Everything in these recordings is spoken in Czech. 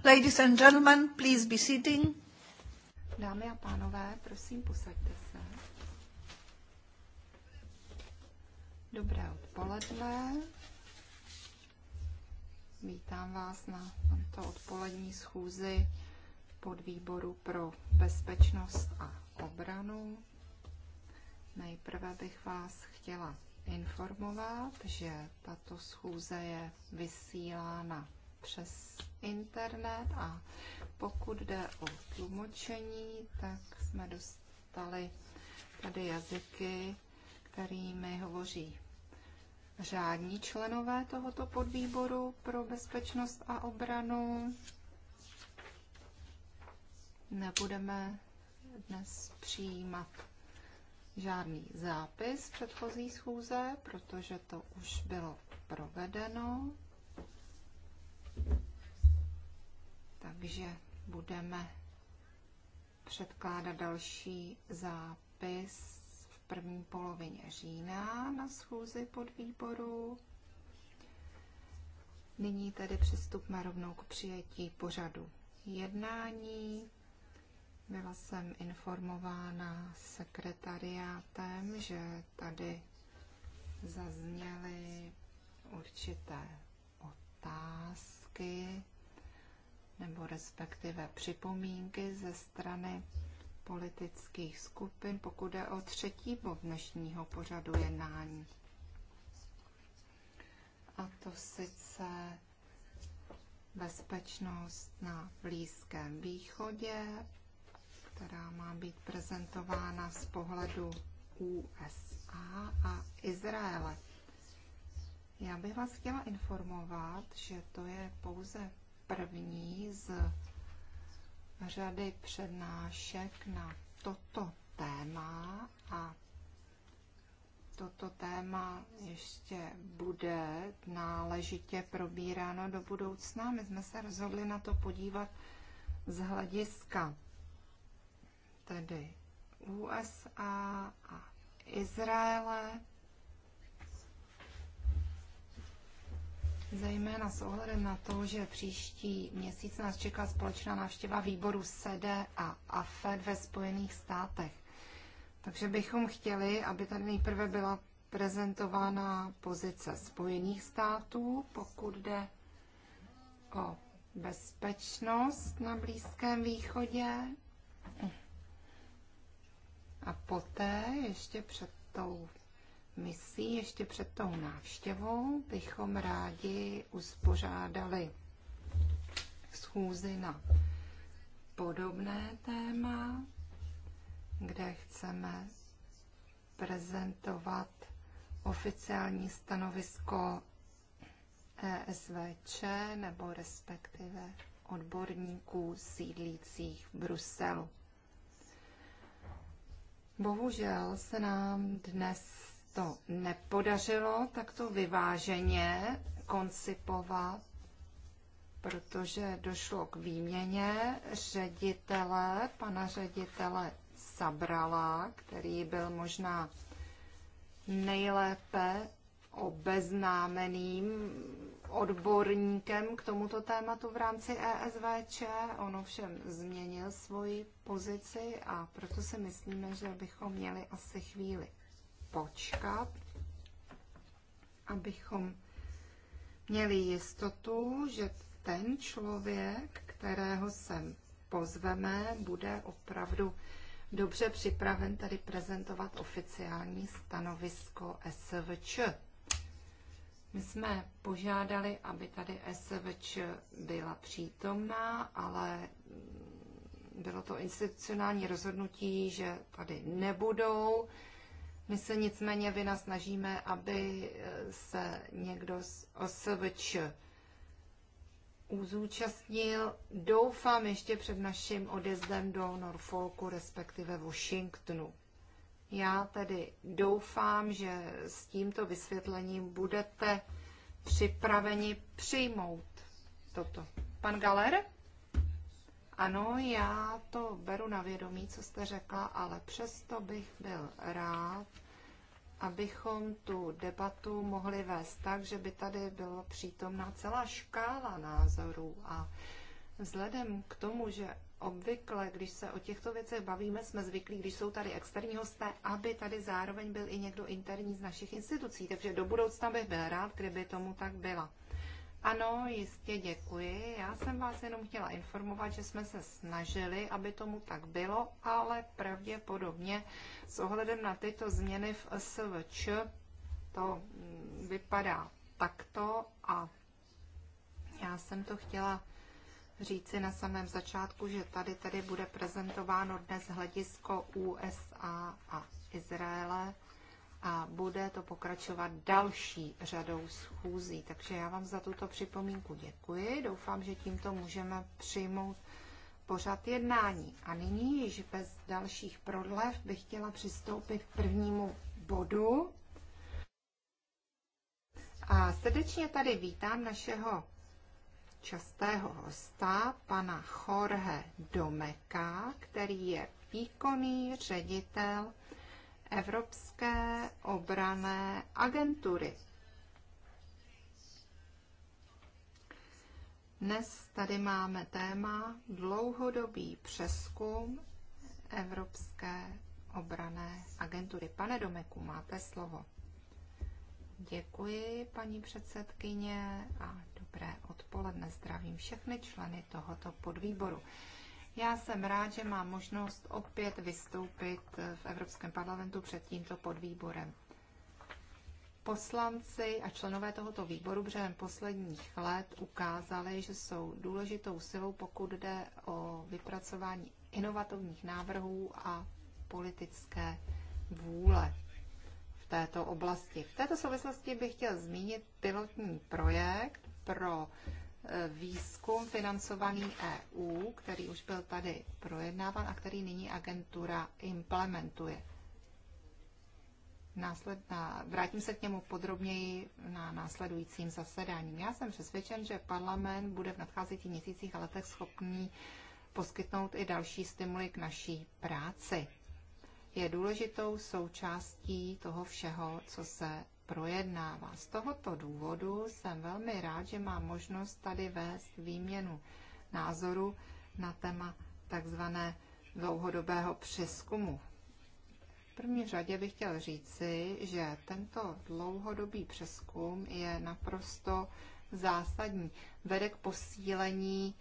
Ladies and gentlemen, please be sitting. Dámy a pánové, prosím, posaďte se. Dobré odpoledne. Vítám vás na tomto odpolední schůzi pod výboru pro bezpečnost a obranu. Nejprve bych vás chtěla informovat, že tato schůze je vysílána přes internet a pokud jde o tlumočení, tak jsme dostali tady jazyky, kterými hovoří řádní členové tohoto podvýboru pro bezpečnost a obranu. Nebudeme dnes přijímat žádný zápis předchozí schůze, protože to už bylo provedeno. Takže budeme předkládat další zápis v první polovině října na schůzi podvýboru. Nyní tedy přistupme rovnou k přijetí pořadu jednání. Byla jsem informována sekretariátem, že tady zazněly určité otázky otázky nebo respektive připomínky ze strany politických skupin, pokud je o třetí bod dnešního pořadu jednání. A to sice bezpečnost na Blízkém východě, která má být prezentována z pohledu USA a Izraele. Já bych vás chtěla informovat, že to je pouze první z řady přednášek na toto téma a toto téma ještě bude náležitě probíráno do budoucna. My jsme se rozhodli na to podívat z hlediska tedy USA a Izraele zejména s ohledem na to, že příští měsíc nás čeká společná návštěva výboru SEDE a AFED ve Spojených státech. Takže bychom chtěli, aby tady nejprve byla prezentována pozice Spojených států, pokud jde o bezpečnost na Blízkém východě. A poté, ještě před tou misí ještě před tou návštěvou bychom rádi uspořádali schůzi na podobné téma, kde chceme prezentovat oficiální stanovisko ESVČ nebo respektive odborníků sídlících v Bruselu. Bohužel se nám dnes to nepodařilo takto vyváženě koncipovat, protože došlo k výměně ředitele, pana ředitele Sabrala, který byl možná nejlépe obeznámeným odborníkem k tomuto tématu v rámci ESVČ. On ovšem změnil svoji pozici a proto si myslíme, že bychom měli asi chvíli počkat, abychom měli jistotu, že ten člověk, kterého sem pozveme, bude opravdu dobře připraven tady prezentovat oficiální stanovisko SVČ. My jsme požádali, aby tady SVČ byla přítomná, ale bylo to institucionální rozhodnutí, že tady nebudou. My se nicméně snažíme, aby eh, se někdo z OSVČ uzúčastnil. doufám, ještě před naším odezdem do Norfolku, respektive Washingtonu. Já tedy doufám, že s tímto vysvětlením budete připraveni přijmout toto. Pan Galer? Ano, já to beru na vědomí, co jste řekla, ale přesto bych byl rád, abychom tu debatu mohli vést tak, že by tady byla přítomná celá škála názorů. A vzhledem k tomu, že obvykle, když se o těchto věcech bavíme, jsme zvyklí, když jsou tady externí hosté, aby tady zároveň byl i někdo interní z našich institucí. Takže do budoucna bych byl rád, kdyby tomu tak bylo. Ano, jistě děkuji. Já jsem vás jenom chtěla informovat, že jsme se snažili, aby tomu tak bylo, ale pravděpodobně s ohledem na tyto změny v SVČ to vypadá takto a já jsem to chtěla říci na samém začátku, že tady tady bude prezentováno dnes hledisko USA a Izraele a bude to pokračovat další řadou schůzí. Takže já vám za tuto připomínku děkuji. Doufám, že tímto můžeme přijmout pořad jednání. A nyní již bez dalších prodlev bych chtěla přistoupit k prvnímu bodu. A srdečně tady vítám našeho častého hosta, pana Jorge Domeka, který je výkonný ředitel Evropské obrané agentury. Dnes tady máme téma dlouhodobý přeskum Evropské obrané agentury. Pane Domeku, máte slovo. Děkuji, paní předsedkyně, a dobré odpoledne. Zdravím všechny členy tohoto podvýboru. Já jsem rád, že mám možnost opět vystoupit v Evropském parlamentu před tímto podvýborem. Poslanci a členové tohoto výboru během posledních let ukázali, že jsou důležitou silou, pokud jde o vypracování inovativních návrhů a politické vůle v této oblasti. V této souvislosti bych chtěl zmínit pilotní projekt pro výzkum financovaný EU, který už byl tady projednáván a který nyní agentura implementuje. Následná, vrátím se k němu podrobněji na následujícím zasedáním. Já jsem přesvědčen, že parlament bude v nadcházejících měsících a letech schopný poskytnout i další stimuly k naší práci. Je důležitou součástí toho všeho, co se projednává. Z tohoto důvodu jsem velmi rád, že mám možnost tady vést výměnu názoru na téma takzvané dlouhodobého přeskumu. V první řadě bych chtěl říci, že tento dlouhodobý přeskum je naprosto zásadní. Vede k posílení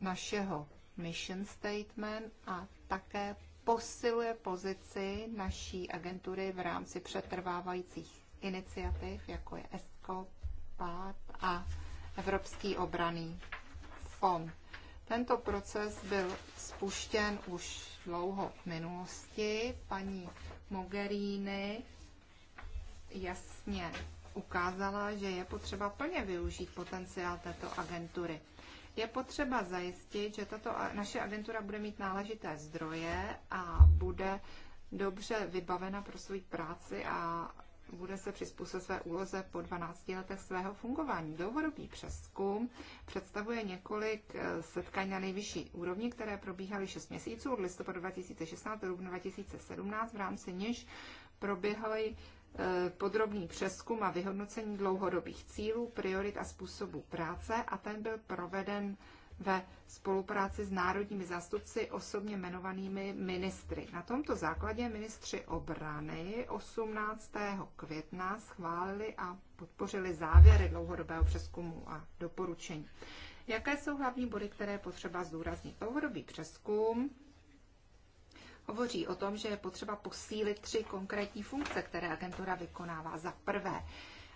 našeho mission statement a také posiluje pozici naší agentury v rámci přetrvávajících iniciativ, jako je ESCO, PAT a Evropský obraný fond. Tento proces byl spuštěn už dlouho v minulosti. Paní Mogherini jasně ukázala, že je potřeba plně využít potenciál této agentury. Je potřeba zajistit, že tato naše agentura bude mít náležité zdroje a bude dobře vybavena pro svou práci a bude se přizpůsobit své úloze po 12 letech svého fungování. Dlouhodobý přeskum představuje několik eh, setkání na nejvyšší úrovni, které probíhaly 6 měsíců od listopadu 2016 do dubna 2017, v rámci něž proběhly eh, podrobný přeskum a vyhodnocení dlouhodobých cílů, priorit a způsobů práce a ten byl proveden ve spolupráci s národními zástupci osobně jmenovanými ministry. Na tomto základě ministři obrany 18. května schválili a podpořili závěry dlouhodobého přeskumu a doporučení. Jaké jsou hlavní body, které je potřeba zdůraznit? Dlouhodobý přeskum hovoří o tom, že je potřeba posílit tři konkrétní funkce, které agentura vykonává. Za prvé,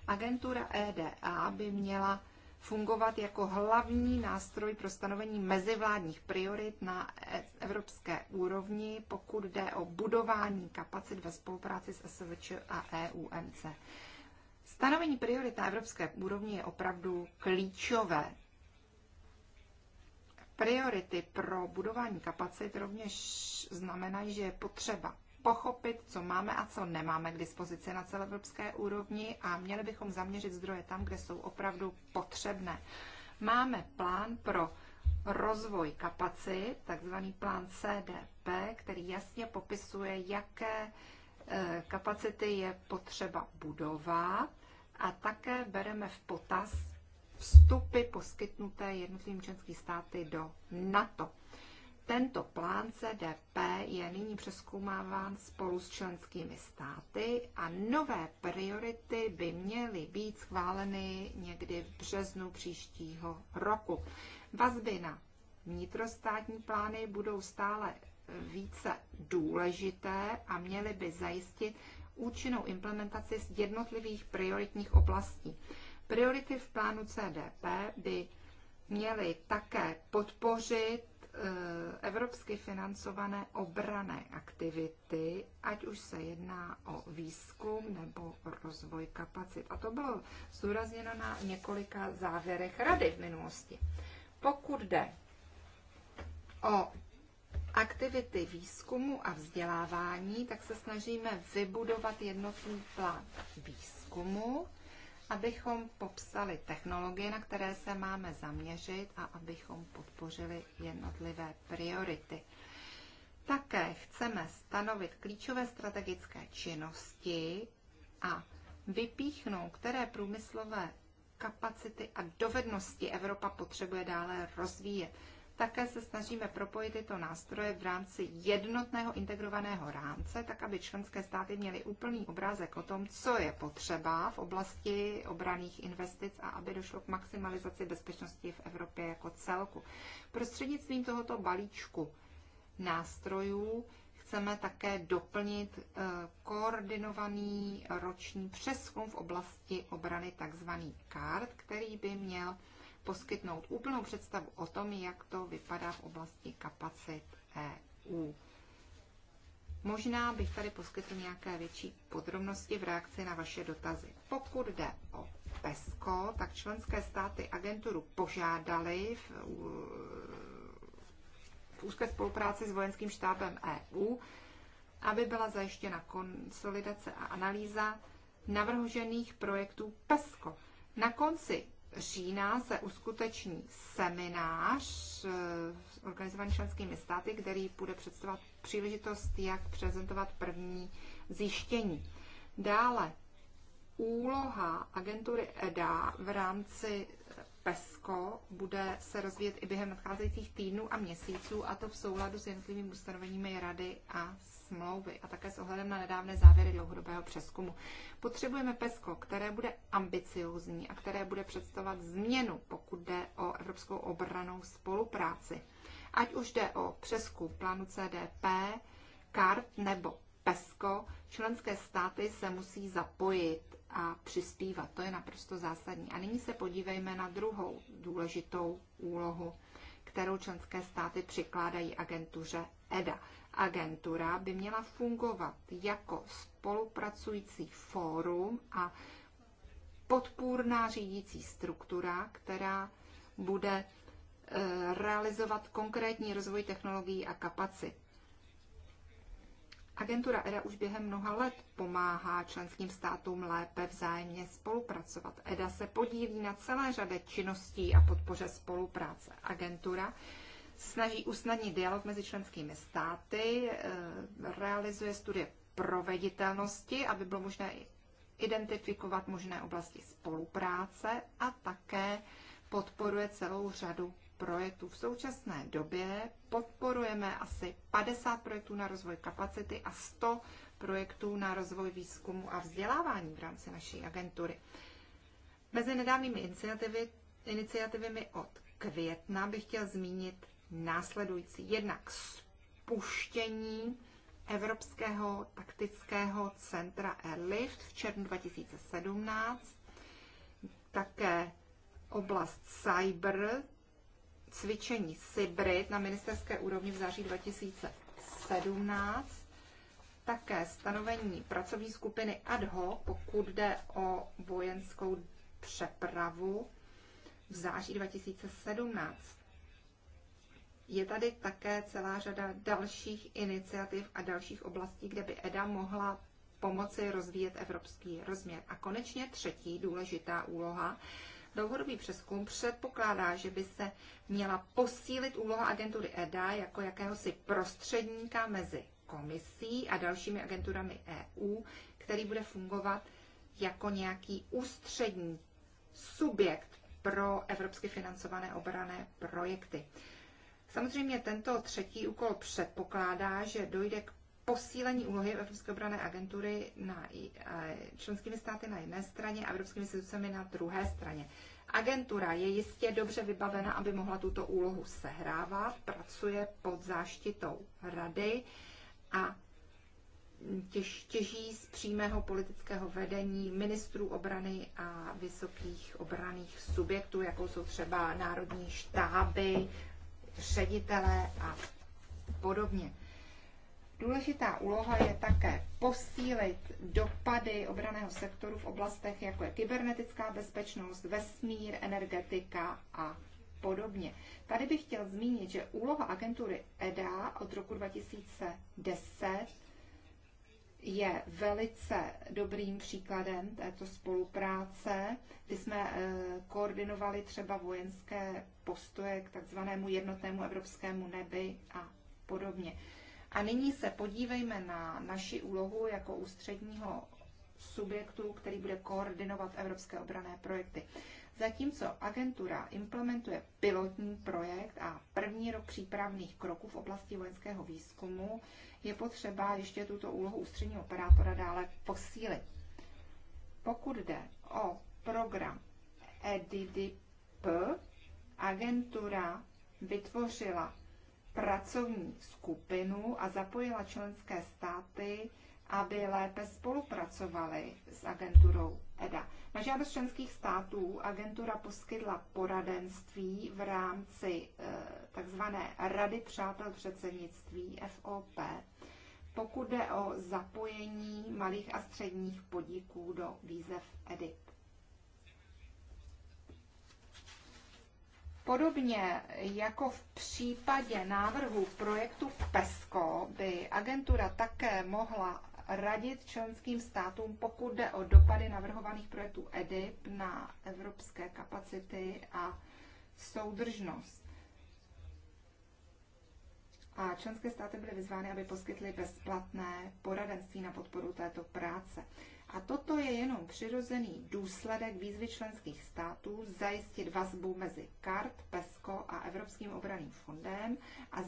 agentura EDA by měla fungovat jako hlavní nástroj pro stanovení mezivládních priorit na evropské úrovni, pokud jde o budování kapacit ve spolupráci s SVČ a EUMC. Stanovení priorit na evropské úrovni je opravdu klíčové. Priority pro budování kapacit rovněž znamenají, že je potřeba pochopit, co máme a co nemáme k dispozici na celoevropské úrovni a měli bychom zaměřit zdroje tam, kde jsou opravdu potřebné. Máme plán pro rozvoj kapacit, takzvaný plán CDP, který jasně popisuje, jaké eh, kapacity je potřeba budovat a také bereme v potaz vstupy poskytnuté jednotlivým členským státy do NATO. Tento plán CDP je nyní přeskoumáván spolu s členskými státy a nové priority by měly být schváleny někdy v březnu příštího roku. Vazby na vnitrostátní plány budou stále více důležité a měly by zajistit účinnou implementaci z jednotlivých prioritních oblastí. Priority v plánu CDP by měly také podpořit Eh, evropsky financované obrané aktivity, ať už se jedná o výzkum nebo rozvoj kapacit. A to bylo zúrazněno na několika závěrech rady v minulosti. Pokud jde o aktivity výzkumu a vzdělávání, tak se snažíme vybudovat jednotný plán výzkumu, abychom popsali technologie, na které se máme zaměřit a abychom podpořili jednotlivé priority. Také chceme stanovit klíčové strategické činnosti a vypíchnout, které průmyslové kapacity a dovednosti Evropa potřebuje dále rozvíjet. Také se snažíme propojit tyto nástroje v rámci jednotného integrovaného rámce, tak aby členské státy měly úplný obrázek o tom, co je potřeba v oblasti obraných investic a aby došlo k maximalizaci bezpečnosti v Evropě jako celku. Prostřednictvím tohoto balíčku nástrojů chceme také doplnit eh, koordinovaný roční přeskum v oblasti obrany, takzvaný CART, který by měl poskytnout úplnou představu o tom, jak to vypadá v oblasti kapacit EU. Možná bych tady poskytl nějaké větší podrobnosti v reakci na vaše dotazy. Pokud jde o PESCO, tak členské státy agenturu požádali v, v úzké spolupráci s vojenským štábem EU, aby byla zajištěna konsolidace a analýza navržených projektů PESCO. Na konci října se uskuteční seminář eh, organizovaný členskými státy, který bude představovat příležitost, jak prezentovat první zjištění. Dále úloha agentury EDA v rámci eh, PESCO bude se rozvíjet i během nadcházejících týdnů a měsíců, a to v souladu s jednotlivými ustanoveními Rady a smlouvy a také s ohledem na nedávné závěry dlouhodobého přeskumu. Potřebujeme PESCO, které bude ambiciozní a které bude představovat změnu, pokud jde o evropskou obranou spolupráci. Ať už jde o přeskum plánu CDP, kart nebo PESCO, členské státy se musí zapojit a přispívat. To je naprosto zásadní. A nyní se podívejme na druhou důležitou úlohu, kterou členské státy přikládají agentuře EDA. Agentura by měla fungovat jako spolupracující fórum a podpůrná řídící struktura, která bude e, realizovat konkrétní rozvoj technologií a kapacit. Agentura EDA už během mnoha let pomáhá členským státům lépe vzájemně spolupracovat. EDA se podílí na celé řadě činností a podpoře spolupráce. Agentura snaží usnadnit dialog mezi členskými státy, eh, realizuje studie proveditelnosti, aby bylo možné identifikovat možné oblasti spolupráce a také podporuje celou řadu projektů. V současné době podporujeme asi 50 projektů na rozvoj kapacity a 100 projektů na rozvoj výzkumu a vzdělávání v rámci naší agentury. Mezi nedávnými iniciativy, iniciativy od května bych chtěl zmínit následující. Jednak spuštění Evropského taktického centra Airlift v červnu 2017, také oblast cyber, cvičení Sybrit na ministerské úrovni v září 2017, také stanovení pracovní skupiny ad hoc, pokud jde o vojenskou přepravu v září 2017 je tady také celá řada dalších iniciativ a dalších oblastí, kde by EDA mohla pomoci rozvíjet evropský rozměr. A konečně třetí důležitá úloha. Dlouhodobý přeskum předpokládá, že by se měla posílit úloha agentury EDA jako jakéhosi prostředníka mezi komisí a dalšími agenturami EU, který bude fungovat jako nějaký ústřední subjekt pro evropsky financované obrané projekty. Samozřejmě tento třetí úkol předpokládá, že dojde k posílení úlohy Evropské obrané agentury na členskými státy na jedné straně a evropskými institucemi na druhé straně. Agentura je jistě dobře vybavena, aby mohla tuto úlohu sehrávat, pracuje pod záštitou rady a těž, těží z přímého politického vedení ministrů obrany a vysokých obraných subjektů, jako jsou třeba národní štáby ředitelé a podobně. Důležitá úloha je také posílit dopady obraného sektoru v oblastech, jako je kybernetická bezpečnost, vesmír, energetika a podobně. Tady bych chtěl zmínit, že úloha agentury EDA od roku 2010 je velice dobrým příkladem této spolupráce, kdy jsme eh, koordinovali třeba vojenské postoje k takzvanému jednotnému evropskému nebi a podobně. A nyní se podívejme na naši úlohu jako ústředního subjektu, který bude koordinovat evropské obrané projekty. Zatímco agentura implementuje pilotní projekt a první rok přípravných kroků v oblasti vojenského výzkumu, je potřeba ještě tuto úlohu ústředního operátora dále posílit. Pokud jde o program EDDP, agentura vytvořila pracovní skupinu a zapojila členské státy aby lépe spolupracovali s agenturou EDA. Na žádost členských států agentura poskytla poradenství v rámci eh, tzv. Rady přátel předsednictví FOP, pokud jde o zapojení malých a středních podniků do výzev EDIP. Podobně jako v případě návrhu projektu PESCO by agentura také mohla radit členským státům, pokud jde o dopady navrhovaných projektů EDIP na evropské kapacity a soudržnost. A členské státy byly vyzvány, aby poskytly bezplatné poradenství na podporu této práce. A toto je jenom přirozený důsledek výzvy členských států zajistit vazbu mezi CART, PESCO a Evropským obraným fondem a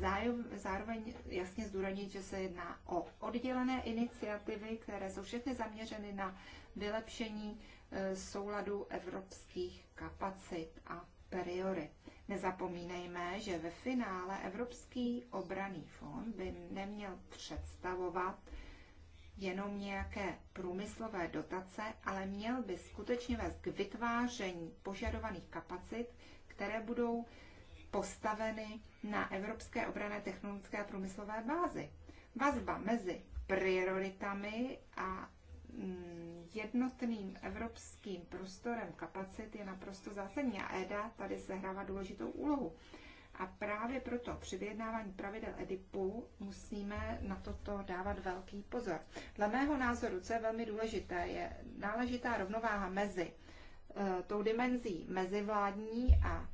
zároveň jasně zdůraznit, že se jedná o oddělené iniciativy, které jsou všechny zaměřeny na vylepšení e, souladu evropských kapacit a priory. Nezapomínejme, že ve finále Evropský obraný fond by neměl představovat jenom nějaké průmyslové dotace, ale měl by skutečně vést k vytváření požadovaných kapacit, které budou postaveny na evropské obrané technologické a průmyslové bázi. Vazba mezi prioritami a mm, jednotným evropským prostorem kapacit je naprosto zásadní a EDA tady sehrává důležitou úlohu. A právě proto při vyjednávání pravidel EDIPu musíme na toto dávat velký pozor. Dle mého názoru, co je velmi důležité, je náležitá rovnováha mezi e, tou dimenzí mezivládní a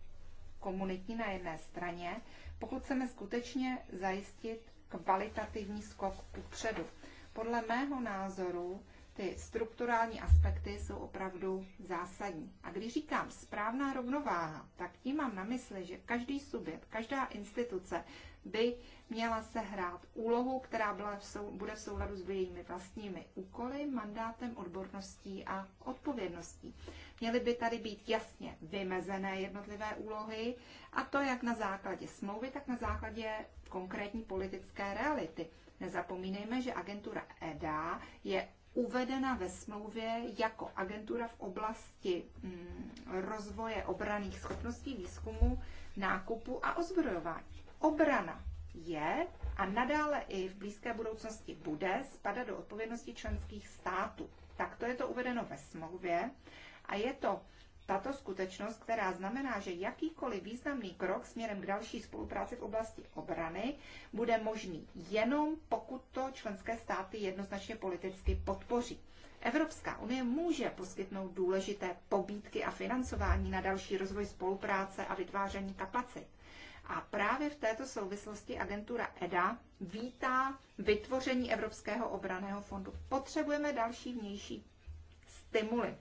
komunitní na jedné straně, pokud chceme skutečně zajistit kvalitativní skok upředu. Podle mého názoru ty strukturální aspekty jsou opravdu zásadní. A když říkám správná rovnováha, tak tím mám na mysli, že každý subjekt, každá instituce by měla se hrát úlohu, která byla v sou, bude v souladu s jejími vlastními úkoly, mandátem, odborností a odpovědností. Měly by tady být jasně vymezené jednotlivé úlohy, a to jak na základě smlouvy, tak na základě konkrétní politické reality. Nezapomínejme, že agentura EDA je uvedena ve smlouvě jako agentura v oblasti mm, rozvoje obraných schopností výzkumu, nákupu a ozbrojování. Obrana je a nadále i v blízké budoucnosti bude spadat do odpovědnosti členských států. Takto je to uvedeno ve smlouvě a je to tato skutečnost, která znamená, že jakýkoliv významný krok směrem k další spolupráci v oblasti obrany bude možný jenom pokud to členské státy jednoznačně politicky podpoří. Evropská unie může poskytnout důležité pobídky a financování na další rozvoj spolupráce a vytváření kapacit. A právě v této souvislosti agentura EDA vítá vytvoření Evropského obraného fondu. Potřebujeme další vnější stimuly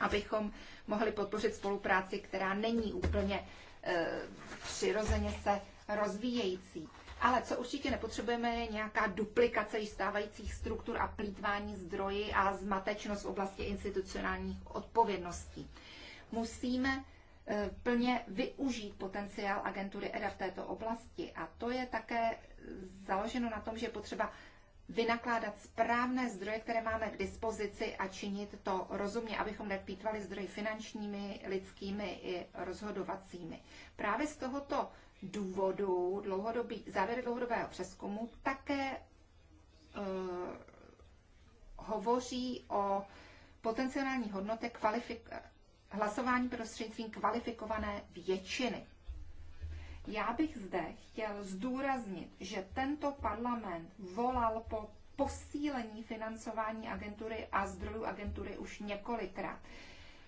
abychom mohli podpořit spolupráci, která není úplně e, přirozeně se rozvíjející. Ale co určitě nepotřebujeme, je nějaká duplikace již stávajících struktur a plítvání zdroji a zmatečnost v oblasti institucionálních odpovědností. Musíme e, plně využít potenciál agentury EDA v této oblasti. A to je také založeno na tom, že je potřeba vynakládat správné zdroje, které máme k dispozici a činit to rozumně, abychom nepítvali zdroji finančními, lidskými i rozhodovacími. Právě z tohoto důvodu dlouhodobý, závěry dlouhodobého přeskumu také uh, hovoří o potenciální hodnotě kvalifik- hlasování prostřednictvím kvalifikované většiny. Já bych zde chtěl zdůraznit, že tento parlament volal po posílení financování agentury a zdrojů agentury už několikrát.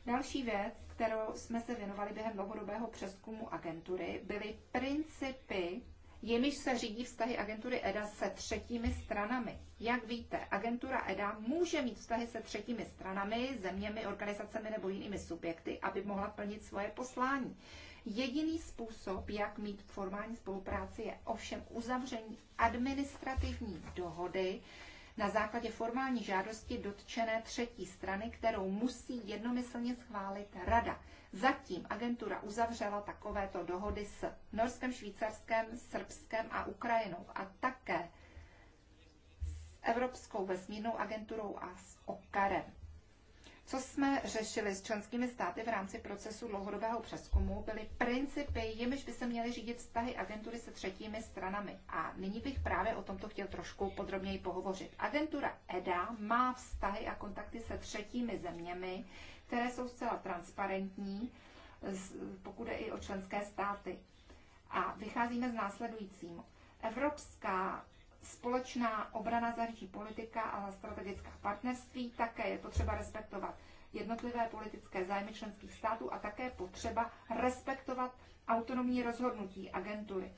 Další věc, kterou jsme se věnovali během dlouhodobého přeskumu agentury, byly principy, jimiž se řídí vztahy agentury EDA se třetími stranami. Jak víte, agentura EDA může mít vztahy se třetími stranami, zeměmi, organizacemi nebo jinými subjekty, aby mohla plnit svoje poslání. Jediný způsob, jak mít formální spolupráci, je ovšem uzavření administrativní dohody na základě formální žádosti dotčené třetí strany, kterou musí jednomyslně schválit Rada. Zatím agentura uzavřela takovéto dohody s Norskem, Švýcarskem, Srbskem a Ukrajinou a také s Evropskou vesmírnou agenturou a s OKARem. Co jsme řešili s členskými státy v rámci procesu dlouhodobého přeskumu, byly principy, jimiž by se měly řídit vztahy agentury se třetími stranami. A nyní bych právě o tomto chtěl trošku podrobněji pohovořit. Agentura EDA má vztahy a kontakty se třetími zeměmi, které jsou zcela transparentní, pokud je i o členské státy. A vycházíme z následujícího. Evropská společná obrana zahraniční politika a strategická partnerství. Také je potřeba respektovat jednotlivé politické zájmy členských států a také potřeba respektovat autonomní rozhodnutí agentury.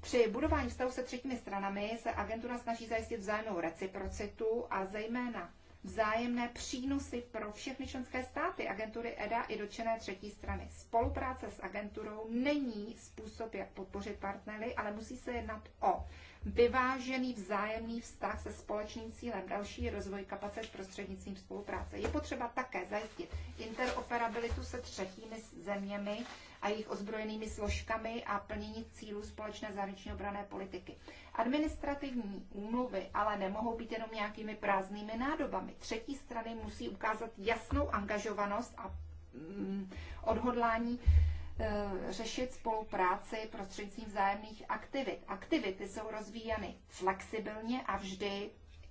Při budování vztahu se třetími stranami se agentura snaží zajistit vzájemnou reciprocitu a zejména vzájemné přínosy pro všechny členské státy agentury EDA i dočené třetí strany. Spolupráce s agenturou není způsob, jak podpořit partnery, ale musí se jednat o vyvážený vzájemný vztah se společným cílem další rozvoj kapacit prostřednictvím spolupráce. Je potřeba také zajistit interoperabilitu se třetími zeměmi a jejich ozbrojenými složkami a plnění cílů společné zahraniční obrané politiky. Administrativní úmluvy ale nemohou být jenom nějakými prázdnými nádobami. Třetí strany musí ukázat jasnou angažovanost a mm, odhodlání Eh, řešit spolupráci prostřednictvím vzájemných aktivit. Aktivity jsou rozvíjeny flexibilně a vždy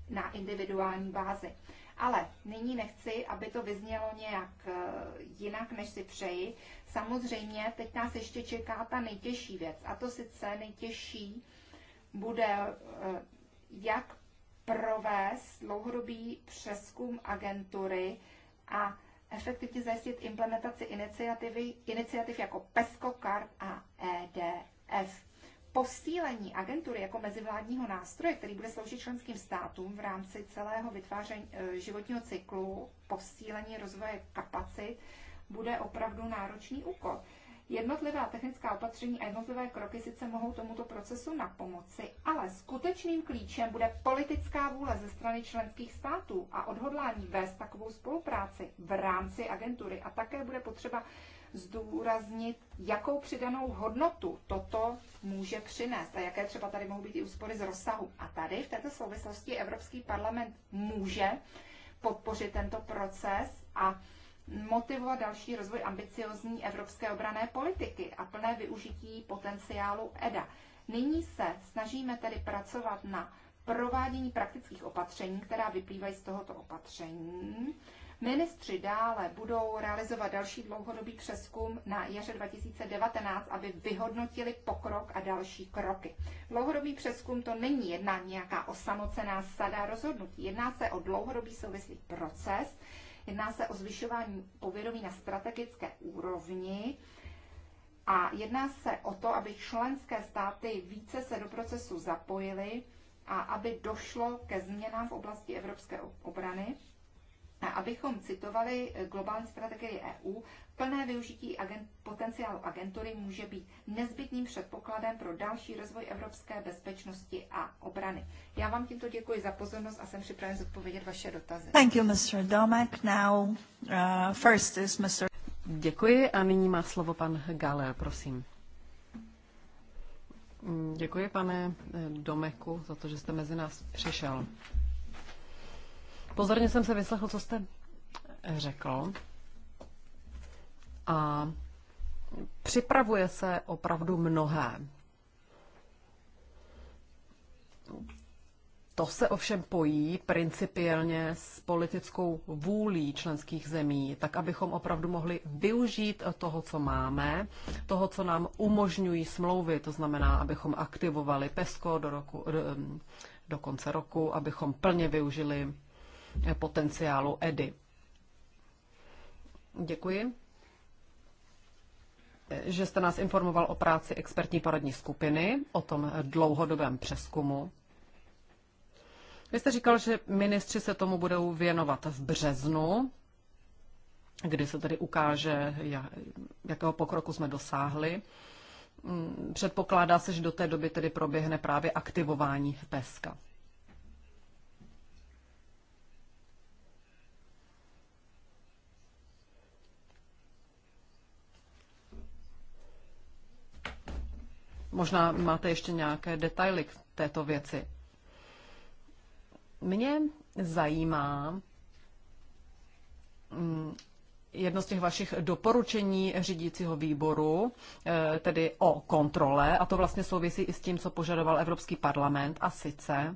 na individuální bázi. Ale nyní nechci, aby to vyznělo nějak eh, jinak, než si přeji. Samozřejmě teď nás ještě čeká ta nejtěžší věc. A to sice nejtěžší bude, eh, jak provést dlouhodobý přeskum agentury a efektivně zajistit implementaci iniciativy, iniciativ jako PESCO, CARP a EDF. Posílení agentury jako mezivládního nástroje, který bude sloužit členským státům v rámci celého vytváření e, životního cyklu, posílení rozvoje kapacit, bude opravdu náročný úkol. Jednotlivá technická opatření a jednotlivé kroky sice mohou tomuto procesu na pomoci, ale skutečným klíčem bude politická vůle ze strany členských států a odhodlání vést takovou spolupráci v rámci agentury. A také bude potřeba zdůraznit, jakou přidanou hodnotu toto může přinést a jaké třeba tady mohou být i úspory z rozsahu. A tady v této souvislosti Evropský parlament může podpořit tento proces a motivovat další rozvoj ambiciozní evropské obrané politiky a plné využití potenciálu EDA. Nyní se snažíme tedy pracovat na provádění praktických opatření, která vyplývají z tohoto opatření. Ministři dále budou realizovat další dlouhodobý přeskum na jaře 2019, aby vyhodnotili pokrok a další kroky. Dlouhodobý přeskum to není jedna nějaká osamocená sada rozhodnutí. Jedná se o dlouhodobý souvislý proces, Jedná se o zvyšování povědomí na strategické úrovni a jedná se o to, aby členské státy více se do procesu zapojily a aby došlo ke změnám v oblasti evropské obrany a abychom citovali eh, globální strategii EU, plné využití agent, potenciálu agentury může být nezbytným předpokladem pro další rozvoj evropské bezpečnosti a obrany. Já vám tímto děkuji za pozornost a jsem připraven zodpovědět vaše dotazy. Thank you, Mr. Domek. Now, uh, first is Mr. Děkuji a nyní má slovo pan Galer, prosím. Mm, děkuji, pane eh, Domeku, za to, že jste mezi nás přišel. Pozorně jsem se vyslechl, co jste řekl. A připravuje se opravdu mnohé. To se ovšem pojí principiálně s politickou vůlí členských zemí, tak abychom opravdu mohli využít toho, co máme, toho, co nám umožňují smlouvy, to znamená, abychom aktivovali PESCO do, roku, do, do konce roku, abychom plně využili potenciálu EDY. Děkuji, že jste nás informoval o práci expertní poradní skupiny, o tom dlouhodobém přeskumu. Vy jste říkal, že ministři se tomu budou věnovat v březnu, kdy se tedy ukáže, jakého pokroku jsme dosáhli. Předpokládá se, že do té doby tedy proběhne právě aktivování peska. Možná máte ještě nějaké detaily k této věci. Mě zajímá mm, jedno z těch vašich doporučení řídícího výboru, eh, tedy o kontrole, a to vlastně souvisí i s tím, co požadoval Evropský parlament, a sice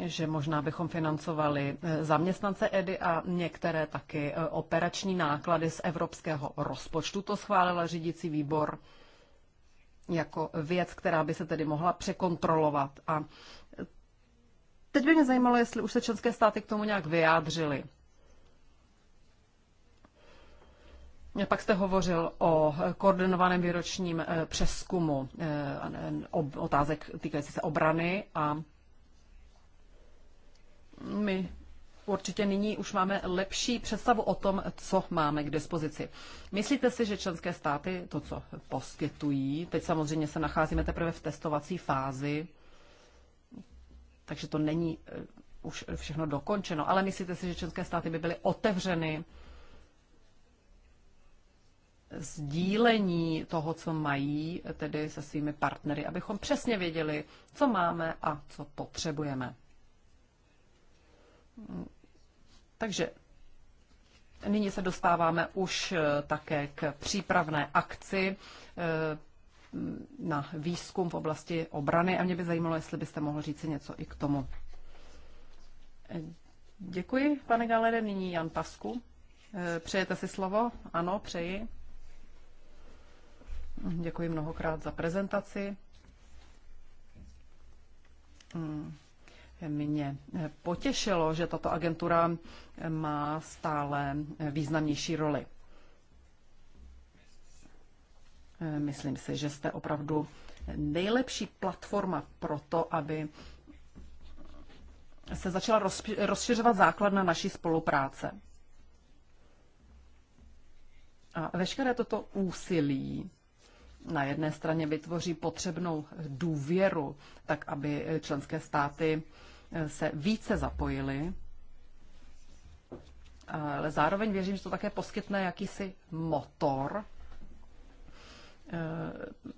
že možná bychom financovali eh, zaměstnance EDY a některé taky eh, operační náklady z evropského rozpočtu. To schválila řídící výbor jako věc, která by se tedy mohla překontrolovat. A teď by mě zajímalo, jestli už se členské státy k tomu nějak vyjádřily. Pak jste hovořil o koordinovaném výročním eh, přeskumu eh, otázek týkající se obrany a my určitě nyní už máme lepší představu o tom, co máme k dispozici. Myslíte si, že členské státy to, co poskytují, teď samozřejmě se nacházíme teprve v testovací fázi, takže to není eh, už všechno dokončeno, ale myslíte si, že členské státy by byly otevřeny sdílení toho, co mají, tedy se svými partnery, abychom přesně věděli, co máme a co potřebujeme. Takže nyní se dostáváme už eh, také k přípravné akci eh, na výzkum v oblasti obrany a mě by zajímalo, jestli byste mohl říct něco i k tomu. Eh, děkuji, pane Galere. Nyní Jan Pasku. Přejete si slovo? Ano, přeji. Děkuji mnohokrát za prezentaci. Hmm mě potěšilo, že tato agentura má stále významnější roli. Myslím si, že jste opravdu nejlepší platforma pro to, aby se začala rozšiřovat základna naší spolupráce. A veškeré toto úsilí na jedné straně vytvoří potřebnou důvěru, tak aby členské státy eh, se více zapojily, ale zároveň věřím, že to také poskytne jakýsi motor, eh,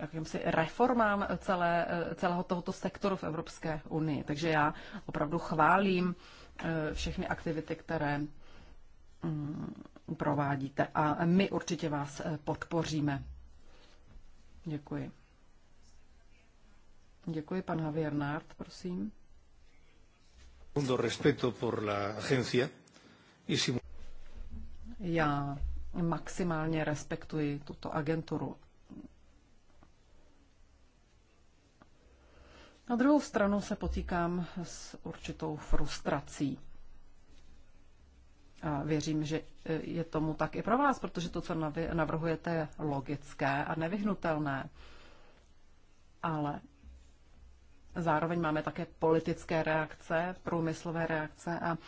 jakýmsi reformám celé, eh, celého tohoto sektoru v Evropské unii. Takže já opravdu chválím všechny aktivity, které mm, provádíte a my určitě vás podpoříme. Děkuji. Děkuji, pan Javier Nart, prosím. la Já maximálně respektuji tuto agenturu. Na druhou stranu se potýkám s určitou frustrací. A věřím, že e, je tomu tak i pro vás, protože to, co navrhujete, je logické a nevyhnutelné. Ale zároveň máme také politické reakce, průmyslové reakce a e,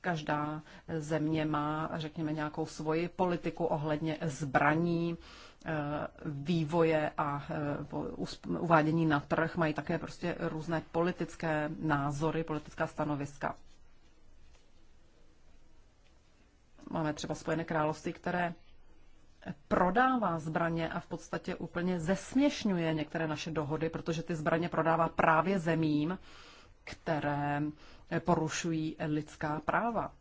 každá země má, řekněme, nějakou svoji politiku ohledně zbraní, e, vývoje a uvádění na trh. Mají také prostě různé politické názory, politická stanoviska. Máme třeba Spojené království, které prodává zbraně a v podstatě úplně zesměšňuje některé naše dohody, protože ty zbraně prodává právě zemím, které porušují lidská práva.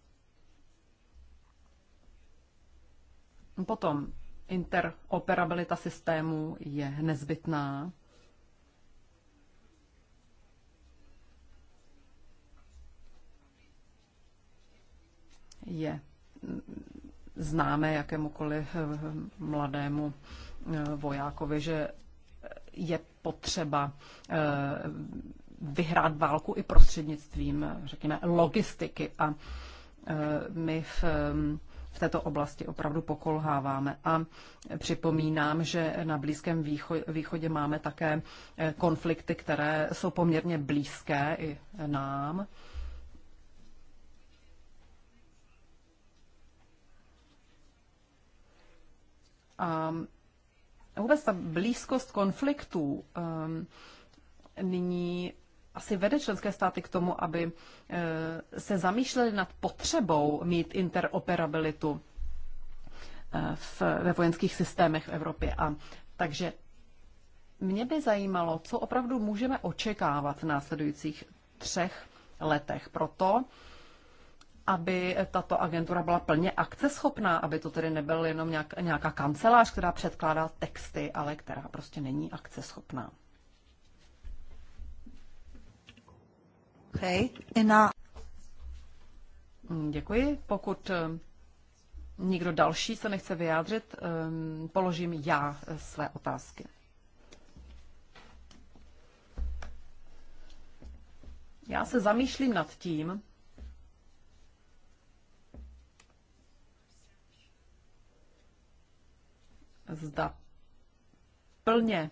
Potom interoperabilita systému je nezbytná. Je známe jakémukoliv eh, mladému eh, vojákovi, že je potřeba eh, vyhrát válku i prostřednictvím, řekněme, logistiky. A my v, v této oblasti opravdu pokolháváme. A připomínám, že na Blízkém východě máme také konflikty, které jsou poměrně blízké i nám. A vůbec ta blízkost konfliktů ehm, nyní asi vede členské státy k tomu, aby eh, se zamýšleli nad potřebou mít interoperabilitu eh, v, ve vojenských systémech v Evropě. A takže mě by zajímalo, co opravdu můžeme očekávat v následujících třech letech. Proto aby tato agentura byla plně akceschopná, aby to tedy nebyl jenom nějak, nějaká kancelář, která předkládá texty, ale která prostě není akceschopná. Okay. Ina. Děkuji. Pokud eh, nikdo další se nechce vyjádřit, eh, položím já eh, své otázky. Já se zamýšlím nad tím, zda plně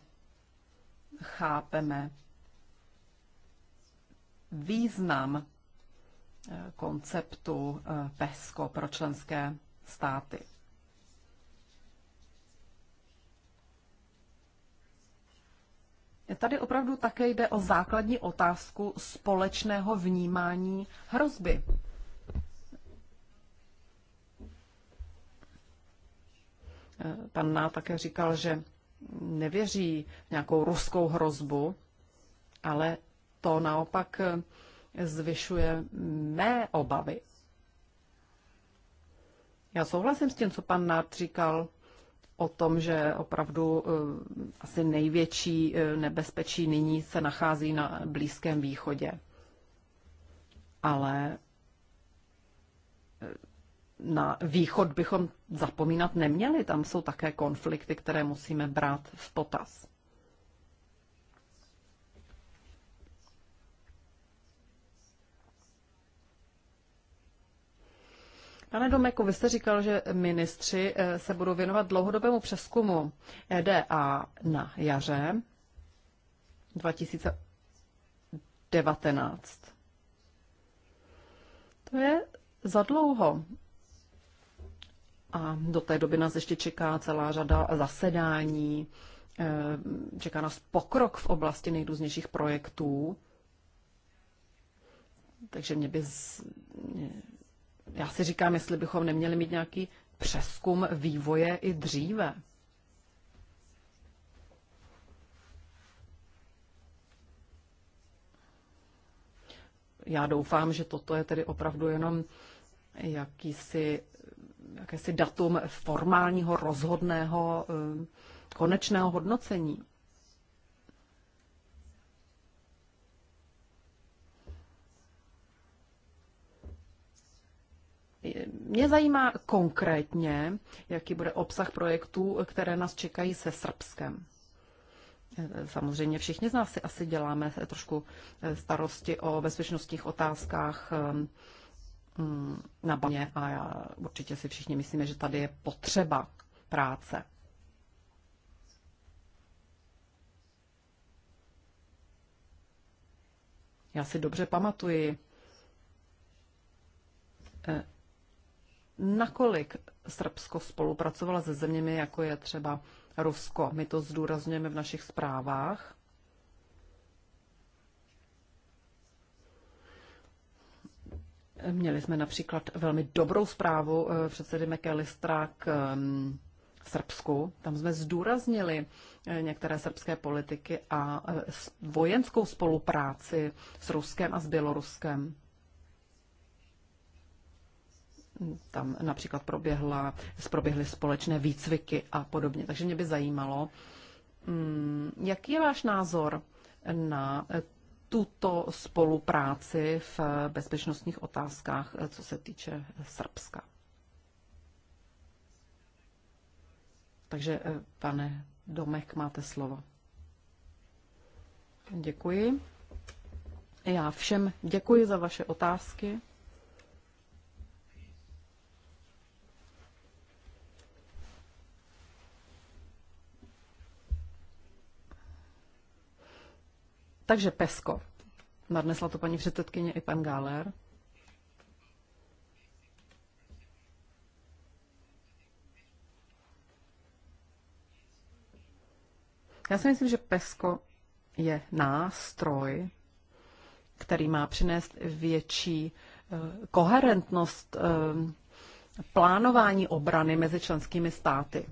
chápeme význam eh, konceptu eh, PESCO pro členské státy. Tady opravdu také jde o základní otázku společného vnímání hrozby. Pan Ná také říkal, že nevěří v nějakou ruskou hrozbu, ale to naopak zvyšuje mé obavy. Já souhlasím s tím, co pan ná říkal o tom, že opravdu eh, asi největší eh, nebezpečí nyní se nachází na Blízkém východě. Ale eh, na východ bychom zapomínat neměli. Tam jsou také konflikty, které musíme brát v potaz. Pane Domeku, vy jste říkal, že ministři eh, se budou věnovat dlouhodobému přeskumu EDA na jaře 2019. To je za dlouho. A do té doby nás ještě čeká celá řada zasedání, eh, čeká nás pokrok v oblasti nejrůznějších projektů. Takže mě by... Z... Já si říkám, jestli bychom neměli mít nějaký přeskum vývoje i dříve. Já doufám, že toto je tedy opravdu jenom jakýsi jakési datum formálního, rozhodného, eh, konečného hodnocení. Mě zajímá konkrétně, jaký bude obsah projektů, které nás čekají se Srbskem. Samozřejmě všichni z nás si asi děláme trošku starosti o bezpečnostních otázkách Mm, na baně a já, určitě si všichni myslíme, že tady je potřeba práce. Já si dobře pamatuji, eh, nakolik Srbsko spolupracovalo se zeměmi, jako je třeba Rusko. My to zdůrazňujeme v našich zprávách. Měli jsme například velmi dobrou zprávu eh, předsedy McAllistera k ehm, Srbsku. Tam jsme zdůraznili eh, některé srbské politiky a eh, vojenskou spolupráci s Ruskem a s Běloruskem. Tam například proběhla, proběhly společné výcviky a podobně. Takže mě by zajímalo, mm, jaký je váš názor na tuto spolupráci v bezpečnostních otázkách, eh, co se týče Srbska. Takže, eh, pane Domek, máte slovo. Děkuji. Já všem děkuji za vaše otázky. Takže Pesko, Nadnesla to paní předsedkyně i pan Gáler. Já si myslím, že Pesko je nástroj, který má přinést větší eh, koherentnost eh, plánování obrany mezi členskými státy.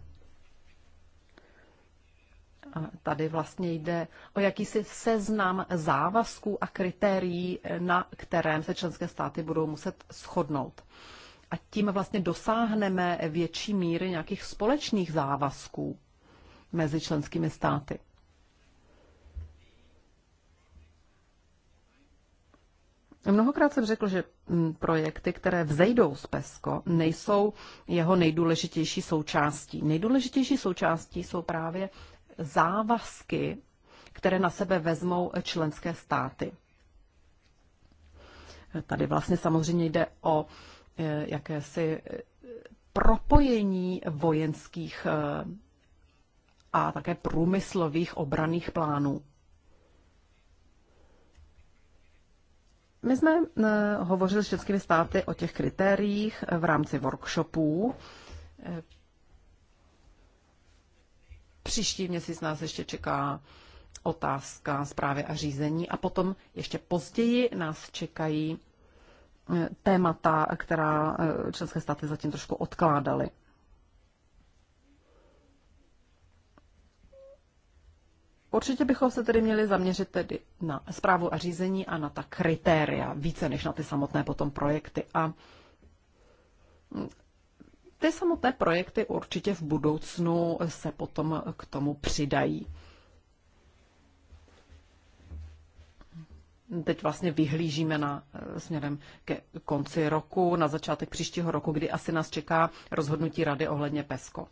Tady vlastně jde o jakýsi seznam závazků a kritérií, na kterém se členské státy budou muset shodnout. A tím vlastně dosáhneme větší míry nějakých společných závazků mezi členskými státy. Mnohokrát jsem řekl, že mm, projekty, které vzejdou z PESCO, nejsou jeho nejdůležitější součástí. Nejdůležitější součástí jsou právě závazky, které na sebe vezmou členské státy. Tady vlastně samozřejmě jde o eh, jakési eh, propojení vojenských eh, a také průmyslových obraných plánů. My jsme hovořili s českými státy o těch kritériích v rámci workshopů. Příští měsíc nás ještě čeká otázka zprávy a řízení a potom ještě později nás čekají e, témata, která e, členské státy zatím trošku odkládaly. Určitě bychom se tedy měli zaměřit tedy na zprávu a řízení a na ta kritéria, více než na ty samotné potom projekty. A ty samotné projekty určitě v budoucnu se potom k tomu přidají. Teď vlastně vyhlížíme na, eh, směrem ke konci roku, na začátek příštího roku, kdy asi nás čeká rozhodnutí rady ohledně PESCO.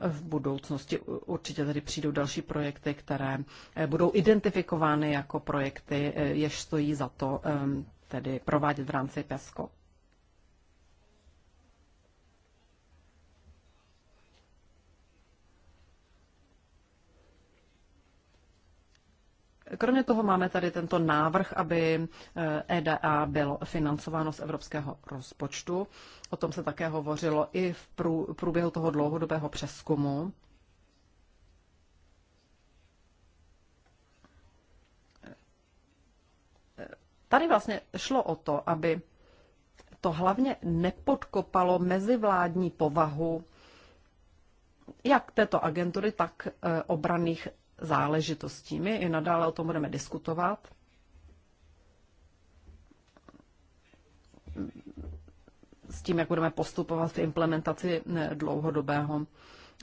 v budoucnosti určitě tady přijdou další projekty, které eh, budou identifikovány jako projekty, eh, jež stojí za to ehm, tedy provádět v rámci PESCO. Kromě toho máme tady tento návrh, aby EDA eh, e bylo financováno z evropského rozpočtu. O tom se také hovořilo i v průběhu toho dlouhodobého přeskumu. Tady vlastně šlo o to, aby to hlavně nepodkopalo mezivládní povahu jak této agentury, tak eh, obraných záležitostí. My i nadále o tom budeme diskutovat. S tím, jak budeme postupovat v implementaci eh, dlouhodobého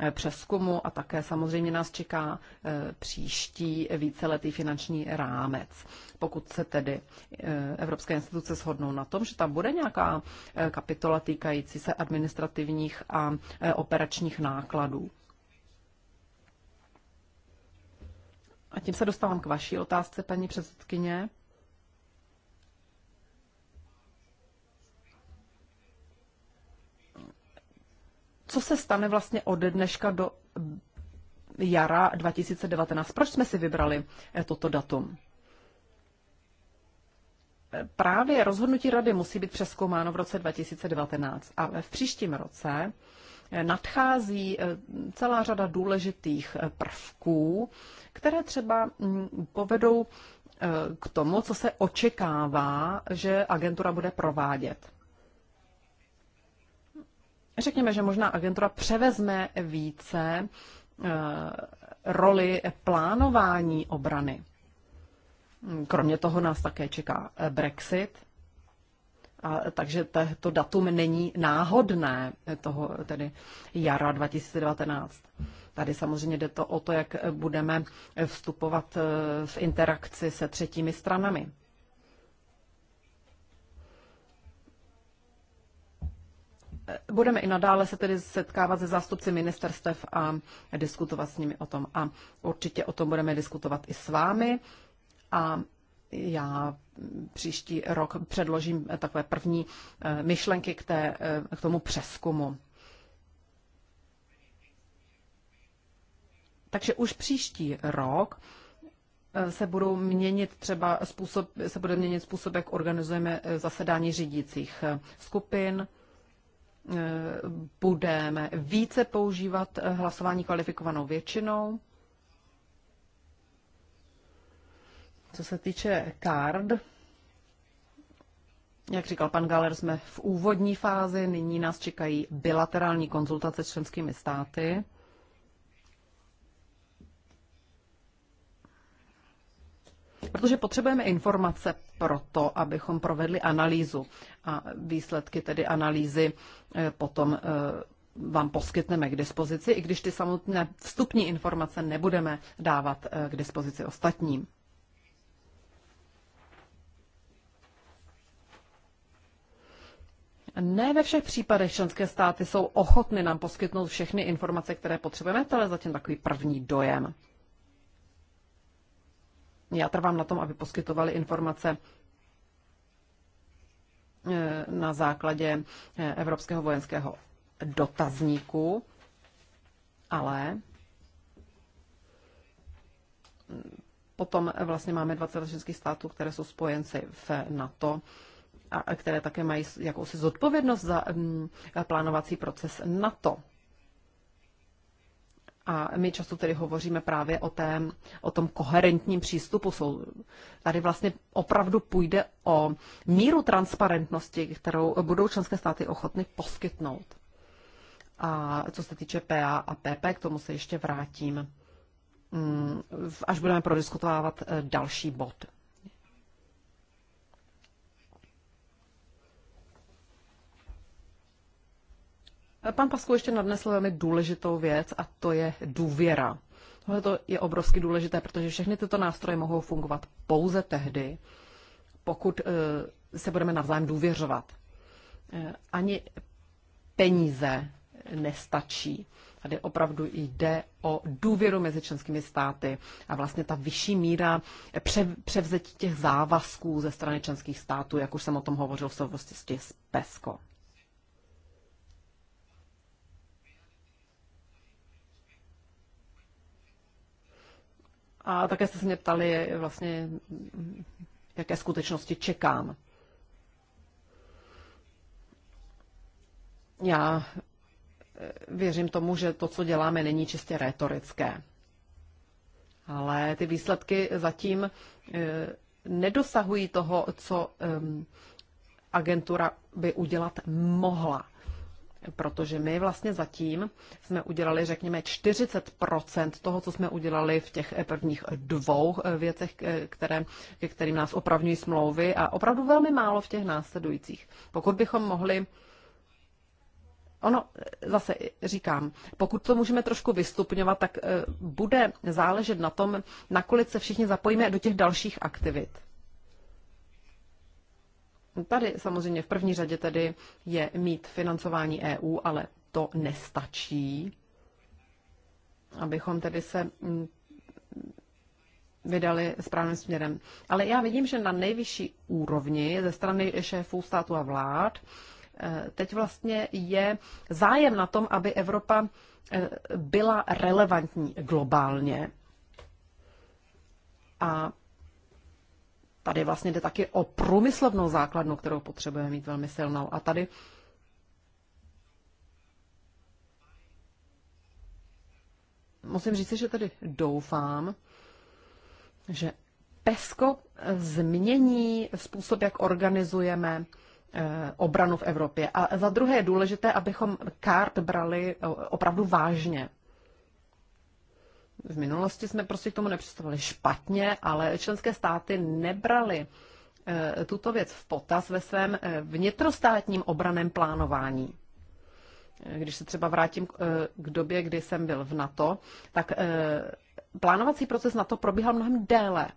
Eh, přeskumu a také samozřejmě nás čeká eh, příští víceletý finanční rámec. Pokud se tedy eh, evropské instituce shodnou na tom, že tam bude nějaká kapitola týkající se administrativních a operačních nákladů. A tím se dostávám k vaší otázce, paní předsedkyně. co se stane vlastně od dneška do jara 2019. Proč jsme si vybrali eh, toto datum? Právě rozhodnutí rady musí být přeskoumáno v roce 2019 a v příštím roce eh, nadchází eh, celá řada důležitých prvků, které třeba mm, povedou k tomu, co se očekává, že agentura bude provádět řekněme, že možná agentura převezme více eh, roli plánování obrany. Hm, kromě toho nás také čeká eh, Brexit, a, takže to datum není náhodné, eh, toho tedy jara 2019. Tady samozřejmě jde to o to, jak budeme vstupovat v interakci se třetími stranami. budeme i nadále se tedy setkávat se zástupci ministerstev a diskutovat s nimi o tom. A určitě o tom budeme diskutovat i s vámi. A já příští rok předložím takové první eh, myšlenky k, té, eh, k tomu přeskumu. Takže už příští rok eh, se budou měnit třeba způsob, se bude měnit způsob, jak organizujeme zasedání řídících skupin, budeme více používat eh, hlasování kvalifikovanou většinou. Co se týče card, jak říkal pan Galer, jsme v úvodní fázi, nyní nás čekají bilaterální konzultace s členskými státy. protože potřebujeme informace pro to, abychom provedli analýzu. A výsledky tedy analýzy eh, potom eh, vám poskytneme k dispozici, i když ty samotné vstupní informace nebudeme dávat eh, k dispozici ostatním. Ne ve všech případech členské státy jsou ochotny nám poskytnout všechny informace, které potřebujeme, to je zatím takový první dojem. Já trvám na tom, aby poskytovali informace eh, na základě eh, Evropského vojenského dotazníku, ale mm, potom vlastně máme 20 členských států, které jsou spojenci v NATO a které také mají jakousi zodpovědnost za mm, plánovací proces NATO. A my často tedy hovoříme právě o, tém, o tom koherentním přístupu. tady vlastně opravdu půjde o míru transparentnosti, kterou budou členské státy ochotny poskytnout. A co se týče PA a PP, k tomu se ještě vrátím, mm, až budeme prodiskutovávat eh, další bod. Pan Pasku ještě nadnesl velmi důležitou věc a to je důvěra. Tohle to je obrovsky důležité, protože všechny tyto nástroje mohou fungovat pouze tehdy, pokud eh, se budeme navzájem důvěřovat. Eh, ani peníze nestačí. Tady opravdu jde o důvěru mezi členskými státy a vlastně ta vyšší míra převzetí těch závazků ze strany členských států, jak už jsem o tom hovořil v souvislosti s PESCO. A také jste se mě ptali vlastně, jaké skutečnosti čekám. Já eh, věřím tomu, že to, co děláme, není čistě rétorické. Ale ty výsledky zatím eh, nedosahují toho, co ehm, agentura by udělat mohla protože my vlastně zatím jsme udělali, řekněme, 40% toho, co jsme udělali v těch eh, prvních dvou eh, věcech, eh, které, ke kterým nás opravňují smlouvy a opravdu velmi málo v těch následujících. Pokud bychom mohli Ono, zase říkám, pokud to můžeme trošku vystupňovat, tak bude záležet na tom, nakolik se všichni zapojíme do těch dalších aktivit. Tady samozřejmě v první řadě tedy je mít financování EU, ale to nestačí, abychom tedy se mm, vydali správným směrem. Ale já vidím, že na nejvyšší úrovni ze strany šéfů státu a vlád eh, teď vlastně je zájem na tom, aby Evropa eh, byla relevantní globálně. A tady vlastně jde taky o průmyslovnou základnu, kterou potřebujeme mít velmi silnou. A tady musím říct, že tady doufám, že PESCO změní způsob, jak organizujeme eh, obranu v Evropě. A za druhé je důležité, abychom kart brali eh, opravdu vážně v minulosti jsme prostě k tomu nepřistupovali špatně, ale členské státy nebrali eh, tuto věc v potaz ve svém eh, vnitrostátním obraném plánování. Eh, když se třeba vrátím k době, kdy jsem byl v NATO, tak plánovací proces NATO probíhal mnohem déle.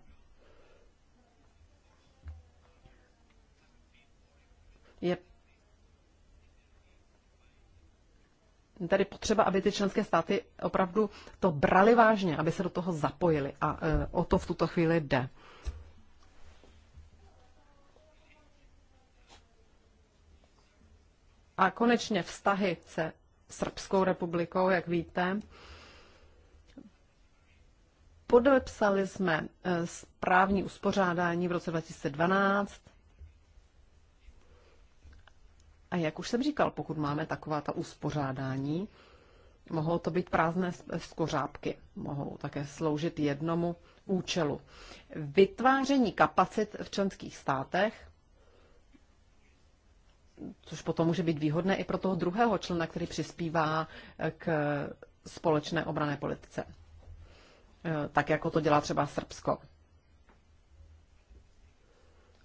Je Tady potřeba, aby ty členské státy opravdu to brali vážně, aby se do toho zapojili. A e, o to v tuto chvíli jde. A konečně vztahy se Srbskou republikou, jak víte. Podepsali jsme e, správní uspořádání v roce 2012 a jak už jsem říkal, pokud máme taková ta uspořádání, mohou to být prázdné skořápky, mohou také sloužit jednomu účelu. Vytváření kapacit v členských státech, což potom může být výhodné i pro toho druhého člena, který přispívá eh, k společné obrané politice. Eh, tak jako to dělá třeba Srbsko.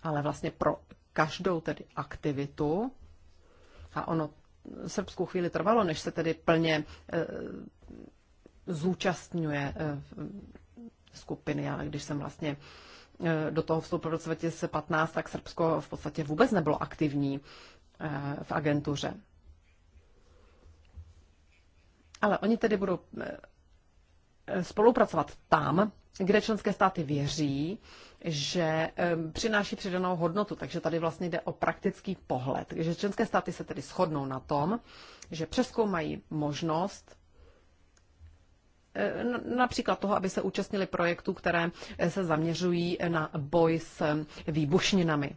Ale vlastně pro každou tedy aktivitu a ono srbskou chvíli trvalo, než se tedy plně e, zúčastňuje e, skupiny, ale když jsem vlastně e, do toho vstoupil v roce 2015, tak Srbsko v podstatě vůbec nebylo aktivní v agentuře. Ale oni tedy budou spolupracovat tam, kde členské státy věří, že přináší přidanou hodnotu. Takže tady vlastně jde o praktický pohled. Takže členské státy se tedy shodnou na tom, že přeskoumají možnost například toho, aby se účastnili projektů, které eh, se zaměřují na boj s výbušninami.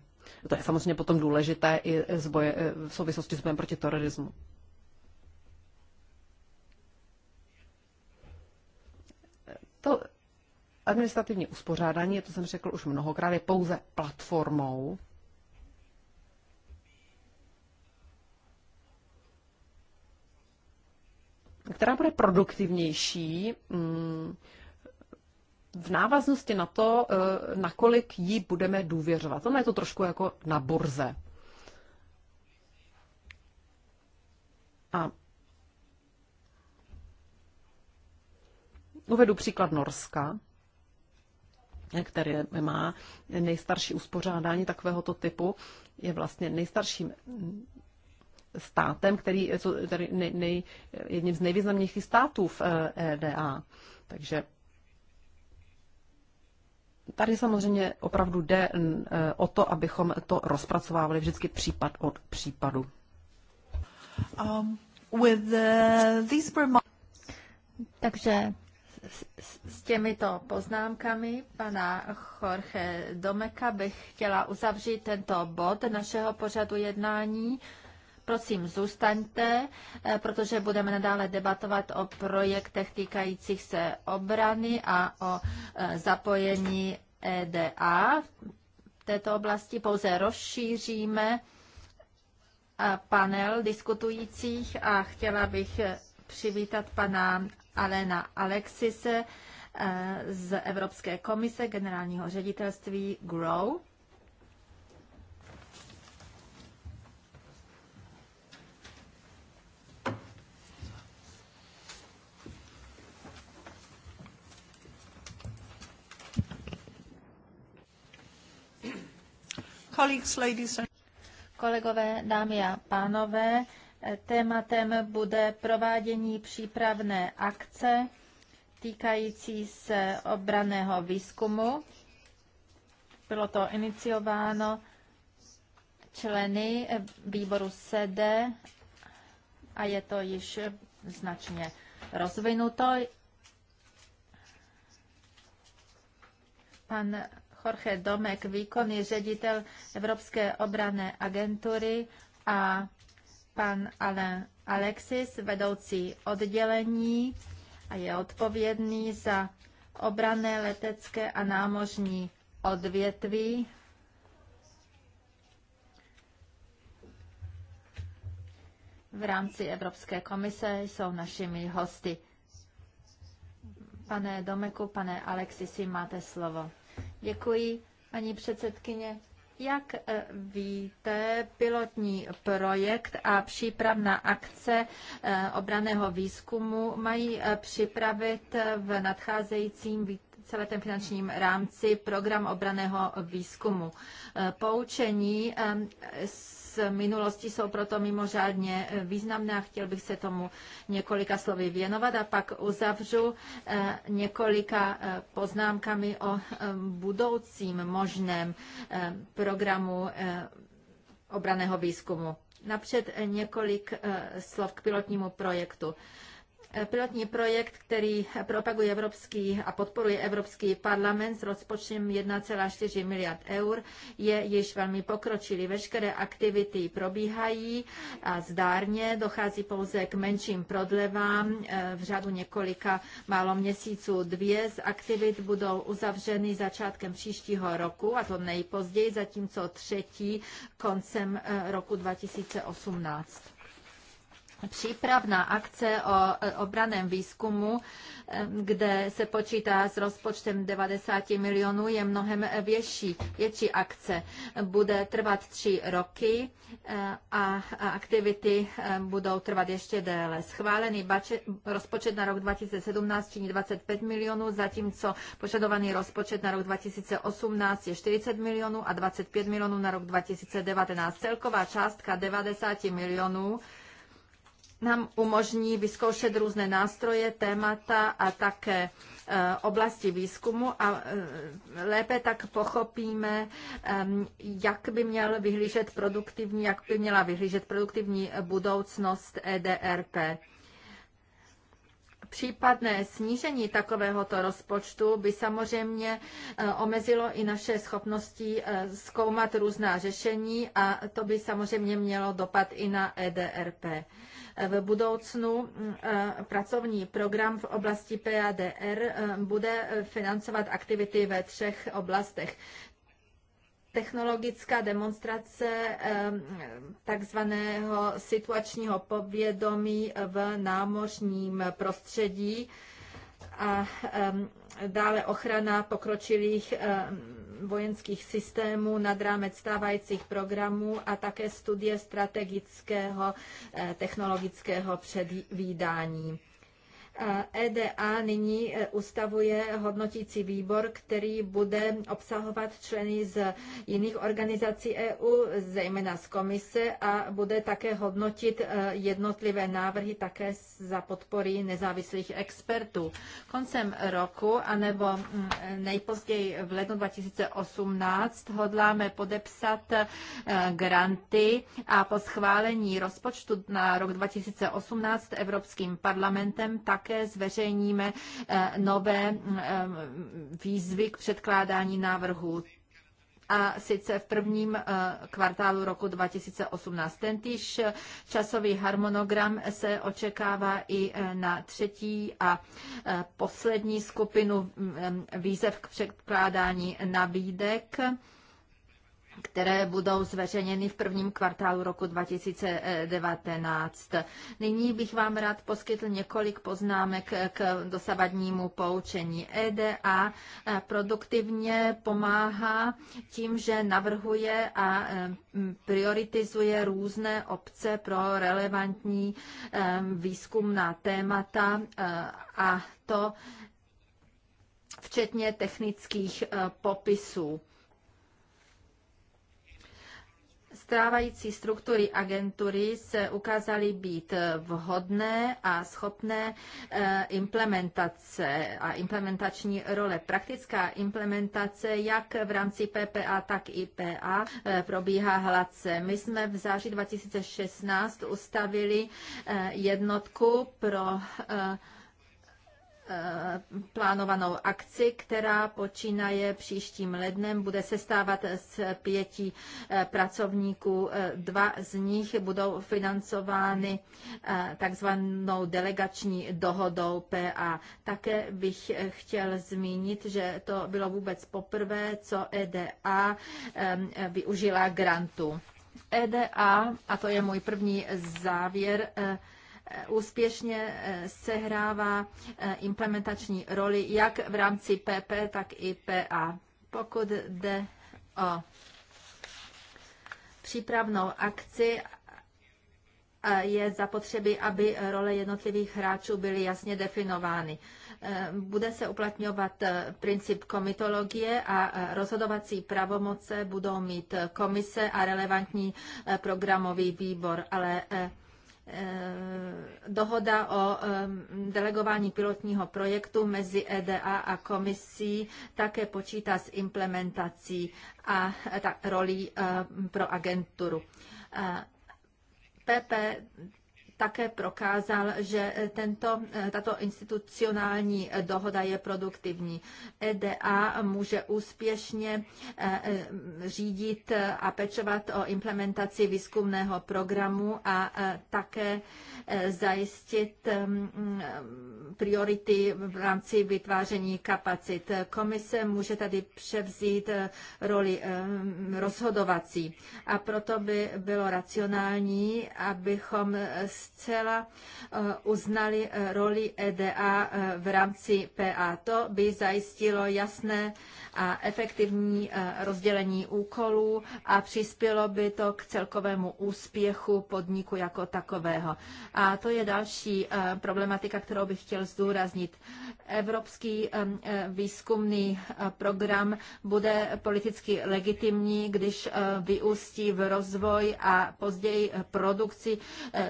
To je samozřejmě potom důležité i z boje, eh, v souvislosti s bojem proti terorismu. To administrativní uspořádání, to jsem řekl už mnohokrát, je pouze platformou. která bude produktivnější mm, v návaznosti na to, e, nakolik jí budeme důvěřovat. Ono je to trošku jako na burze. A uvedu příklad Norska které má nejstarší uspořádání takovéhoto typu, je vlastně nejstarším státem, který je tady nej, nej, jedním z nejvýznamnějších států v EDA. Eh, e Takže tady samozřejmě opravdu jde eh, o to, abychom to rozpracovávali vždycky případ od případu. Um, with, the, eh, these... Takže s těmito poznámkami pana Jorge Domeka bych chtěla uzavřít tento bod našeho pořadu jednání. Prosím, zůstaňte, eh, protože budeme nadále debatovat o projektech týkajících se obrany a o eh, zapojení EDA v této oblasti. Pouze rozšíříme eh, panel diskutujících a chtěla bych přivítat pana Alena Alexise eh, z Evropské komise generálního ředitelství GROW. Kolegové, dámy a pánové, Tématem bude provádění přípravné akce týkající se obraného výzkumu. Bylo to iniciováno členy výboru SED a je to již značně rozvinuto. Pan Jorge Domek, výkonný ředitel Evropské obrané agentury a pan Alain Alexis, vedoucí oddělení a je odpovědný za obrané letecké a námořní odvětví. V rámci Evropské komise jsou našimi hosty. Pane Domeku, pane Alexisi, máte slovo. Děkuji, paní předsedkyně. Jak eh, víte, pilotní projekt a přípravná akce eh, obraného výzkumu mají eh, připravit v nadcházejícím celém finančním rámci program obraného výzkumu. Poučení z minulosti jsou proto mimořádně významné a chtěl bych se tomu několika slovy věnovat a pak uzavřu eh, několika eh, poznámkami o eh, budoucím možném programu obraného výzkumu. Napřed několik slov k pilotnímu projektu. Pilotní projekt, který propaguje Evropský a podporuje Evropský parlament s rozpočtem 1,4 miliard eur, je již velmi pokročilý. Veškeré aktivity probíhají a zdárně dochází pouze k menším prodlevám eh, v řadu několika málo měsíců. Dvě z aktivit budou uzavřeny začátkem příštího roku, a to nejpozději, zatímco třetí koncem eh, roku 2018 přípravná akce o e, obraném výzkumu, e, kde se počítá s rozpočtem 90 milionů, je mnohem větší, větší akce. Bude trvat tři roky e, a aktivity budou trvat ještě déle. Schválený bače, rozpočet na rok 2017 činí 25 milionů, zatímco požadovaný rozpočet na rok 2018 je 40 milionů a 25 milionů na rok 2019. Celková částka 90 milionů nám umožní vyzkoušet různé nástroje, témata a také eh, oblasti výzkumu a eh, lépe tak pochopíme, ehm, jak by měl vyhlížet produktivní, jak by měla vyhlížet produktivní budoucnost EDRP. Případné snížení takovéhoto rozpočtu by samozřejmě eh, omezilo i naše schopnosti zkoumat různá řešení a to by samozřejmě mělo dopad i na EDRP v budoucnu mm, eh, pracovní program v oblasti PADR eh, bude financovat aktivity ve třech oblastech technologická demonstrace eh, takzvaného situačního povědomí v námořním prostředí a dále ochrana pokročilých vojenských systémů nad rámec stávajících programů a také studie strategického eh, technologického předvídání. EDA e nyní e, ustavuje hodnotící výbor, který bude obsahovat členy z jiných organizací EU, zejména z komise, a bude také hodnotit e, jednotlivé návrhy také za podpory nezávislých expertů. Koncem roku, anebo mm, nejpozději v lednu 2018, hodláme podepsat granty a po schválení rozpočtu na rok 2018 Evropským parlamentem tak také zveřejníme eh, nové eh, výzvy k předkládání návrhů a sice v prvním eh, kvartálu roku 2018. Tentýž časový harmonogram se očekává i na třetí a poslední skupinu mm, výzev k předkládání nabídek které budou zveřejněny v prvním kvartálu roku 2019. Nyní bych vám rád poskytl několik poznámek k dosavadnímu poučení. EDA produktivně pomáhá tím, že navrhuje a prioritizuje různé obce pro relevantní výzkumná témata e, a to včetně technických e, popisů. stávající struktury agentury se ukázaly být vhodné a schopné eh, implementace a implementační role. Praktická implementace jak v rámci PPA, tak i PA eh, probíhá hladce. My jsme v září 2016 ustavili eh, jednotku pro Eh, plánovanou akci, která počínaje příštím lednem. Bude sestávat z pěti eh, pracovníků. Eh, dva z nich budou financovány takzvanou delegační dohodou PA. Také bych chtěl zmínit, že to bylo vůbec poprvé, co EDA využila grantu. EDA, a to je můj první závěr, Eh, úspěšně eh, sehrává eh, implementační roli jak v rámci PP, tak i PA. Pokud jde o přípravnou akci je zapotřebí, aby role jednotlivých hráčů byly jasně definovány. Bude se uplatňovat princip komitologie a rozhodovací pravomoce budou mít komise a relevantní programový výbor, ale Eh, dohoda o eh, delegování pilotního projektu mezi EDA a komisí také počítá s implementací a eh, rolí pro agenturu. PP také prokázal, že tento, tato institucionální dohoda je produktivní. EDA může úspěšně e, e, řídit a pečovat o implementaci výzkumného programu a e, také zajistit priority v rámci vytváření kapacit. Komise může tady převzít roli rozhodovací a proto by bylo racionální, abychom zcela eh, uznali eh, roli EDA eh, v rámci PA. To by zajistilo jasné a efektivní rozdělení úkolů a přispělo by to k celkovému úspěchu podniku jako takového. A to je další problematika, kterou bych chtěl zdůraznit. Evropský výzkumný program bude politicky legitimní, když vyústí v rozvoj a později produkci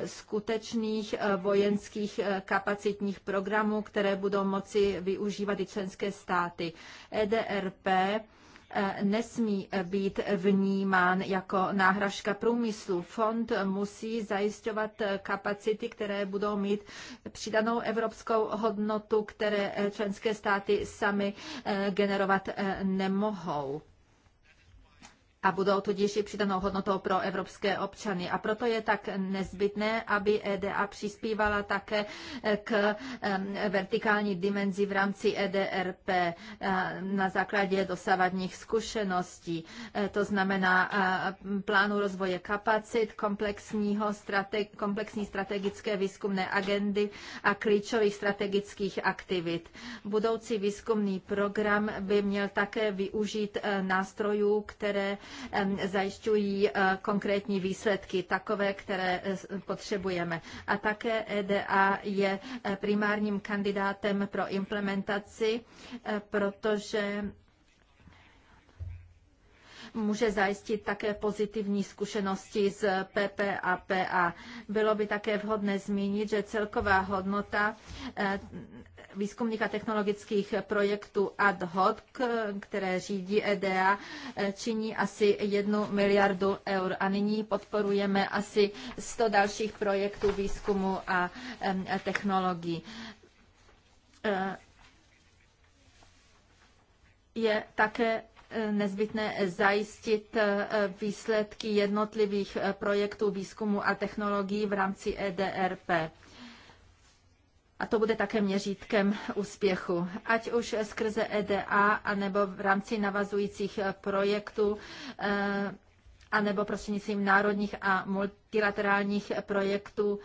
skutečných skutečných eh, vojenských eh, kapacitních programů, které budou moci využívat i členské státy. EDRP eh, nesmí být vnímán jako náhražka průmyslu. Fond musí zajišťovat kapacity, které budou mít přidanou evropskou hodnotu, které členské státy sami generovat nemohou a budou tudíž i přidanou hodnotou pro evropské občany. A proto je tak nezbytné, aby EDA přispívala také eh, k vertikální dimenzi v rámci EDRP eh, na základě dosavadních zkušeností. Eh, to znamená plánu rozvoje kapacit, komplexního strate- komplexní strategické výzkumné agendy a klíčových strategických aktivit. Budoucí výzkumný program by měl také využít nástrojů, které zajišťují eh, konkrétní výsledky, takové, které eh, potřebujeme. A také EDA je eh, primárním kandidátem pro implementaci, protože může zajistit také pozitivní zkušenosti z PPAPA. Bylo by také vhodné zmínit, že celková hodnota výzkumných a technologických projektů ad hoc, které řídí EDA, činí asi jednu miliardu eur. A nyní podporujeme asi 100 dalších projektů výzkumu a technologií e, je také e, nezbytné zajistit e, výsledky jednotlivých projektů výzkumu a technologií v rámci EDRP. A to bude také měřítkem úspěchu. Ať už skrze EDA, anebo v rámci navazujících projektů, eh, anebo prostřednictvím národních a multi multilaterálních projektů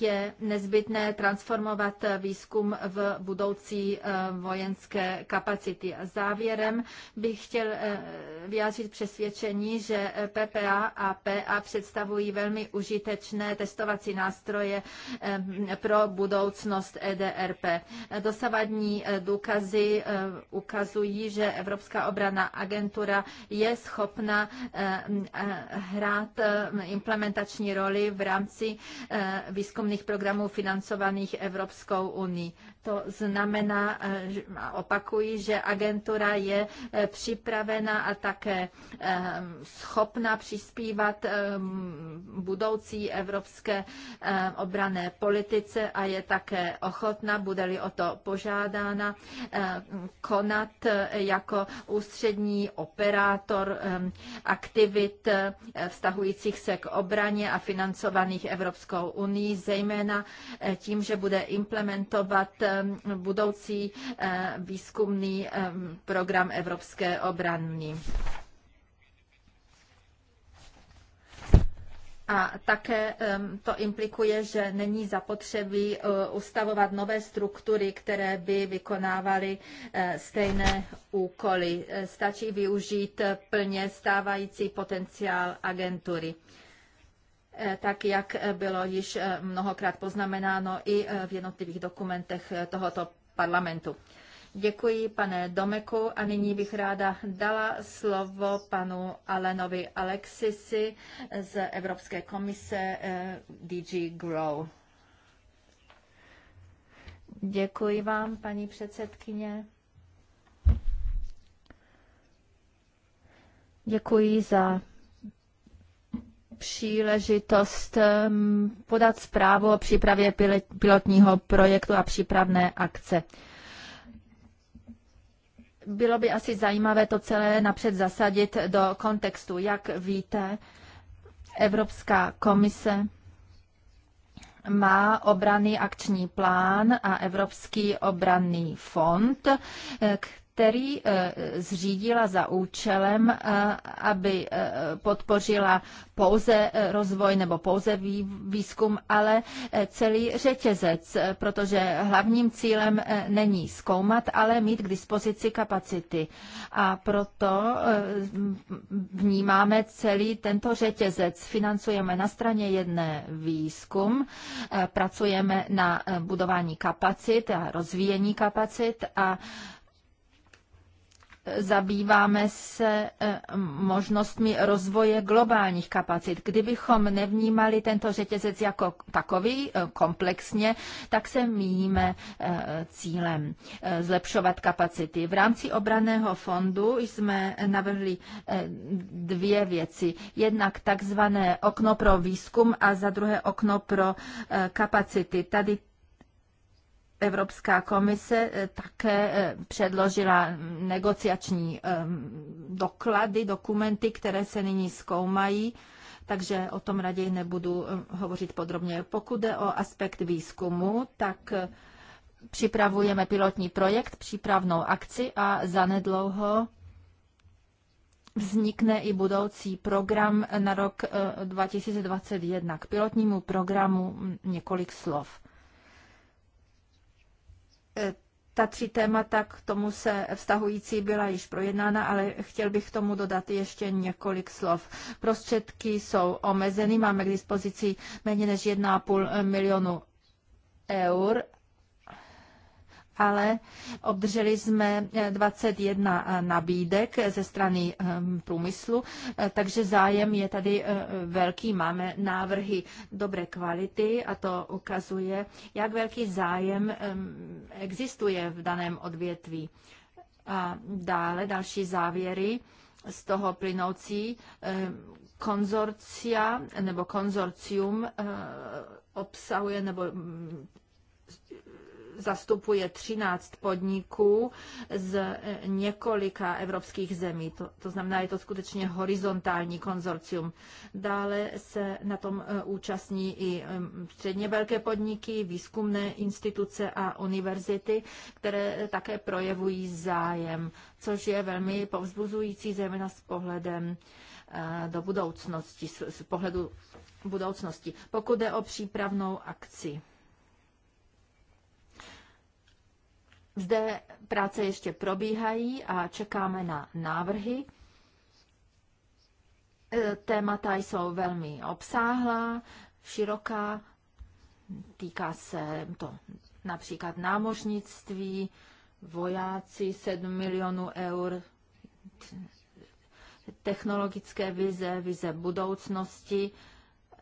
je nezbytné transformovat výzkum v budoucí eh, vojenské kapacity. A závěrem bych chtěl eh, vyjádřit přesvědčení, že PPA a PA představují velmi užitečné testovací nástroje eh, pro budoucnost EDRP. Dosavadní důkazy ukazují, že Evropská obrana agentura je schopna hrát implementační roli v rámci eh, výzkumných programů financovaných Evropskou unii. To znamená, eh, opakuji, že agentura je eh, připravena a také ehm, schopna přispívat ehm, budoucí evropské ehm, obrané politice a je také ochotna, bude-li o to požádána, konat eh, jako ústřední operátor aktivit vztahujících se k obraně a financovaných Evropskou unii, zejména tím, že bude implementovat Eh, budoucí eh, výzkumný eh, program Evropské obranní. A také to implikuje, že není zapotřebí ustavovat nové struktury, které by vykonávaly stejné úkoly. Stačí využít plně stávající potenciál agentury. Eh, tak jak bylo již eh, mnohokrát poznamenáno i eh, v jednotlivých dokumentech tohoto parlamentu. Děkuji, pane Domeku, a nyní bych ráda dala slovo panu Alenovi Alexisi z Evropské komise DG Grow. Děkuji vám, paní předsedkyně. Děkuji za příležitost podat zprávu o přípravě pilotního projektu a přípravné akce. Bylo by asi zajímavé to celé napřed zasadit do kontextu. Jak víte, Evropská komise má obranný akční plán a Evropský obranný fond, který eh, zřídila za účelem, eh, aby eh, podpořila pouze rozvoj nebo pouze výzkum, ale celý řetězec, protože hlavním cílem není zkoumat, ale mít k dispozici kapacity. A proto vnímáme celý tento řetězec. Financujeme na straně jedné výzkum, pracujeme na budování kapacit a rozvíjení kapacit a zabýváme se eh, možnostmi rozvoje globálních kapacit. Kdybychom nevnímali tento řetězec jako takový eh, komplexně, tak se míjíme eh, cílem zlepšovat kapacity. V rámci obraného fondu jsme navrhli dvě věci. Jednak takzvané okno pro výzkum a za druhé okno pro kapacity. Tady Evropská komise eh, také eh, předložila negociační ehm, doklady, dokumenty, které se nyní zkoumají, takže o tom raději nebudu eh, hovořit podrobně. Pokud jde o aspekt výzkumu, tak připravujeme pilotní projekt, přípravnou akci a zanedlouho vznikne i budoucí program na rok 2021. K pilotnímu programu hm, několik slov. E, ta tři témata k tomu se vztahující byla již projednána, ale chtěl bych k tomu dodat ještě několik slov. Prostředky jsou omezeny, máme k dispozici méně než 1,5 milionu eur ale obdrželi jsme 21 eh, eh, nabídek ze strany ehm, průmyslu, eh, takže zájem je tady velký. Máme návrhy dobré kvality a to ukazuje, jak velký zájem ehm, existuje v daném odvětví. A dále další závěry z toho plynoucí ehm, konzorcia nebo konzorcium obsahuje nebo mm, zastupuje 13 podniků z eh, několika evropských zemí. To, to znamená, je to skutečně horizontální konzorcium. Dále se na tom eh, účastní i středně velké podniky, výzkumné instituce a univerzity, které také projevují zájem, což je velmi povzbuzující, zejména s pohledem eh, do budoucnosti, z pohledu budoucnosti. Pokud jde o přípravnou akci, Zde práce ještě probíhají a čekáme na návrhy. E, témata jsou velmi obsáhlá, široká, týká se to například námořnictví, vojáci 7 milionů eur, technologické vize, vize budoucnosti,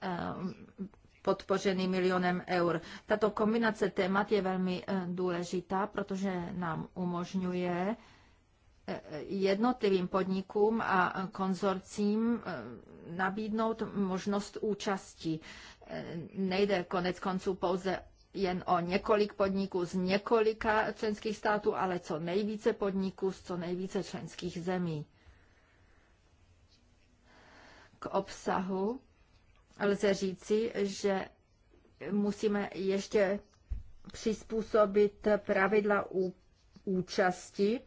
e, podpořený milionem eur. Tato kombinace témat je velmi eh, důležitá, protože nám umožňuje eh, jednotlivým podnikům a konzorcím eh, nabídnout možnost účasti. Nejde konec konců pouze jen o několik podniků z několika členských států, ale co nejvíce podniků z co nejvíce členských zemí. K obsahu lze říci, že musíme ještě přizpůsobit pravidla účasti,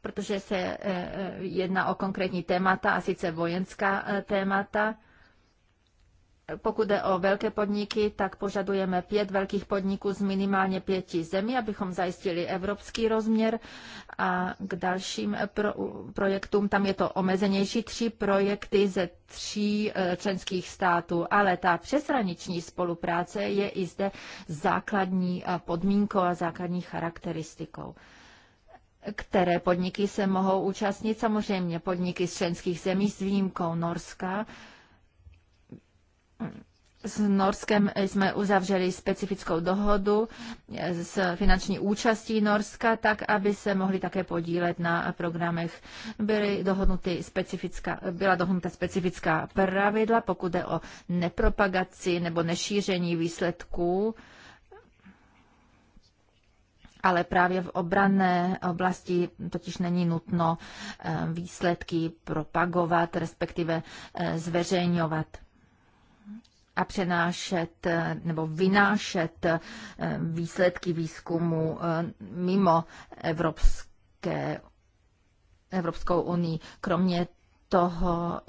protože se eh, eh, jedná o konkrétní témata, a sice vojenská eh, témata pokud jde o velké podniky, tak požadujeme pět velkých podniků z minimálně pěti zemí, abychom zajistili evropský rozměr. A k dalším pro, projektům, tam je to omezenější, tři projekty ze tří e, členských států, ale ta přeshraniční spolupráce je i zde základní e, podmínkou a základní charakteristikou. Které podniky se mohou účastnit? Samozřejmě podniky z členských zemí s výjimkou Norska, s Norskem jsme uzavřeli specifickou dohodu s finanční účastí Norska, tak aby se mohli také podílet na programech. Byly dohodnuty specifická, byla dohodnuta specifická pravidla, pokud jde o nepropagaci nebo nešíření výsledků, ale právě v obrané oblasti totiž není nutno eh, výsledky propagovat, respektive eh, zveřejňovat a přenášet eh, nebo vynášet eh, výsledky výzkumu eh, mimo Evropské, Evropskou unii. Kromě toho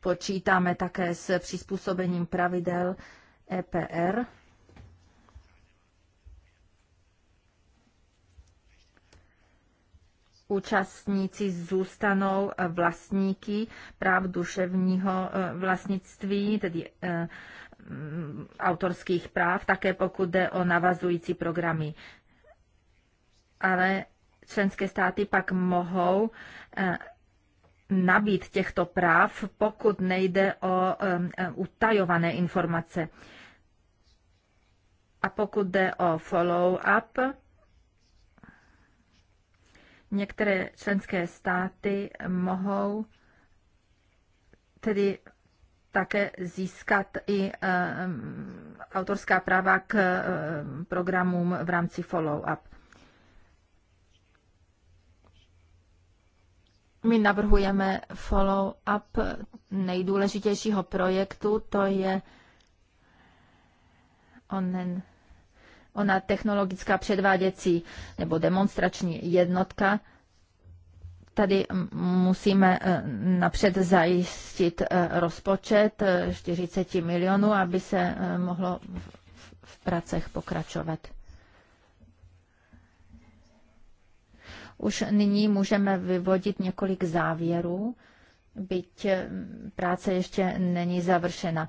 počítáme také s přizpůsobením pravidel EPR účastníci zůstanou eh, vlastníky práv duševního eh, vlastnictví, tedy eh, mm, autorských práv, také pokud jde o navazující programy. Ale členské státy pak mohou nabít těchto práv, pokud nejde o utajované informace. A pokud jde o follow-up, Některé členské státy mohou tedy také získat i eh, mm, autorská práva k eh, programům v rámci follow-up. My navrhujeme follow-up nejdůležitějšího projektu, to je onen Ona technologická předváděcí nebo demonstrační jednotka, tady musíme e, napřed zajistit e, rozpočet 40 e, milionů, aby se mohlo v pracech pokračovat. Už nyní můžeme vyvodit několik závěrů, byť práce ještě není završena.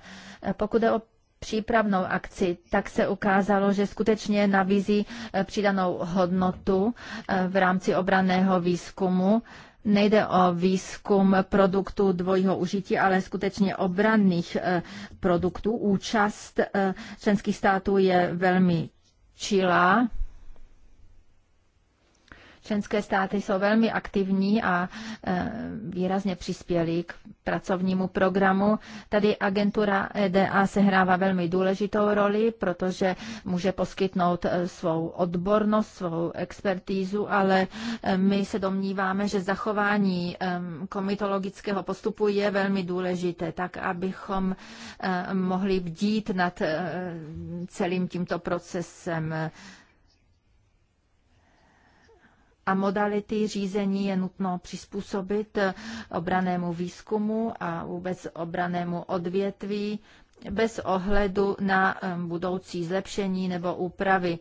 Pokud je o přípravnou akci, tak se ukázalo, že skutečně nabízí eh, přidanou hodnotu eh, v rámci obraného výzkumu. Nejde o výzkum produktů dvojího užití, ale skutečně obranných eh, produktů. Účast členských států je velmi čilá. Členské státy jsou velmi aktivní a eh, výrazně přispěly k pracovnímu programu. Tady agentura EDA sehrává velmi důležitou roli, protože může poskytnout eh, svou odbornost, svou expertízu, ale eh, my se domníváme, že zachování komitologického postupu je velmi důležité, tak abychom mohli bdít nad celým tímto procesem a modality řízení je nutno přizpůsobit obranému výzkumu a vůbec obranému odvětví bez ohledu na budoucí zlepšení nebo úpravy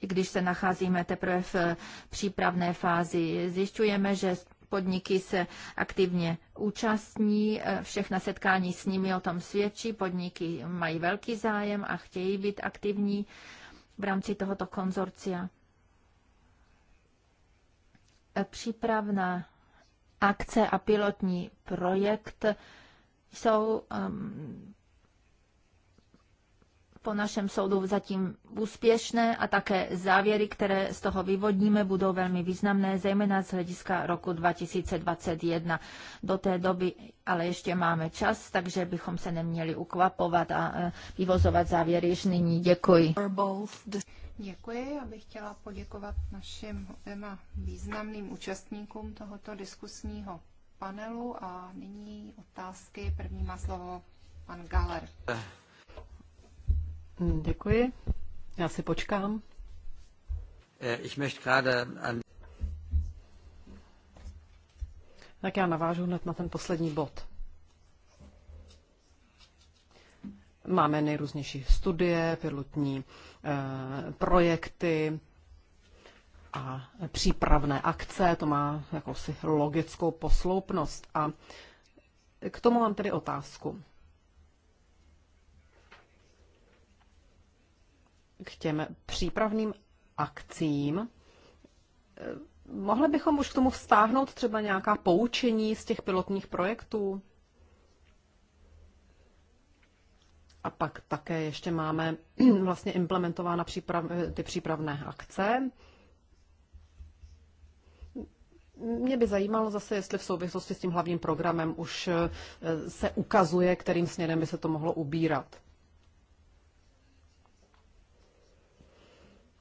když se nacházíme teprve v přípravné fázi. Zjišťujeme, že podniky se aktivně účastní, eh, všechna setkání s nimi o tom svědčí, podniky mají velký zájem a chtějí být aktivní v rámci tohoto konzorcia přípravná akce a pilotní projekt jsou um, po našem soudu zatím úspěšné a také závěry, které z toho vyvodníme, budou velmi významné, zejména z hlediska roku 2021. Do té doby ale ještě máme čas, takže bychom se neměli ukvapovat a eh, vyvozovat závěry již nyní. Děkuji. Děkuji. Já bych chtěla poděkovat našim oběma významným účastníkům tohoto diskusního panelu a nyní otázky. První má slovo pan Galer. Děkuji. Já si počkám. Eh, ich möchte gerade an... Tak já navážu hned na ten poslední bod. Máme nejrůznější studie, pilotní Eh, projekty a přípravné akce. To má jakousi logickou posloupnost. A k tomu mám tedy otázku. K těm přípravným akcím. Eh, mohli bychom už k tomu vztáhnout třeba nějaká poučení z těch pilotních projektů? A pak také ještě máme vlastně implementována příprav, ty přípravné akce. Mě by zajímalo zase, jestli v souvislosti s tím hlavním programem už eh, se ukazuje, kterým směrem by se to mohlo ubírat.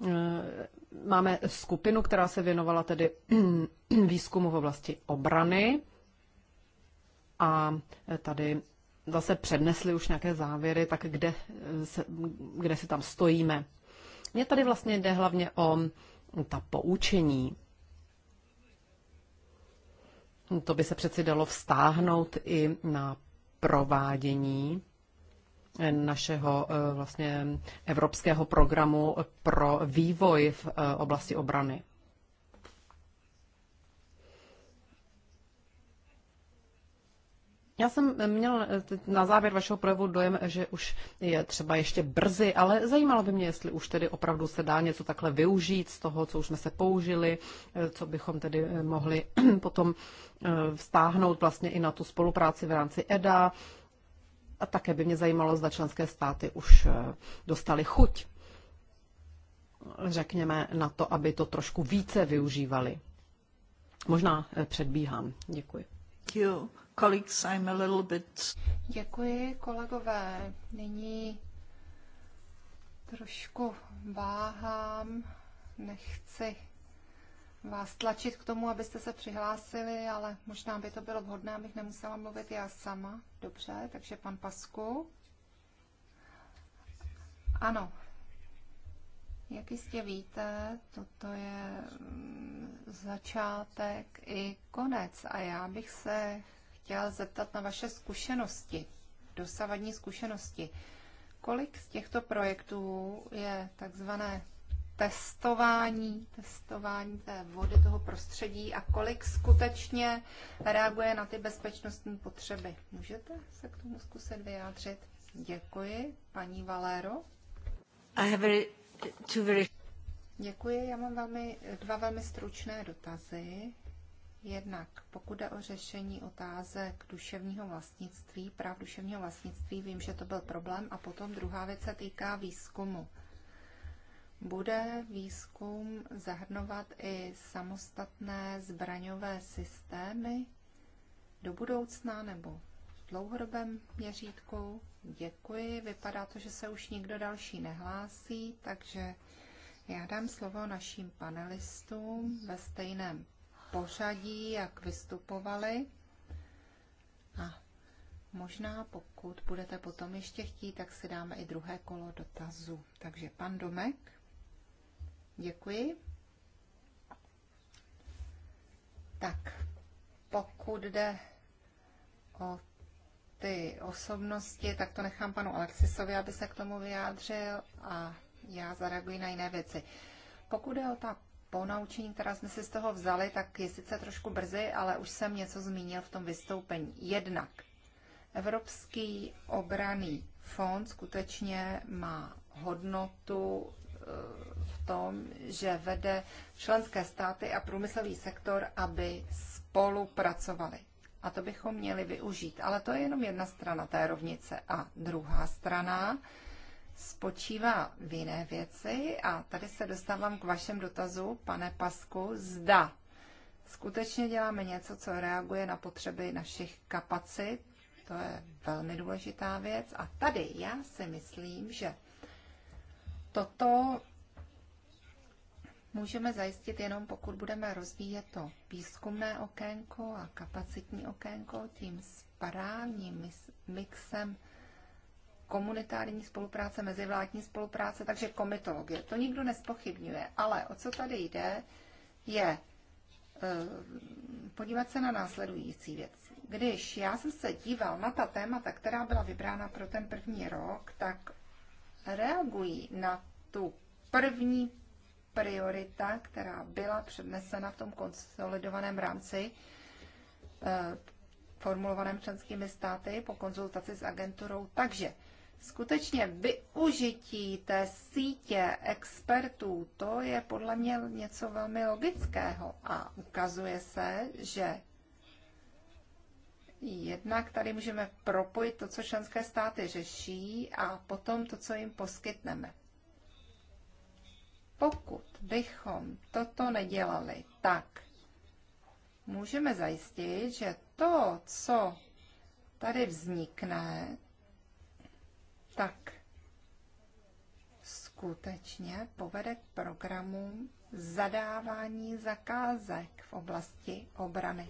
Eh, máme skupinu, která se věnovala tedy výzkumu v oblasti obrany. A eh, tady zase přednesli už nějaké závěry, tak kde, eh, se, kde si tam stojíme. Mně tady vlastně jde hlavně o ta poučení. To by se přeci dalo vztáhnout i na provádění eh, našeho eh, vlastně evropského programu pro vývoj v oblasti obrany. Já jsem měl eh, na závěr vašeho projevu dojem, že už je třeba ještě brzy, ale zajímalo by mě, jestli už tedy opravdu se dá něco takhle využít z toho, co už jsme se použili, eh, co bychom tedy eh, mohli potom vztáhnout vlastně i na tu spolupráci v rámci EDA. A také by mě zajímalo, zda členské státy už dostali chuť, řekněme, na to, aby to trošku více využívali. Možná předbíhám. Děkuji. Děkuji colleagues, I'm a little bit... Děkuji, kolegové. Nyní trošku váhám, nechci vás tlačit k tomu, abyste se přihlásili, ale možná by to bylo vhodné, abych nemusela mluvit já sama. Dobře, takže pan Pasku. Ano, jak jistě víte, toto je mm, začátek i konec a já bych se chtěla zeptat na vaše zkušenosti, dosavadní zkušenosti. Kolik z těchto projektů je takzvané testování, testování té vody, toho prostředí a kolik skutečně reaguje na ty bezpečnostní potřeby. Můžete se k tomu zkusit vyjádřit? Děkuji, paní Valero. I have very, two very... Děkuji, já mám velmi, dva velmi stručné dotazy. Jednak pokud jde o řešení otázek duševního vlastnictví, práv duševního vlastnictví, vím, že to byl problém. A potom druhá věc se týká výzkumu. Bude výzkum zahrnovat i samostatné zbraňové systémy do budoucna nebo v dlouhodobém měřítku? Děkuji. Vypadá to, že se už nikdo další nehlásí, takže já dám slovo našim panelistům ve stejném pořadí, jak vystupovali. A možná pokud budete potom ještě chtít, tak si dáme i druhé kolo dotazu. Takže pan Domek, děkuji. Tak, pokud jde o ty osobnosti, tak to nechám panu Alexisovi, aby se k tomu vyjádřil a já zareaguji na jiné věci. Pokud je o ta ponaučení, která jsme si z toho vzali, tak je sice trošku brzy, ale už jsem něco zmínil v tom vystoupení. Jednak Evropský obraný fond skutečně má hodnotu eh, v tom, že vede členské státy a průmyslový sektor, aby spolupracovali. A to bychom měli využít. Ale to je jenom jedna strana té rovnice. A druhá strana spočívá v jiné věci a tady se dostávám k vašem dotazu, pane Pasku, zda skutečně děláme něco, co reaguje na potřeby našich kapacit, to je velmi důležitá věc a tady já si myslím, že toto můžeme zajistit jenom pokud budeme rozvíjet to výzkumné okénko a kapacitní okénko tím správným mixem komunitární spolupráce, mezivládní spolupráce, takže komitologie. To nikdo nespochybňuje, ale o co tady jde, je eh, podívat se na následující věc. Když já jsem se díval na ta témata, která byla vybrána pro ten první rok, tak reagují na tu první priorita, která byla přednesena v tom konsolidovaném rámci eh, formulovaném členskými státy po konzultaci s agenturou. Takže skutečně využití té sítě expertů, to je podle mě něco velmi logického a ukazuje se, že jednak tady můžeme propojit to, co členské státy řeší a potom to, co jim poskytneme. Pokud bychom toto nedělali, tak můžeme zajistit, že to, co tady vznikne, tak skutečně povede k programům zadávání zakázek v oblasti obrany.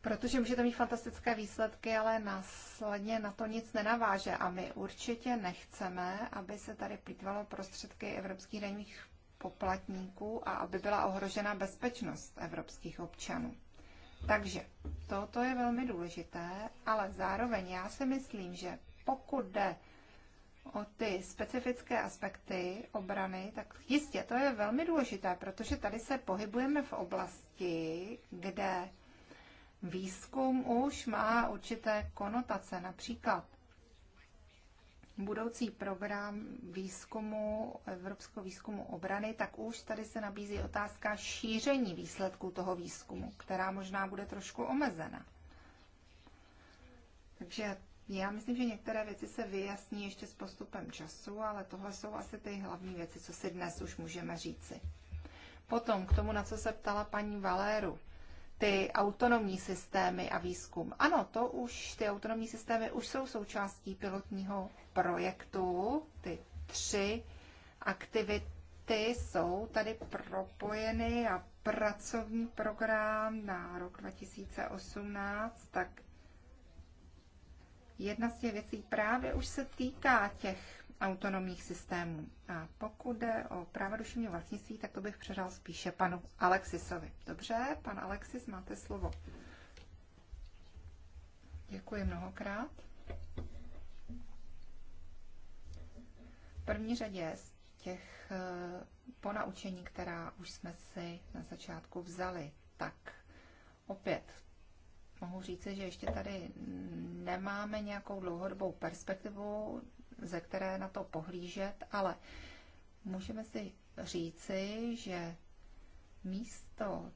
Protože můžete mít fantastické výsledky, ale následně na to nic nenaváže a my určitě nechceme, aby se tady plýtvalo prostředky evropských daňových poplatníků a aby byla ohrožena bezpečnost evropských občanů. Takže toto je velmi důležité, ale zároveň já si myslím, že pokud jde o ty specifické aspekty obrany, tak jistě to je velmi důležité, protože tady se pohybujeme v oblasti, kde výzkum už má určité konotace. Například budoucí program výzkumu, Evropského výzkumu obrany, tak už tady se nabízí otázka šíření výsledků toho výzkumu, která možná bude trošku omezena. Takže já myslím, že některé věci se vyjasní ještě s postupem času, ale tohle jsou asi ty hlavní věci, co si dnes už můžeme říci. Potom k tomu, na co se ptala paní Valéru, ty autonomní systémy a výzkum. Ano, to už, ty autonomní systémy už jsou součástí pilotního projektu. Ty tři aktivity jsou tady propojeny a pracovní program na rok 2018, tak Jedna z těch věcí právě už se týká těch autonomních systémů. A pokud jde o práva duševního vlastnictví, tak to bych přeřal spíše panu Alexisovi. Dobře, pan Alexis, máte slovo. Děkuji mnohokrát. V první řadě z těch eh, ponaučení, která už jsme si na začátku vzali, tak opět mohu říci, že ještě tady nemáme nějakou dlouhodobou perspektivu, ze které na to pohlížet, ale můžeme si říci, že místo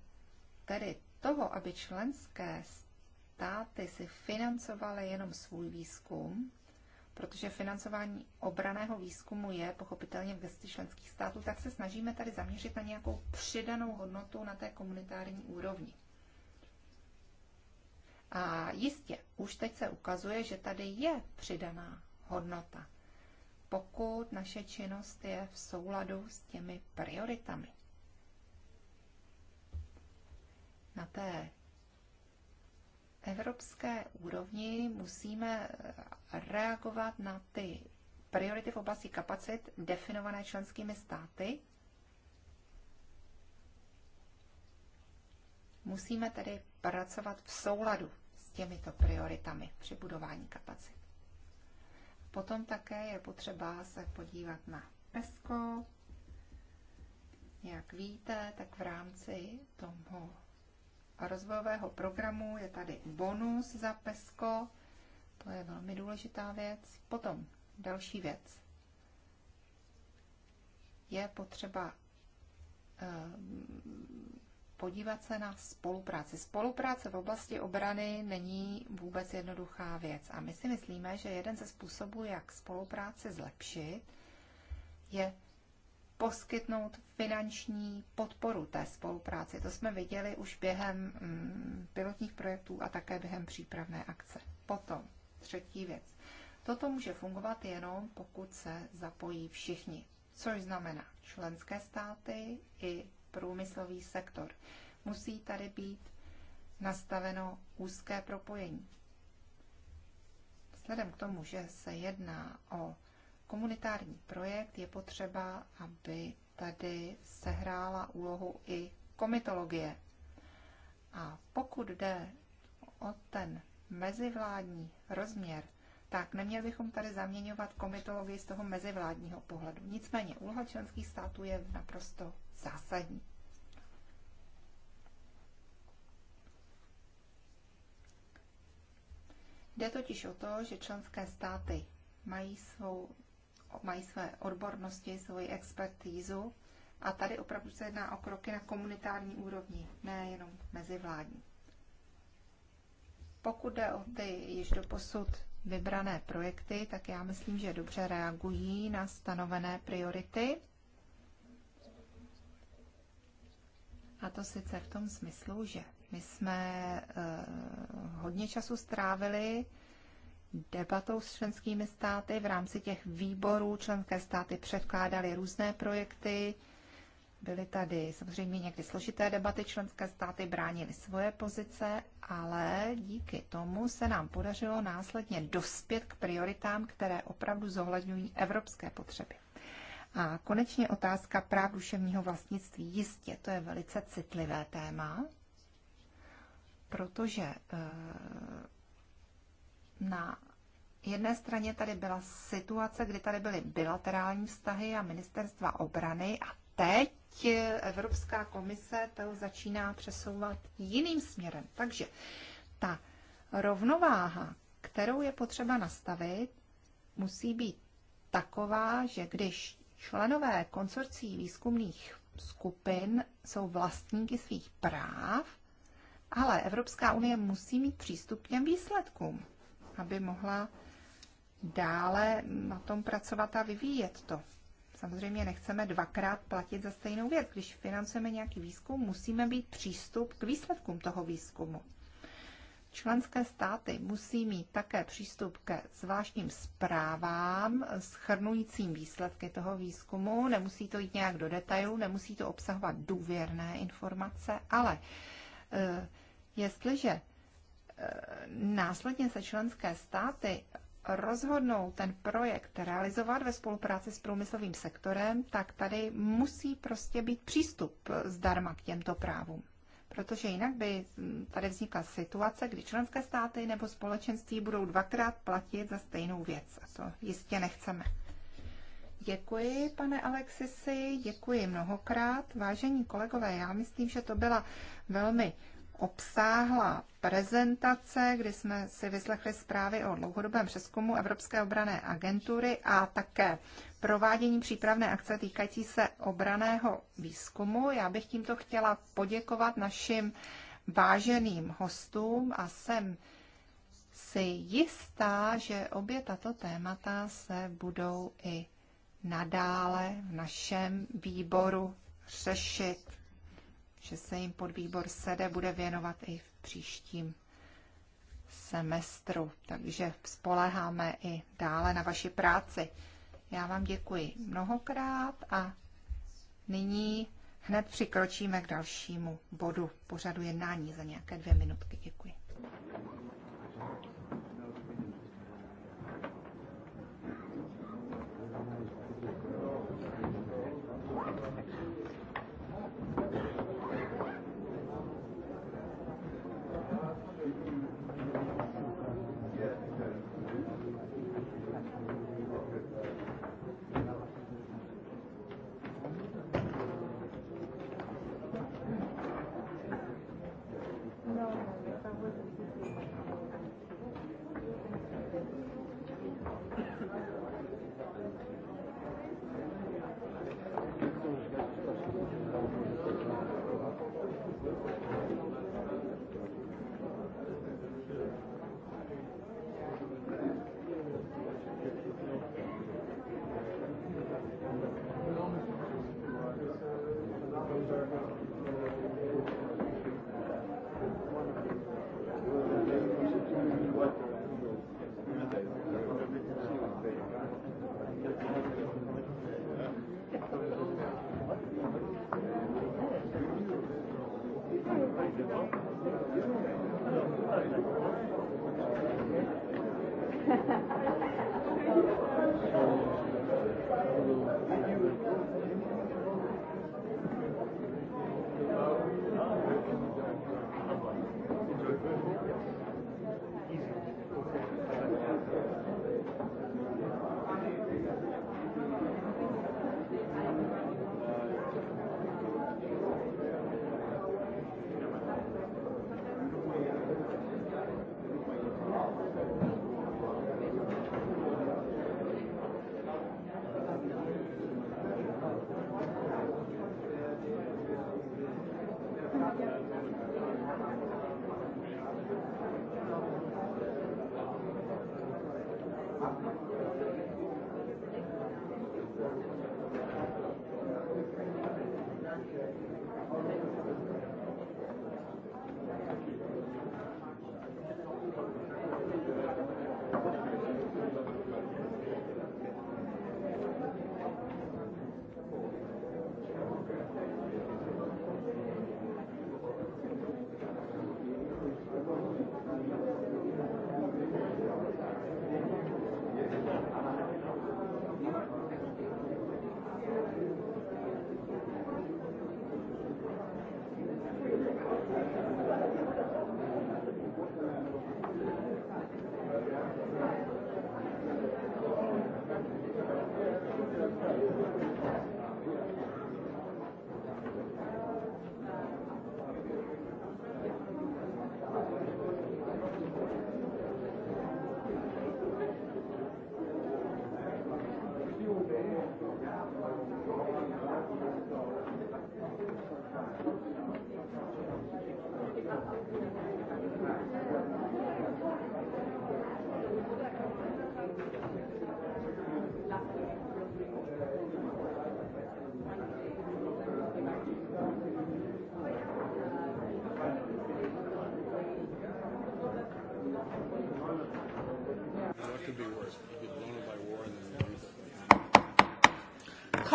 tedy toho, aby členské státy si financovaly jenom svůj výzkum, protože financování obraného výzkumu je pochopitelně v gesti členských států, tak se snažíme tady zaměřit na nějakou přidanou hodnotu na té komunitární úrovni. A jistě, už teď se ukazuje, že tady je přidaná hodnota, pokud naše činnost je v souladu s těmi prioritami. Na té evropské úrovni musíme reagovat na ty priority v oblasti kapacit definované členskými státy. Musíme tedy pracovat v souladu těmito prioritami při budování kapacit. Potom také je potřeba se podívat na PESCO. Jak víte, tak v rámci toho rozvojového programu je tady bonus za PESCO. To je velmi důležitá věc. Potom další věc. Je potřeba eh, podívat se na spolupráci. Spolupráce v oblasti obrany není vůbec jednoduchá věc a my si myslíme, že jeden ze způsobů, jak spolupráci zlepšit, je poskytnout finanční podporu té spolupráci. To jsme viděli už během mm, pilotních projektů a také během přípravné akce. Potom, třetí věc. Toto může fungovat jenom, pokud se zapojí všichni, což znamená členské státy i průmyslový sektor. Musí tady být nastaveno úzké propojení. Vzhledem k tomu, že se jedná o komunitární projekt, je potřeba, aby tady sehrála úlohu i komitologie. A pokud jde o ten mezivládní rozměr, tak neměli bychom tady zaměňovat komitologii z toho mezivládního pohledu. Nicméně úloha členských států je naprosto zásadní. Jde totiž o to, že členské státy mají, svou, mají své odbornosti, svoji expertízu a tady opravdu se jedná o kroky na komunitární úrovni, ne jenom mezivládní. Pokud jde o ty již posud vybrané projekty, tak já myslím, že dobře reagují na stanovené priority A to sice v tom smyslu, že my jsme eh, hodně času strávili debatou s členskými státy. V rámci těch výborů členské státy předkládaly různé projekty. Byly tady samozřejmě někdy složité debaty, členské státy bránily svoje pozice, ale díky tomu se nám podařilo následně dospět k prioritám, které opravdu zohledňují evropské potřeby. A konečně otázka práv duševního vlastnictví. Jistě, to je velice citlivé téma, protože eh, na jedné straně tady byla situace, kdy tady byly bilaterální vztahy a ministerstva obrany a teď Evropská komise to začíná přesouvat jiným směrem. Takže ta rovnováha, kterou je potřeba nastavit, musí být taková, že když Členové konsorcí výzkumných skupin jsou vlastníky svých práv, ale Evropská unie musí mít přístup k těm výsledkům, aby mohla dále na tom pracovat a vyvíjet to. Samozřejmě nechceme dvakrát platit za stejnou věc. Když financujeme nějaký výzkum, musíme být přístup k výsledkům toho výzkumu. Členské státy musí mít také přístup ke zvláštním zprávám schrnujícím výsledky toho výzkumu. Nemusí to jít nějak do detailu, nemusí to obsahovat důvěrné informace, ale e, jestliže e, následně se členské státy rozhodnou ten projekt realizovat ve spolupráci s průmyslovým sektorem, tak tady musí prostě být přístup zdarma k těmto právům protože jinak by tady vznikla situace, kdy členské státy nebo společenství budou dvakrát platit za stejnou věc a to jistě nechceme. Děkuji, pane Alexisi, děkuji mnohokrát. Vážení kolegové, já myslím, že to byla velmi obsáhla prezentace, kdy jsme si vyslechli zprávy o dlouhodobém přeskumu Evropské obrané agentury a také provádění přípravné akce týkající se obraného výzkumu. Já bych tímto chtěla poděkovat našim váženým hostům a jsem si jistá, že obě tato témata se budou i nadále v našem výboru řešit že se jim podvýbor SEDE bude věnovat i v příštím semestru. Takže spoleháme i dále na vaši práci. Já vám děkuji mnohokrát a nyní hned přikročíme k dalšímu bodu pořadu jednání za nějaké dvě minutky. Děkuji.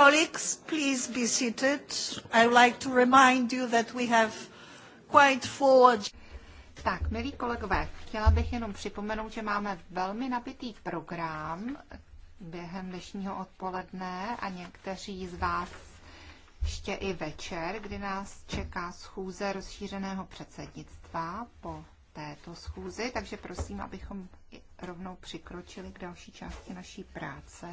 Colleagues, please be seated. I would like to remind you that we have quite forward. Tak, milí kolegové, chtěla bych jenom připomenout, že máme velmi nabitý program během dnešního odpoledne a někteří z vás ještě i večer, kdy nás čeká schůze rozšířeného předsednictva po této schůzi, takže prosím, abychom rovnou přikročili k další části naší práce.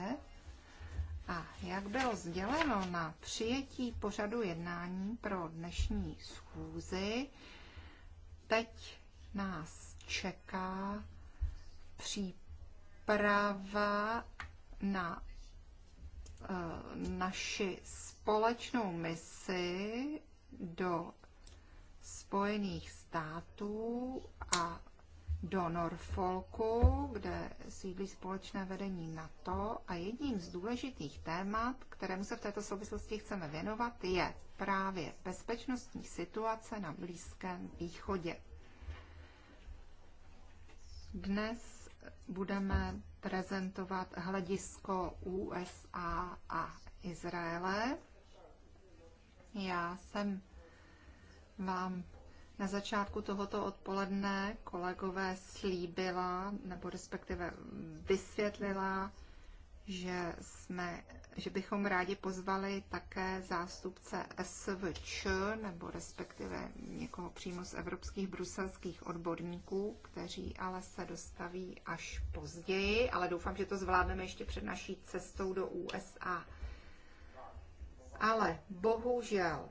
A jak bylo sděleno na přijetí pořadu jednání pro dnešní schůzi, teď nás čeká příprava na eh, naši společnou misi do Spojených států a do Norfolku, kde sídlí společné vedení NATO a jedním z důležitých témat, kterému se v této souvislosti chceme věnovat, je právě bezpečnostní situace na Blízkém východě. Dnes budeme prezentovat hledisko USA a Izraele. Já jsem vám na začátku tohoto odpoledne kolegové slíbila, nebo respektive vysvětlila, že, jsme, že bychom rádi pozvali také zástupce SVČ, nebo respektive někoho přímo z evropských bruselských odborníků, kteří ale se dostaví až později, ale doufám, že to zvládneme ještě před naší cestou do USA. Ale bohužel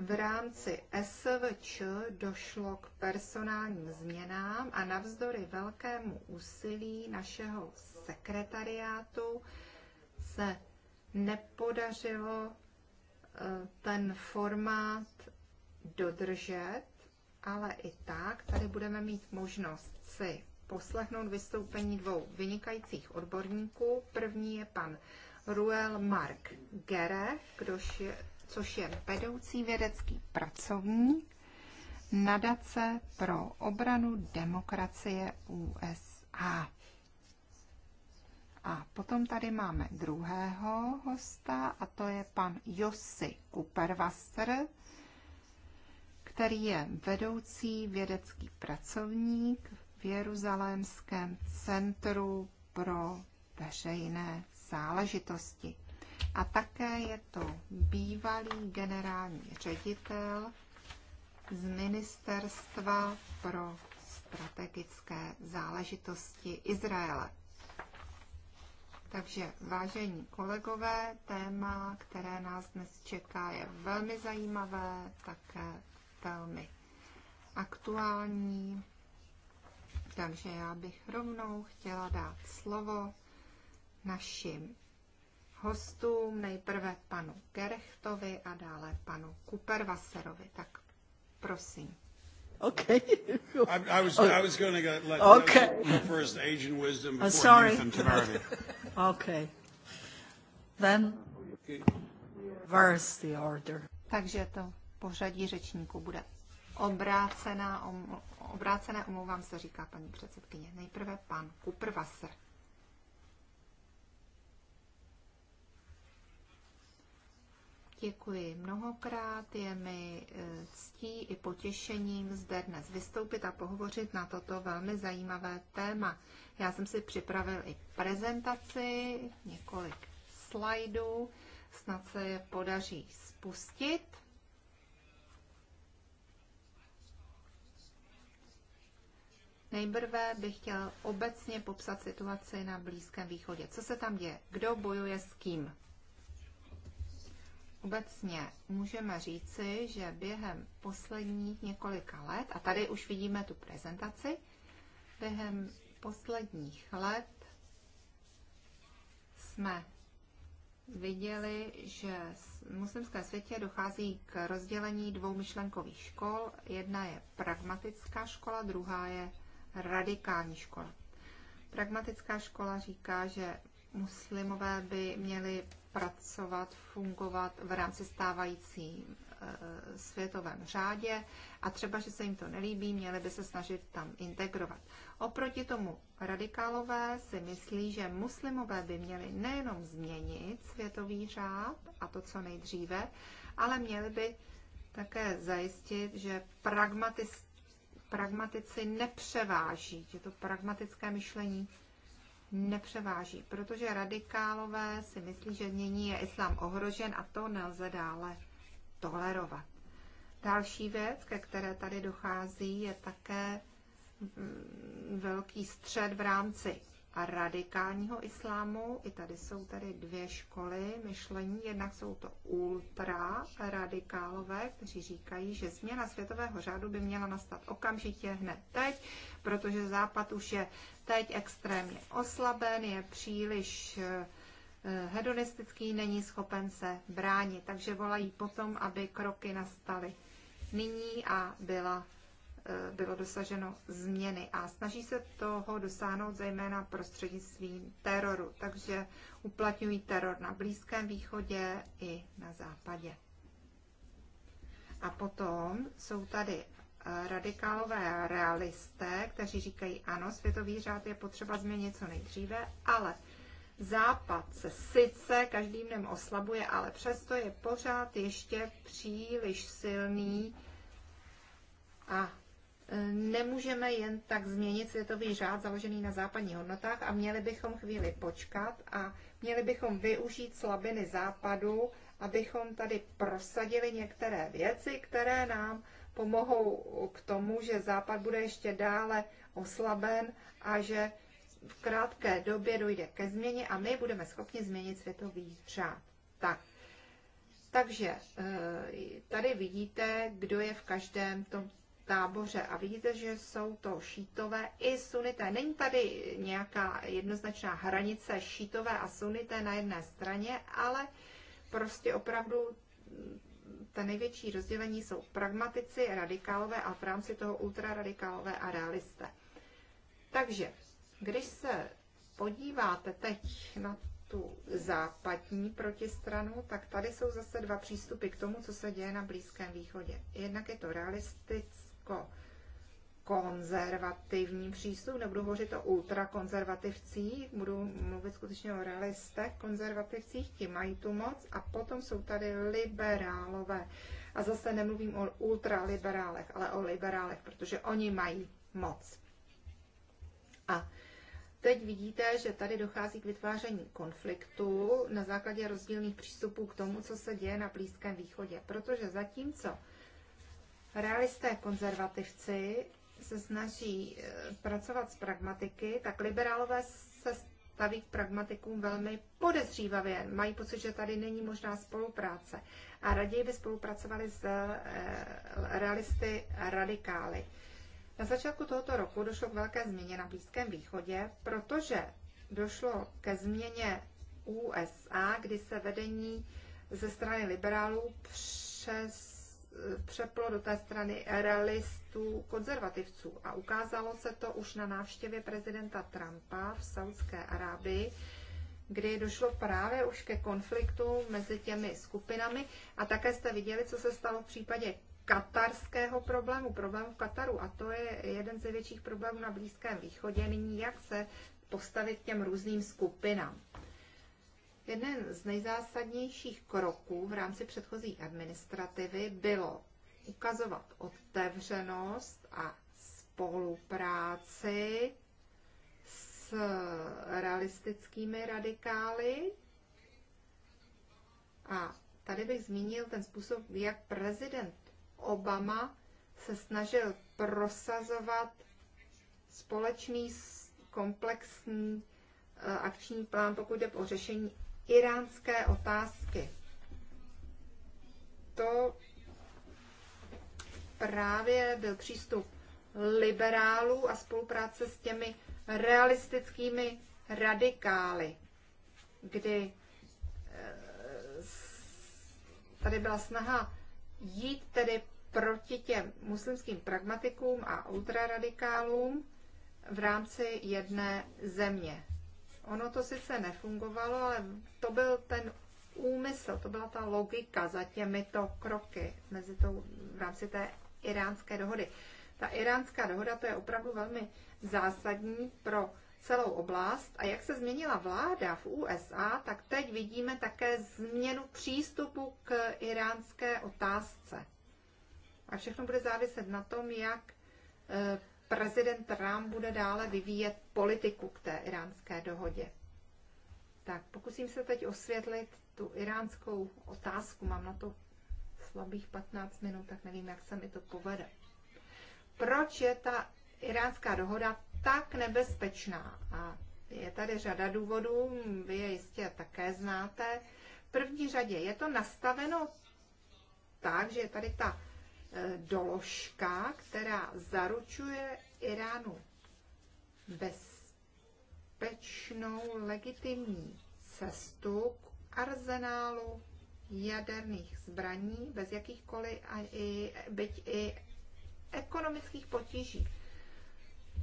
v rámci SVČ došlo k personálním změnám a navzdory velkému úsilí našeho sekretariátu se nepodařilo eh, ten formát dodržet, ale i tak tady budeme mít možnost si poslechnout vystoupení dvou vynikajících odborníků. První je pan Ruel Mark Gere, kdož je, což je vedoucí vědecký pracovník Nadace pro obranu demokracie USA. A potom tady máme druhého hosta a to je pan Josy Kuperwasser, který je vedoucí vědecký pracovník v Jeruzalémském centru pro veřejné záležitosti. A také je to bývalý generální ředitel z Ministerstva pro strategické záležitosti Izraele. Takže, vážení kolegové, téma, které nás dnes čeká, je velmi zajímavé, také velmi aktuální. Takže já bych rovnou chtěla dát slovo našim hostům, nejprve panu Gerechtovi a dále panu Kupervaserovi. Tak prosím. Okay. I, I was I was going to let okay. first Asian wisdom before I'm sorry. youth okay. Then Where's the order. Takže to pořadí řečníků bude obrácená, om, obrácené, omlouvám se, říká paní předsedkyně. Nejprve pan Kuprvaser. Děkuji mnohokrát, je mi e, ctí i potěšením zde dnes vystoupit a pohovořit na toto velmi zajímavé téma. Já jsem si připravil i prezentaci, několik slajdů, snad se je podaří spustit. Nejprve bych chtěl obecně popsat situaci na Blízkém východě. Co se tam děje? Kdo bojuje s kým? obecně můžeme říci, že během posledních několika let, a tady už vidíme tu prezentaci, během posledních let jsme viděli, že v muslimském světě dochází k rozdělení dvou myšlenkových škol. Jedna je pragmatická škola, druhá je radikální škola. Pragmatická škola říká, že muslimové by měli pracovat, fungovat v rámci stávající eh, světovém řádě a třeba, že se jim to nelíbí, měli by se snažit tam integrovat. Oproti tomu radikálové si myslí, že muslimové by měli nejenom změnit světový řád a to co nejdříve, ale měli by také zajistit, že pragmatici nepřeváží, že to pragmatické myšlení nepřeváží, protože radikálové si myslí, že nyní je islám ohrožen a to nelze dále tolerovat. Další věc, ke které tady dochází, je také mm, velký střed v rámci a radikálního islámu. I tady jsou tady dvě školy myšlení. Jednak jsou to ultra radikálové, kteří říkají, že změna světového řádu by měla nastat okamžitě hned teď, protože Západ už je teď extrémně oslaben, je příliš eh, eh, hedonistický, není schopen se bránit, takže volají potom, aby kroky nastaly nyní a byla, eh, bylo dosaženo změny. A snaží se toho dosáhnout zejména prostřednictvím teroru, takže uplatňují teror na Blízkém východě i na západě. A potom jsou tady radikálové realisté, kteří říkají ano, světový řád je potřeba změnit co nejdříve, ale Západ se sice každým dnem oslabuje, ale přesto je pořád ještě příliš silný a e, nemůžeme jen tak změnit světový řád založený na západních hodnotách a měli bychom chvíli počkat a měli bychom využít slabiny západu, abychom tady prosadili některé věci, které nám pomohou k tomu, že Západ bude ještě dále oslaben a že v krátké době dojde ke změně a my budeme schopni změnit světový řád. Tak. Takže eh, tady vidíte, kdo je v každém tom táboře a vidíte, že jsou to šítové i sunité. Není tady nějaká jednoznačná hranice šítové a sunité na jedné straně, ale prostě opravdu ta největší rozdělení jsou pragmatici, radikálové a v rámci toho ultraradikálové a realisté. Takže, když se podíváte teď na tu západní protistranu, tak tady jsou zase dva přístupy k tomu, co se děje na Blízkém východě. Jednak je to realisticko konzervativní přístup, nebudu hovořit o ultrakonzervativcích, budu mluvit skutečně o realistech konzervativcích, ti mají tu moc a potom jsou tady liberálové. A zase nemluvím o ultraliberálech, ale o liberálech, protože oni mají moc. A teď vidíte, že tady dochází k vytváření konfliktu na základě rozdílných přístupů k tomu, co se děje na Blízkém východě, protože zatímco realisté konzervativci se snaží eh, pracovat s pragmatiky, tak liberálové se staví k pragmatikům velmi podezřívavě. Mají pocit, že tady není možná spolupráce a raději by spolupracovali s eh, realisty radikály. Na začátku tohoto roku došlo k velké změně na Blízkém východě, protože došlo ke změně USA, kdy se vedení ze strany liberálů přes přeplo do té strany realistů konzervativců. A ukázalo se to už na návštěvě prezidenta Trumpa v Saudské Arábii, kdy došlo právě už ke konfliktu mezi těmi skupinami. A také jste viděli, co se stalo v případě katarského problému, problému v Kataru. A to je jeden z největších problémů na Blízkém východě. Nyní jak se postavit těm různým skupinám. Jeden z nejzásadnějších kroků v rámci předchozí administrativy bylo ukazovat otevřenost a spolupráci s realistickými radikály. A tady bych zmínil ten způsob, jak prezident Obama se snažil prosazovat společný komplexní eh, akční plán, pokud jde o řešení iránské otázky. To právě byl přístup liberálů a spolupráce s těmi realistickými radikály, kdy eh, tady byla snaha jít tedy proti těm muslimským pragmatikům a ultraradikálům v rámci jedné země. Ono to sice nefungovalo, ale to byl ten úmysl, to byla ta logika za těmito kroky mezi tou, v rámci té iránské dohody. Ta iránská dohoda to je opravdu velmi zásadní pro celou oblast a jak se změnila vláda v USA, tak teď vidíme také změnu přístupu k iránské otázce. A všechno bude záviset na tom, jak eh, prezident Trump bude dále vyvíjet politiku k té iránské dohodě. Tak pokusím se teď osvětlit tu iránskou otázku. Mám na to slabých 15 minut, tak nevím, jak se mi to povede. Proč je ta iránská dohoda tak nebezpečná? A je tady řada důvodů, vy je jistě také znáte. V první řadě je to nastaveno tak, že je tady ta Eh, doložka, která zaručuje Iránu bezpečnou legitimní cestu k arzenálu jaderných zbraní bez jakýchkoliv a i, byť i ekonomických potíží.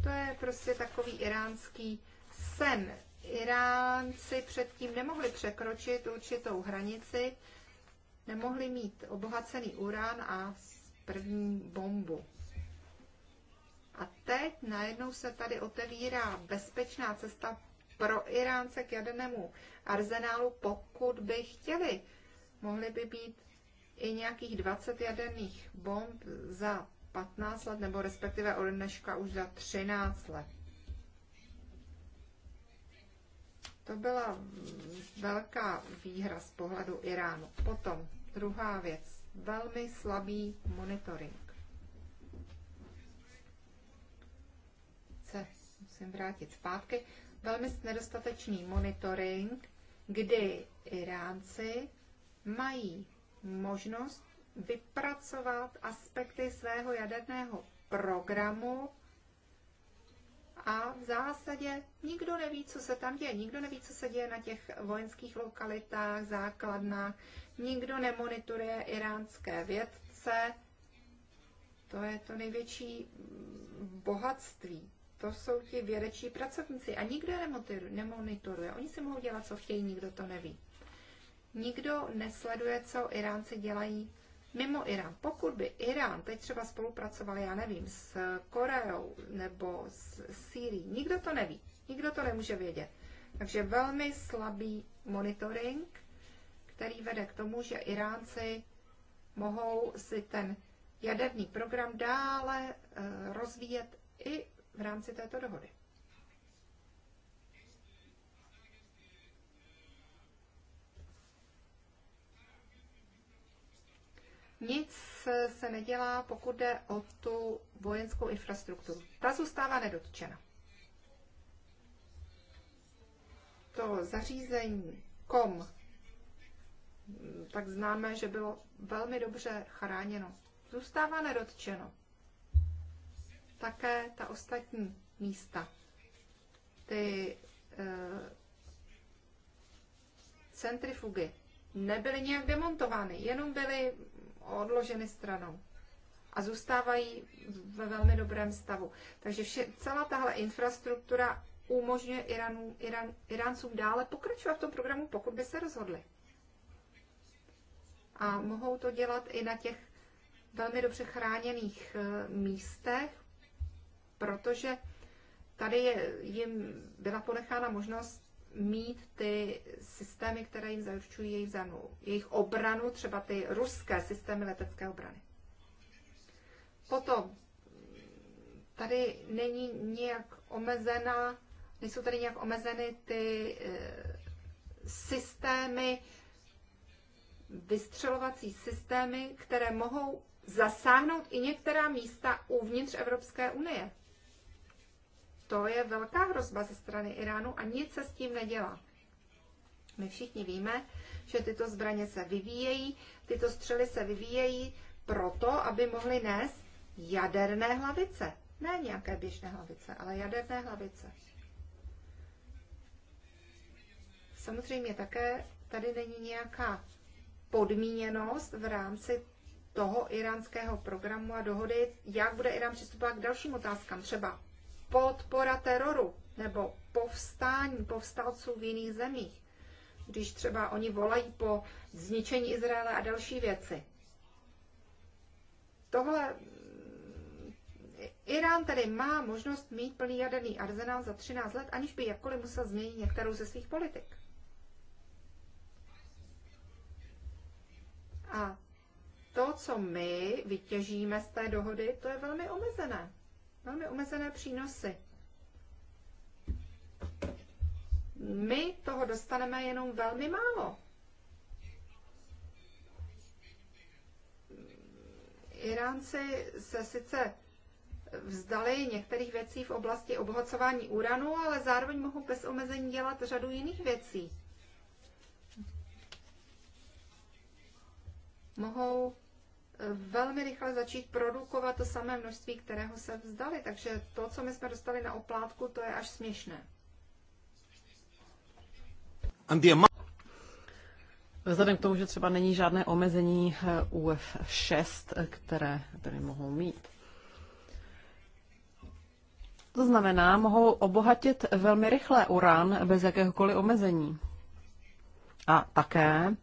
To je prostě takový iránský sen. Iránci předtím nemohli překročit určitou hranici, nemohli mít obohacený urán a první bombu. A teď najednou se tady otevírá bezpečná cesta pro Iránce k jadernému arzenálu, pokud by chtěli. Mohly by být i nějakých 20 jaderných bomb za 15 let, nebo respektive od dneška už za 13 let. To byla velká výhra z pohledu Iránu. Potom druhá věc velmi slabý monitoring. Se musím vrátit zpátky. Velmi nedostatečný monitoring, kdy Iránci mají možnost vypracovat aspekty svého jaderného programu a v zásadě nikdo neví, co se tam děje. Nikdo neví, co se děje na těch vojenských lokalitách, základnách. Nikdo nemonitoruje iránské vědce. To je to největší bohatství. To jsou ti vědeční pracovníci a nikdo je nemonitoruje. Oni si mohou dělat, co chtějí, nikdo to neví. Nikdo nesleduje, co Iránci dělají mimo Irán. Pokud by Irán teď třeba spolupracoval, já nevím, s Koreou nebo s Sýrií, nikdo to neví, nikdo to nemůže vědět. Takže velmi slabý monitoring který vede k tomu, že Iránci mohou si ten jaderný program dále eh, rozvíjet i v rámci této dohody. Nic eh, se nedělá, pokud jde o tu vojenskou infrastrukturu. Ta zůstává nedotčena. To zařízení KOM tak známe, že bylo velmi dobře chráněno. Zůstává nedotčeno. Také ta ostatní místa. Ty e, centrifugy nebyly nějak demontovány, jenom byly odloženy stranou a zůstávají ve velmi dobrém stavu. Takže vše, celá tahle infrastruktura umožňuje Iranu, Iran, Iráncům dále pokračovat v tom programu, pokud by se rozhodli a mohou to dělat i na těch velmi dobře chráněných eh, místech, protože tady je, jim byla ponechána možnost mít ty systémy, které jim zaručují jejich, zanu, jejich obranu, třeba ty ruské systémy letecké obrany. Potom tady není nějak omezena, nejsou tady nějak omezeny ty e, systémy vystřelovací systémy, které mohou zasáhnout i některá místa uvnitř Evropské unie. To je velká hrozba ze strany Iránu a nic se s tím nedělá. My všichni víme, že tyto zbraně se vyvíjejí, tyto střely se vyvíjejí proto, aby mohly nést jaderné hlavice. Ne nějaké běžné hlavice, ale jaderné hlavice. Samozřejmě také tady není nějaká podmíněnost v rámci toho iránského programu a dohody, jak bude Irán přistupovat k dalším otázkám, třeba podpora teroru nebo povstání povstalců v jiných zemích, když třeba oni volají po zničení Izraele a další věci. Tohle Irán tedy má možnost mít plný jaderný arzenál za 13 let, aniž by jakkoliv musel změnit některou ze svých politik. A to, co my vytěžíme z té dohody, to je velmi omezené. Velmi omezené přínosy. My toho dostaneme jenom velmi málo. Iránci se sice vzdali některých věcí v oblasti obohacování uranu, ale zároveň mohou bez omezení dělat řadu jiných věcí. mohou eh, velmi rychle začít produkovat to samé množství, kterého se vzdali. Takže to, co my jsme dostali na oplátku, to je až směšné. Vzhledem k tomu, že třeba není žádné omezení eh, UF6, eh, které tady mohou mít. To znamená, mohou obohatit velmi rychle uran bez jakéhokoliv omezení. A také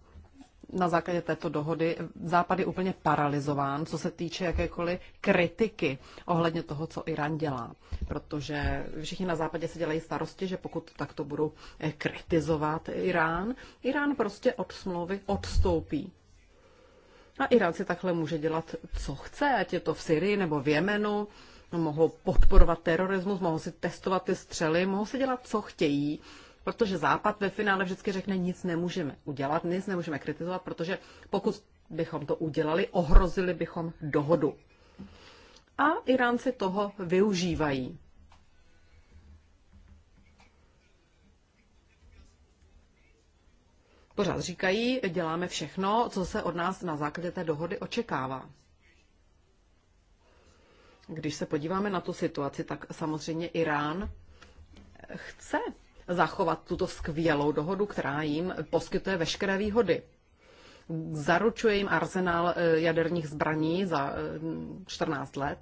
na základě této dohody Západ je úplně paralizován, co se týče jakékoliv kritiky ohledně toho, co Irán dělá. Protože všichni na Západě se dělají starosti, že pokud takto budou eh, kritizovat Irán, Irán prostě od smlouvy odstoupí. A Irán si takhle může dělat, co chce, ať je to v Syrii nebo v Jemenu, no, mohou podporovat terorismus, mohou si testovat ty střely, mohou si dělat, co chtějí protože Západ ve finále vždycky řekne, nic nemůžeme udělat, nic nemůžeme kritizovat, protože pokud bychom to udělali, ohrozili bychom dohodu. A Iránci toho využívají. Pořád říkají, děláme všechno, co se od nás na základě té dohody očekává. Když se podíváme na tu situaci, tak samozřejmě Irán chce zachovat tuto skvělou dohodu, která jim poskytuje veškeré výhody. Zaručuje jim arzenál eh, jaderních zbraní za 14 eh, let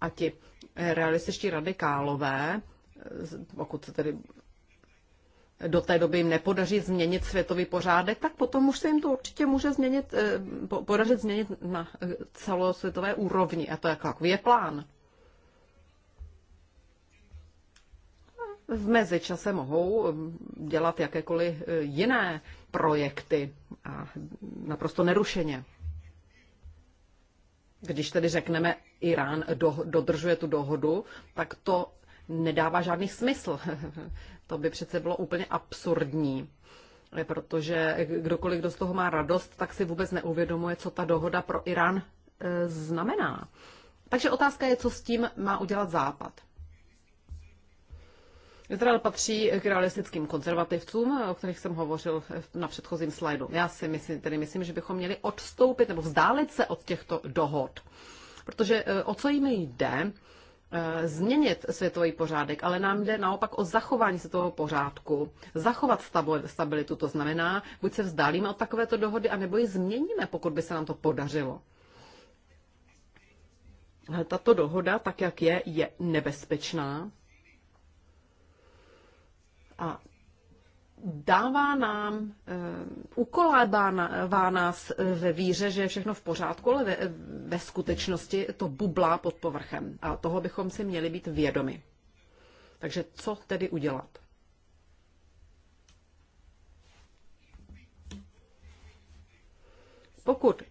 a ti realističtí radikálové, eh, pokud se tedy do té doby jim nepodaří změnit světový pořádek, tak potom už se jim to určitě může změnit, podařit změnit na celosvětové úrovni. A to jako, jako je plán. v mezičase mohou um, dělat jakékoliv eh, jiné projekty a naprosto nerušeně. Když tedy řekneme, Irán do, dodržuje tu dohodu, tak to nedává žádný smysl. to by přece bylo úplně absurdní, eh, protože kdokoliv, kdo z toho má radost, tak si vůbec neuvědomuje, co ta dohoda pro Irán eh, znamená. Takže otázka je, co s tím má udělat Západ. Izrael patří k realistickým konzervativcům, o kterých jsem hovořil na předchozím slajdu. Já si myslím, tedy myslím, že bychom měli odstoupit nebo vzdálit se od těchto dohod. Protože eh, o co jim jde, eh, změnit světový pořádek, ale nám jde naopak o zachování světového pořádku. Zachovat stabilitu, to znamená, buď se vzdálíme od takovéto dohody, anebo ji změníme, pokud by se nám to podařilo. Ale eh, tato dohoda, tak jak je, je nebezpečná a dává nám, eh, ukolábává nás eh, ve víře, že je všechno v pořádku, ale ve, ve skutečnosti to bublá pod povrchem. A toho bychom si měli být vědomi. Takže co tedy udělat? Pokud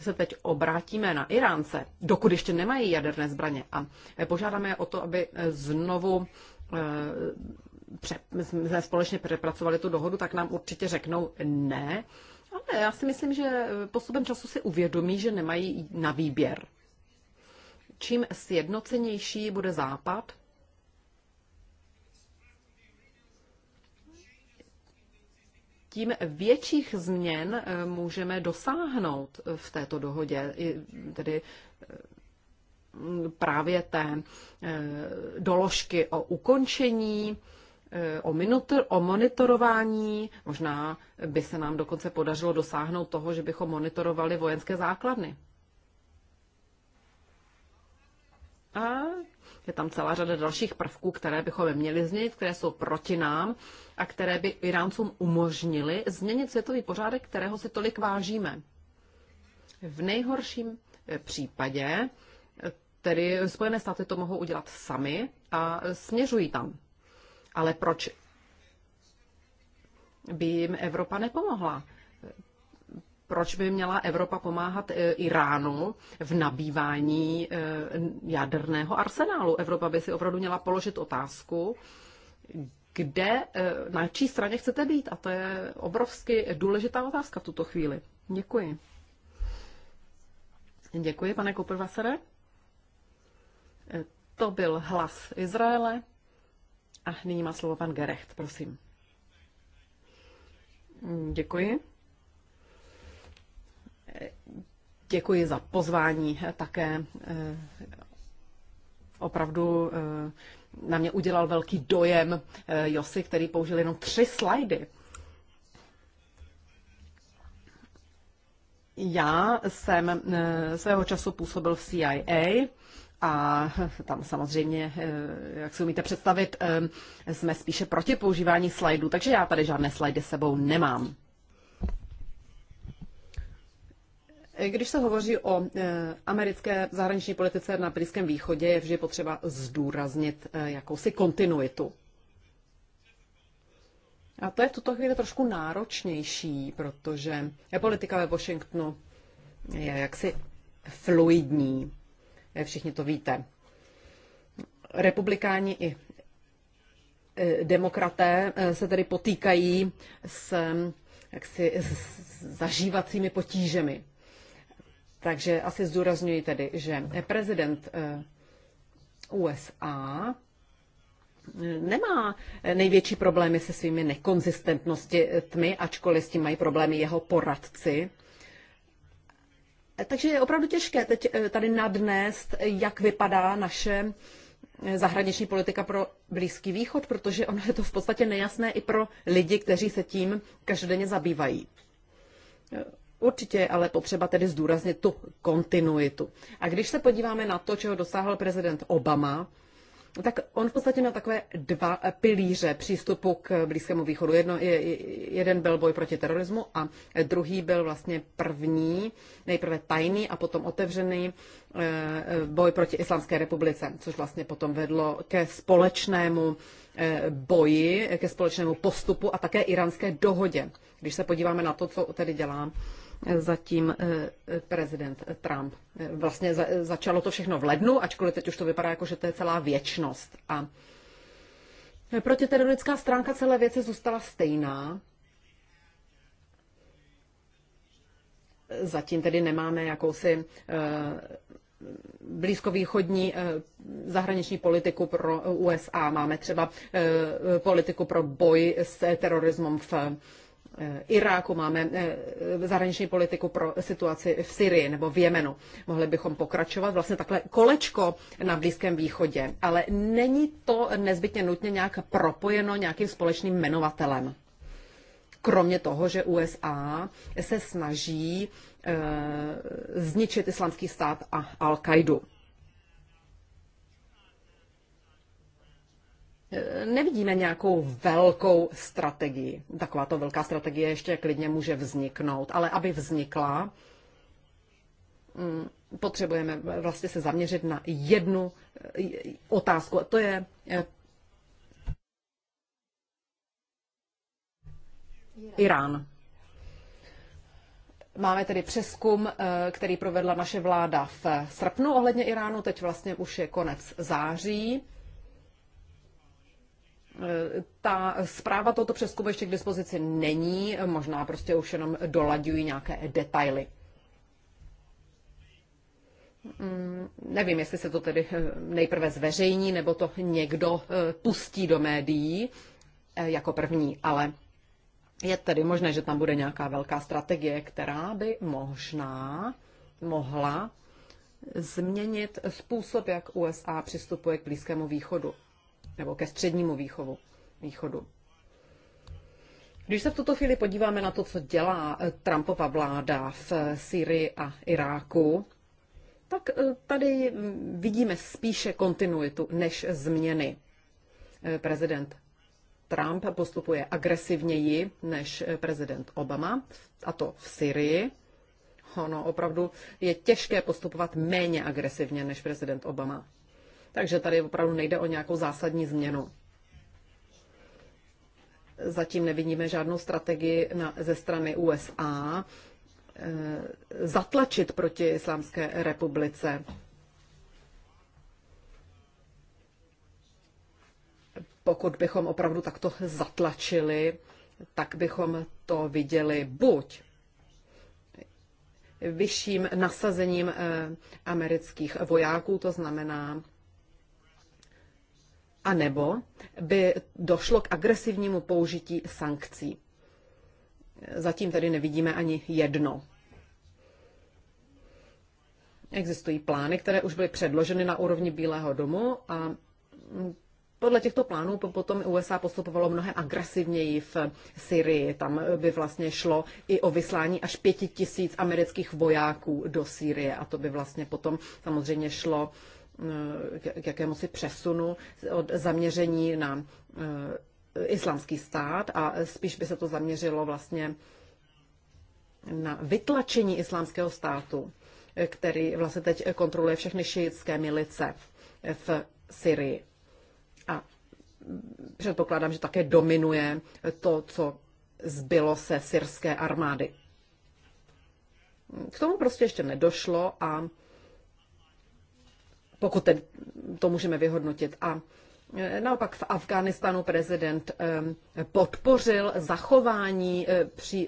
se teď obrátíme na Iránce, dokud ještě nemají jaderné zbraně, a eh, požádáme je o to, aby znovu jsme společně přepracovali tu dohodu, tak nám určitě řeknou ne. Ale já si myslím, že postupem času si uvědomí, že nemají na výběr. Čím sjednocenější bude Západ, tím větších změn eh, můžeme dosáhnout v této dohodě, tedy eh, právě té eh, doložky o ukončení o, o monitorování. Možná by se nám dokonce podařilo dosáhnout toho, že bychom monitorovali vojenské základny. A je tam celá řada dalších prvků, které bychom měli změnit, které jsou proti nám a které by Iráncům umožnily změnit světový pořádek, kterého si tolik vážíme. V nejhorším eh, případě eh, tedy Spojené státy to mohou udělat sami a směřují tam. Ale proč by jim Evropa nepomohla? Proč by měla Evropa pomáhat eh, Iránu v nabývání eh, jaderného arsenálu? Evropa by si opravdu měla položit otázku, kde, eh, na čí straně chcete být. A to je obrovsky důležitá otázka v tuto chvíli. Děkuji. Děkuji, pane Kupervasere. To byl hlas Izraele. A nyní má slovo pan Gerecht, prosím. Děkuji. Děkuji za pozvání také. Eh, opravdu eh, na mě udělal velký dojem eh, Josy, který použil jenom tři slajdy. Já jsem svého času působil v CIA a tam samozřejmě, eh, jak si umíte představit, eh, jsme spíše proti používání slajdů, takže já tady žádné slajdy sebou nemám. Když se hovoří o eh, americké zahraniční politice na Blízkém východě, je vždy potřeba zdůraznit jakousi kontinuitu. A to je v tuto chvíli trošku náročnější, protože politika ve Washingtonu je jaksi fluidní. Eh, všichni to víte. Republikáni i eh, demokraté eh, se tedy potýkají s, jaksi, s zažívacími potížemi. Takže asi zdůrazňuji tedy, že prezident USA nemá největší problémy se svými nekonzistentnostmi, ačkoliv s tím mají problémy jeho poradci. Takže je opravdu těžké teď eh, tady nadnést, jak vypadá naše eh, zahraniční politika pro Blízký východ, protože ono je to v podstatě nejasné i pro lidi, kteří se tím každodenně zabývají. Eh, určitě je ale potřeba tedy zdůraznit tu kontinuitu. A když se podíváme na to, čeho dosáhl prezident Obama, tak on v podstatě měl takové dva eh, pilíře přístupu k Blízkému východu. Jedno, jeden byl boj proti terorismu a druhý byl vlastně první, nejprve tajný a potom otevřený eh, eh, boj proti Islámské republice, což vlastně potom vedlo ke společnému boji, ke společnému postupu a také iránské dohodě. Když se podíváme na to, co tedy dělá zatím eh, prezident Trump. Eh, vlastně začalo to všechno v lednu, ačkoliv teď už to vypadá jako, že to je celá věčnost. A eh, protiterorická stránka celé věci zůstala stejná. Zatím tedy nemáme jakousi blízkovýchodní zahraniční politiku pro USA. Máme třeba politiku pro boj s terorismem v Iráku, máme eh, zahraniční politiku pro situaci v Syrii nebo v Jemenu. Mohli bychom pokračovat vlastně takhle kolečko na Blízkém východě, ale není to nezbytně nutně nějak propojeno nějakým společným jmenovatelem. Kromě toho, že USA se snaží e, zničit islamský stát a Al-Kaidu. nevidíme nějakou velkou strategii. Takováto velká strategie ještě klidně může vzniknout, ale aby vznikla, mm, potřebujeme vlastně se zaměřit na jednu eh, otázku. to je eh, Irán. Máme tedy přeskum, eh, který provedla naše vláda v srpnu ohledně Iránu, teď vlastně už je konec září. Ta zpráva tohoto přeskumu ještě k dispozici není, možná prostě už jenom dolaďují nějaké detaily. Mm, nevím, jestli se to tedy eh, nejprve zveřejní, nebo to někdo eh, pustí do médií eh, jako první, ale je tedy možné, že tam bude nějaká velká strategie, která by možná mohla změnit způsob, jak USA přistupuje k Blízkému východu nebo ke střednímu výchovu, východu. Když se v tuto chvíli podíváme na to, co dělá eh, Trumpova vláda v eh, Syrii a Iráku, tak eh, tady mm, vidíme spíše kontinuitu než změny. Prezident Trump postupuje agresivněji než prezident Obama, a to v Syrii. Ono opravdu je těžké postupovat méně agresivně než prezident Obama. Takže tady opravdu nejde o nějakou zásadní změnu. Zatím nevidíme žádnou strategii na, ze strany USA e, eh, zatlačit proti Islámské republice. Pokud bychom opravdu takto zatlačili, tak bychom to viděli buď vyšším nasazením eh, amerických vojáků, to znamená anebo by došlo k agresivnímu použití sankcí. Zatím tedy nevidíme ani jedno. Existují plány, které už byly předloženy na úrovni Bílého domu a podle těchto plánů potom USA postupovalo mnohem agresivněji v Syrii. Tam by vlastně šlo i o vyslání až pěti tisíc amerických vojáků do Syrie a to by vlastně potom samozřejmě šlo Eh, k si přesunu od zaměření na eh, islámský stát a spíš by se to zaměřilo vlastně na vytlačení islámského státu, který vlastně teď kontroluje všechny šiitské milice v Syrii. A předpokládám, že také dominuje to, co zbylo se syrské armády. K tomu prostě ještě nedošlo a pokud to můžeme vyhodnotit. A e, Naopak v Afghánistánu prezident e, podpořil zachování e, při,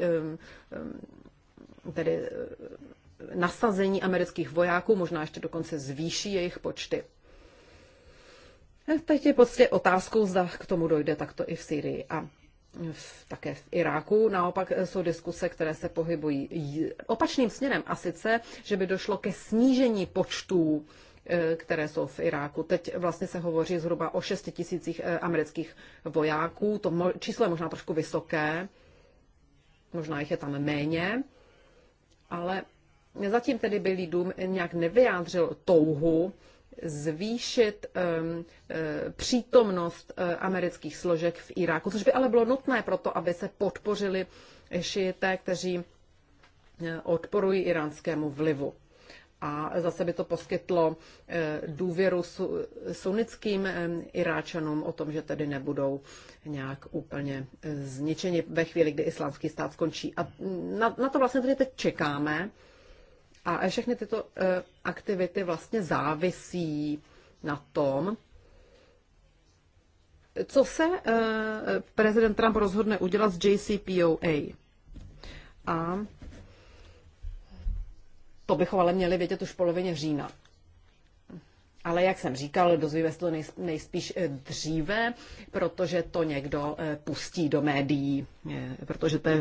tedy nasazení amerických vojáků, možná ještě dokonce zvýší jejich počty. Teď je prostě otázkou, zda k tomu dojde takto i v Syrii a v, také v Iráku. Naopak jsou diskuse, které se pohybují opačným směrem a sice, že by došlo ke snížení počtů Eh, které jsou v Iráku. Teď vlastně se hovoří zhruba o 6 tisících eh, amerických vojáků. To číslo je možná trošku vysoké, možná jich je tam méně, ale zatím tedy Bílý dům nějak nevyjádřil touhu zvýšit um, přítomnost amerických složek v Iráku, což by ale bylo nutné proto, aby se podpořili šijité, kteří odporují iránskému vlivu a zase by to poskytlo eh, důvěru sunnickým eh, Iráčanům o tom, že tedy nebudou nějak úplně eh, zničeni ve chvíli, kdy islámský stát skončí. A na, na to vlastně tedy teď čekáme. A všechny tyto aktivity vlastně závisí na tom, co se prezident Trump rozhodne udělat s JCPOA. A to bychom ale měli vědět už v polovině října. Ale jak jsem říkal, dozvíme se to nejspíš eh, dříve, protože to někdo eh, pustí do médií, eh, protože to je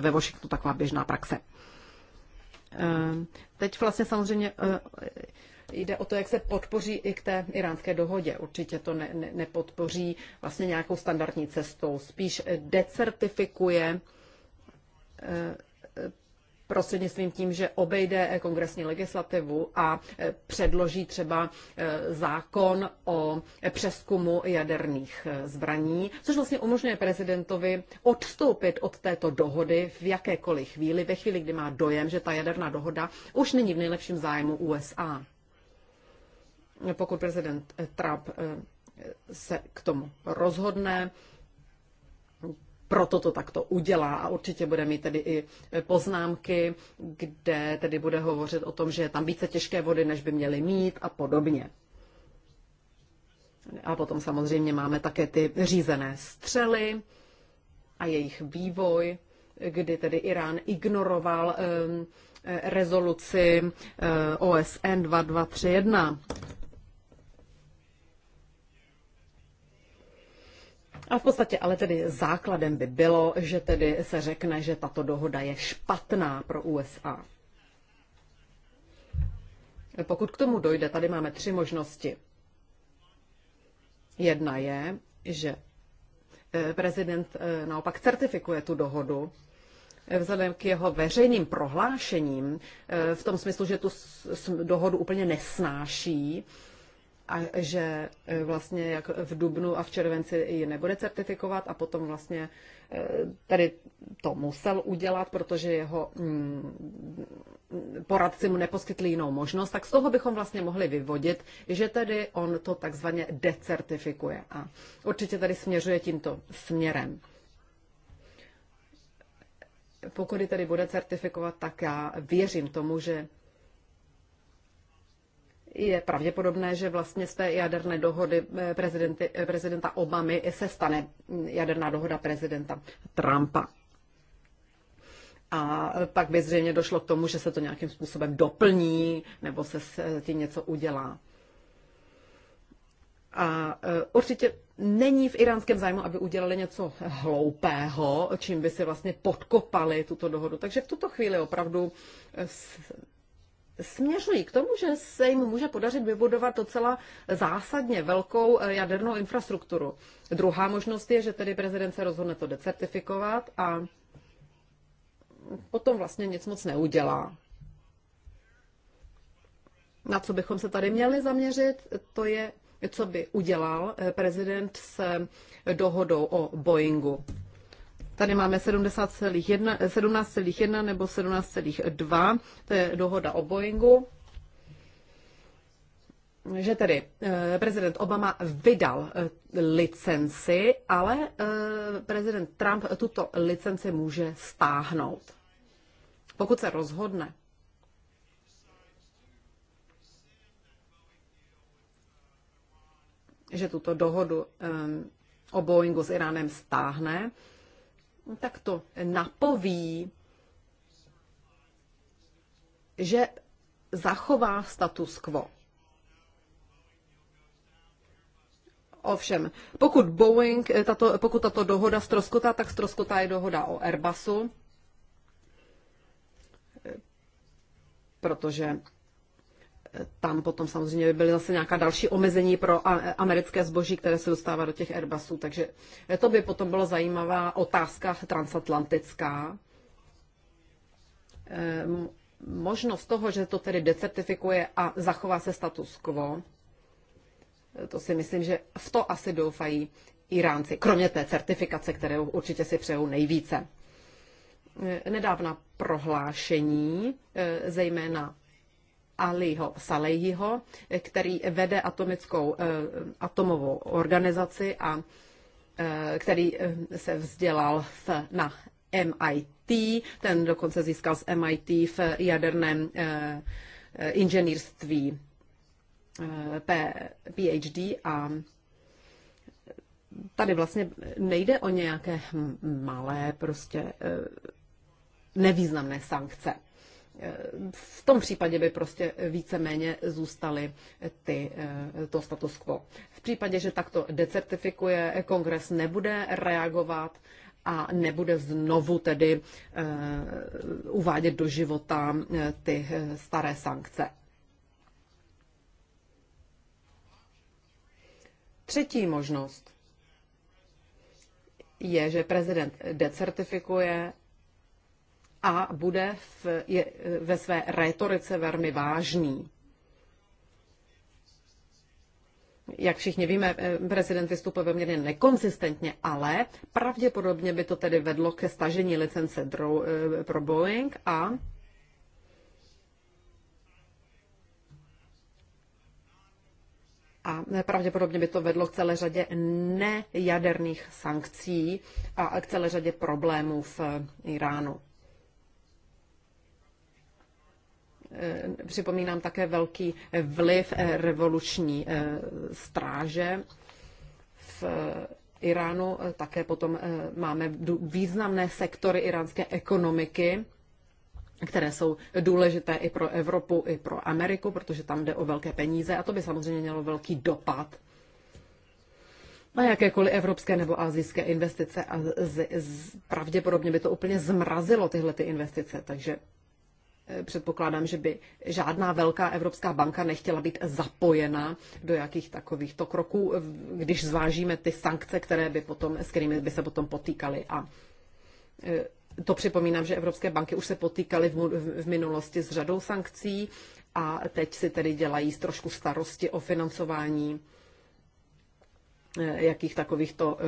ve Washingtonu taková běžná praxe. Teď vlastně samozřejmě jde o to, jak se podpoří i k té iránské dohodě. Určitě to ne, ne, nepodpoří vlastně nějakou standardní cestou, spíš decertifikuje prostřednictvím tím, že obejde eh, kongresní legislativu a eh, předloží třeba eh, zákon o přeskumu jaderných zbraní, což vlastně umožňuje prezidentovi odstoupit od této dohody v jakékoliv chvíli, ve chvíli, kdy má dojem, že ta jaderná dohoda už není v nejlepším zájmu USA. Pokud prezident Trump se k tomu rozhodne, proto to takto udělá a určitě bude mít tedy i e, poznámky, kde tedy bude hovořit o tom, že je tam více těžké vody, než by měly mít a podobně. A potom samozřejmě máme také ty řízené střely a jejich vývoj, kdy tedy Irán ignoroval e, rezoluci e, OSN 2231. A v podstatě ale tedy základem by bylo, že tedy se řekne, že tato dohoda je špatná pro USA. Pokud k tomu dojde, tady máme tři možnosti. Jedna je, že eh, prezident eh, naopak certifikuje tu dohodu eh, vzhledem k jeho veřejným prohlášením, v tom smyslu, že tu dohodu úplně nesnáší, a že e, vlastně jak v dubnu a v červenci ji nebude certifikovat a potom vlastně e, tady to musel udělat, protože jeho mm, poradci mu neposkytli jinou možnost, tak z toho bychom vlastně mohli vyvodit, že tedy on to takzvaně decertifikuje a určitě tady směřuje tímto směrem. Pokud ji tedy bude certifikovat, tak já věřím tomu, že je pravděpodobné, že vlastně z té jaderné dohody eh, eh, prezidenta Obamy se stane hm, jaderná dohoda prezidenta Trumpa. A pak by zřejmě došlo k tomu, že se to nějakým způsobem doplní nebo se s eh, tím něco udělá. A určitě není v iránském zájmu, aby udělali něco hloupého, čím by si vlastně podkopali tuto dohodu. Takže v tuto chvíli opravdu směřují k tomu, že se jim může podařit vybudovat docela zásadně velkou eh, jadernou infrastrukturu. Druhá možnost je, že tedy prezident se rozhodne to decertifikovat a potom vlastně nic moc neudělá. Na co bychom se tady měli zaměřit, to je, co by udělal eh, prezident s eh, dohodou o Boeingu. Tady máme 17,1 17 nebo 17,2, to je dohoda o Boeingu, že tedy eh, prezident Obama vydal eh, licenci, ale eh, prezident Trump tuto licenci může stáhnout. Pokud se rozhodne že tuto dohodu um, o Boeingu s Iránem stáhne, tak to napoví, že zachová status quo. Ovšem, pokud Boeing, eh, tato, pokud tato dohoda stroskotá, tak stroskotá je dohoda o Airbusu, eh, protože tam potom samozřejmě by byly zase nějaká další omezení pro americké zboží, které se dostává do těch Airbusů. Takže to by potom byla zajímavá otázka transatlantická. Ehm, možnost toho, že to tedy decertifikuje a zachová se status quo, eh, to si myslím, že v to asi doufají Iránci, kromě té certifikace, kterou určitě si přejou nejvíce. Eh, Nedávna prohlášení, eh, zejména Aliho Salejiho, který vede atomickou, eh, atomovou organizaci a eh, který eh, se vzdělal v, na MIT. Ten dokonce získal z MIT v jaderném inženýrství PhD a tady vlastně nejde o nějaké malé, prostě nevýznamné sankce v tom případě by prostě víceméně zůstaly ty, eh, to status quo. V případě, že takto decertifikuje, kongres nebude reagovat a nebude znovu tedy eh, uvádět do života eh, ty staré sankce. Třetí možnost je, že prezident decertifikuje a bude v, je, ve své rétorice velmi vážný. Jak všichni víme, eh, prezident vystupuje poměrně nekonsistentně, ale pravděpodobně by to tedy vedlo ke stažení licence dro, eh, pro Boeing a a pravděpodobně by to vedlo k celé řadě nejaderných sankcí a k celé řadě problémů v Iránu. Eh, připomínám také velký eh, vliv eh, revoluční stráže v Iránu. Také potom máme významné sektory iránské ekonomiky, které jsou důležité i pro Evropu, i pro Ameriku, protože tam jde o velké peníze a to by samozřejmě mělo velký dopad na jakékoliv evropské nebo azijské investice a z, z, pravděpodobně by to úplně zmrazilo tyhle ty investice, takže Předpokládám, že by žádná velká evropská banka nechtěla být zapojena do jakých takovýchto kroků, když zvážíme ty sankce, které by potom, s kterými by se potom potýkaly. A e, to připomínám, že evropské banky už se potýkaly v minulosti s řadou sankcí a teď si tedy dělají trošku starosti o financování e, jakých takovýchto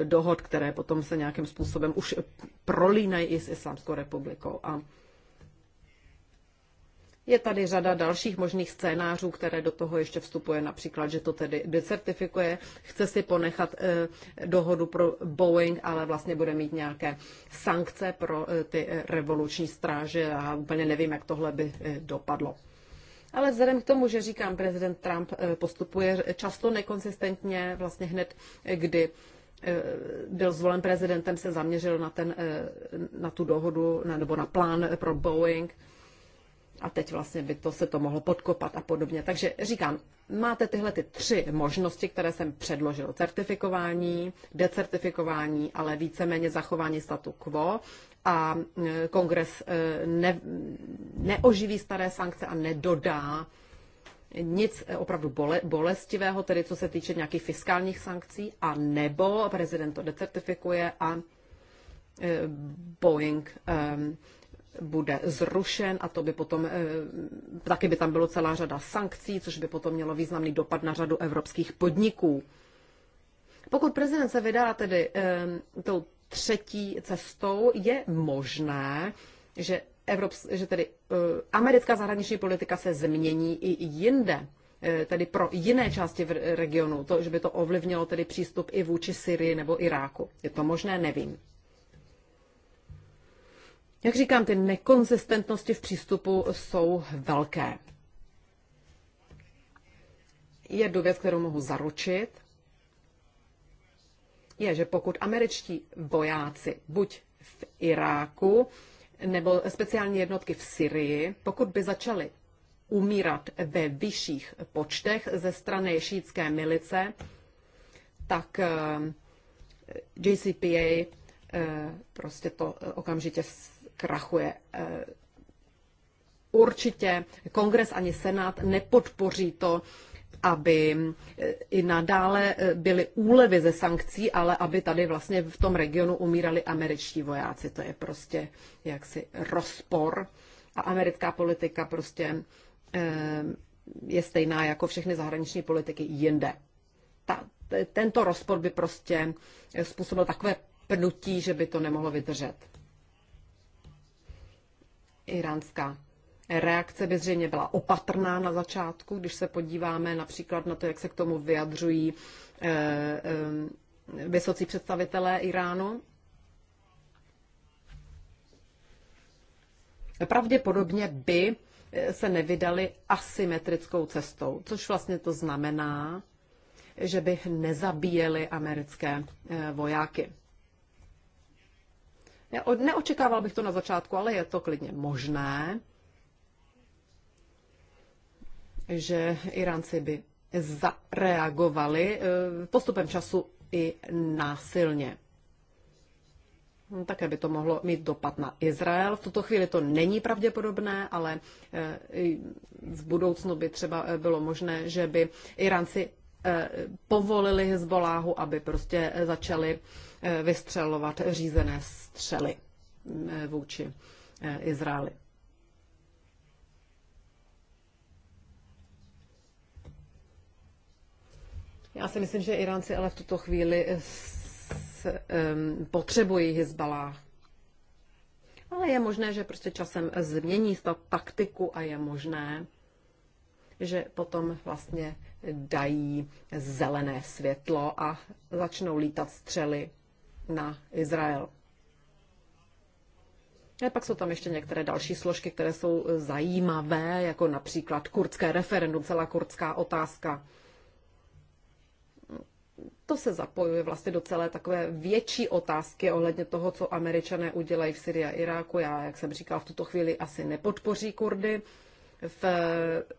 e, dohod, které potom se nějakým způsobem už prolínají i s Islámskou republikou. A je tady řada dalších možných scénářů, které do toho ještě vstupuje, například, že to tedy decertifikuje, chce si ponechat eh, dohodu pro Boeing, ale vlastně bude mít nějaké sankce pro eh, ty eh, revoluční stráže a úplně nevím, jak tohle by dopadlo. Ale vzhledem k tomu, že říkám, prezident Trump postupuje často nekonsistentně, vlastně hned, kdy byl zvolen prezidentem, se zaměřil na, ten, na tu dohodu nebo na plán pro Boeing a teď vlastně by to se to mohlo podkopat a podobně. Takže říkám, máte tyhle ty tři možnosti, které jsem předložil. Certifikování, decertifikování, ale víceméně zachování statu quo a e, kongres e, ne, neoživí staré sankce a nedodá nic e, opravdu bole, bolestivého, tedy co se týče nějakých fiskálních sankcí, a nebo prezident to decertifikuje a Boeing um, bude zrušen a to by potom, eh, taky by tam bylo celá řada sankcí, což by potom mělo významný dopad na řadu evropských podniků. Pokud prezident se vydá tedy eh, tou třetí cestou, je možné, že, Evrops, že tedy eh, americká zahraniční politika se změní i jinde tedy pro jiné části v regionu, to, že by to ovlivnilo tedy přístup i vůči Syrii nebo Iráku. Je to možné, nevím. Jak říkám, ty nekonzistentnosti v přístupu jsou velké. Jednu věc, kterou mohu zaručit, je, že pokud američtí vojáci buď v Iráku nebo speciální jednotky v Syrii, pokud by začaly umírat ve vyšších počtech ze strany šítské milice, tak eh, JCPA eh, prostě to eh, okamžitě krachuje. Eh, určitě kongres ani senát nepodpoří to, aby eh, i nadále eh, byly úlevy ze sankcí, ale aby tady vlastně v tom regionu umírali američtí vojáci. To je prostě jaksi rozpor. A americká politika prostě je stejná jako všechny zahraniční politiky jinde. Ta, tento rozpor by prostě způsobil takové pnutí, že by to nemohlo vydržet. Iránská reakce by zřejmě byla opatrná na začátku, když se podíváme například na to, jak se k tomu vyjadřují eh, eh, vysocí představitelé Iránu. Pravděpodobně by eh, se nevydali asymetrickou cestou, což vlastně to znamená, že by nezabíjeli americké vojáky. Neočekával bych to na začátku, ale je to klidně možné, že Iránci by zareagovali eh, postupem času i násilně. Také by to mohlo mít dopad na Izrael. V tuto chvíli to není pravděpodobné, ale eh, v budoucnu by třeba eh, bylo možné, že by Iránci Eh, povolili Hezboláhu, aby prostě eh, začali eh, vystřelovat řízené střely mm, vůči Izraeli. Já si myslím, že Iránci ale v tuto chvíli s, um, potřebují Hezbalá. Ale je možné, že prostě časem změní ta taktiku a je možné, že potom vlastně dají zelené světlo a začnou lítat střely na Izrael. A pak jsou tam ještě některé další složky, které jsou zajímavé, jako například kurdské referendum, celá kurdská otázka. To se zapojuje vlastně do celé takové větší otázky ohledně toho, co američané udělají v Syrii a Iráku. Já, jak jsem říkal, v tuto chvíli asi nepodpoří Kurdy v,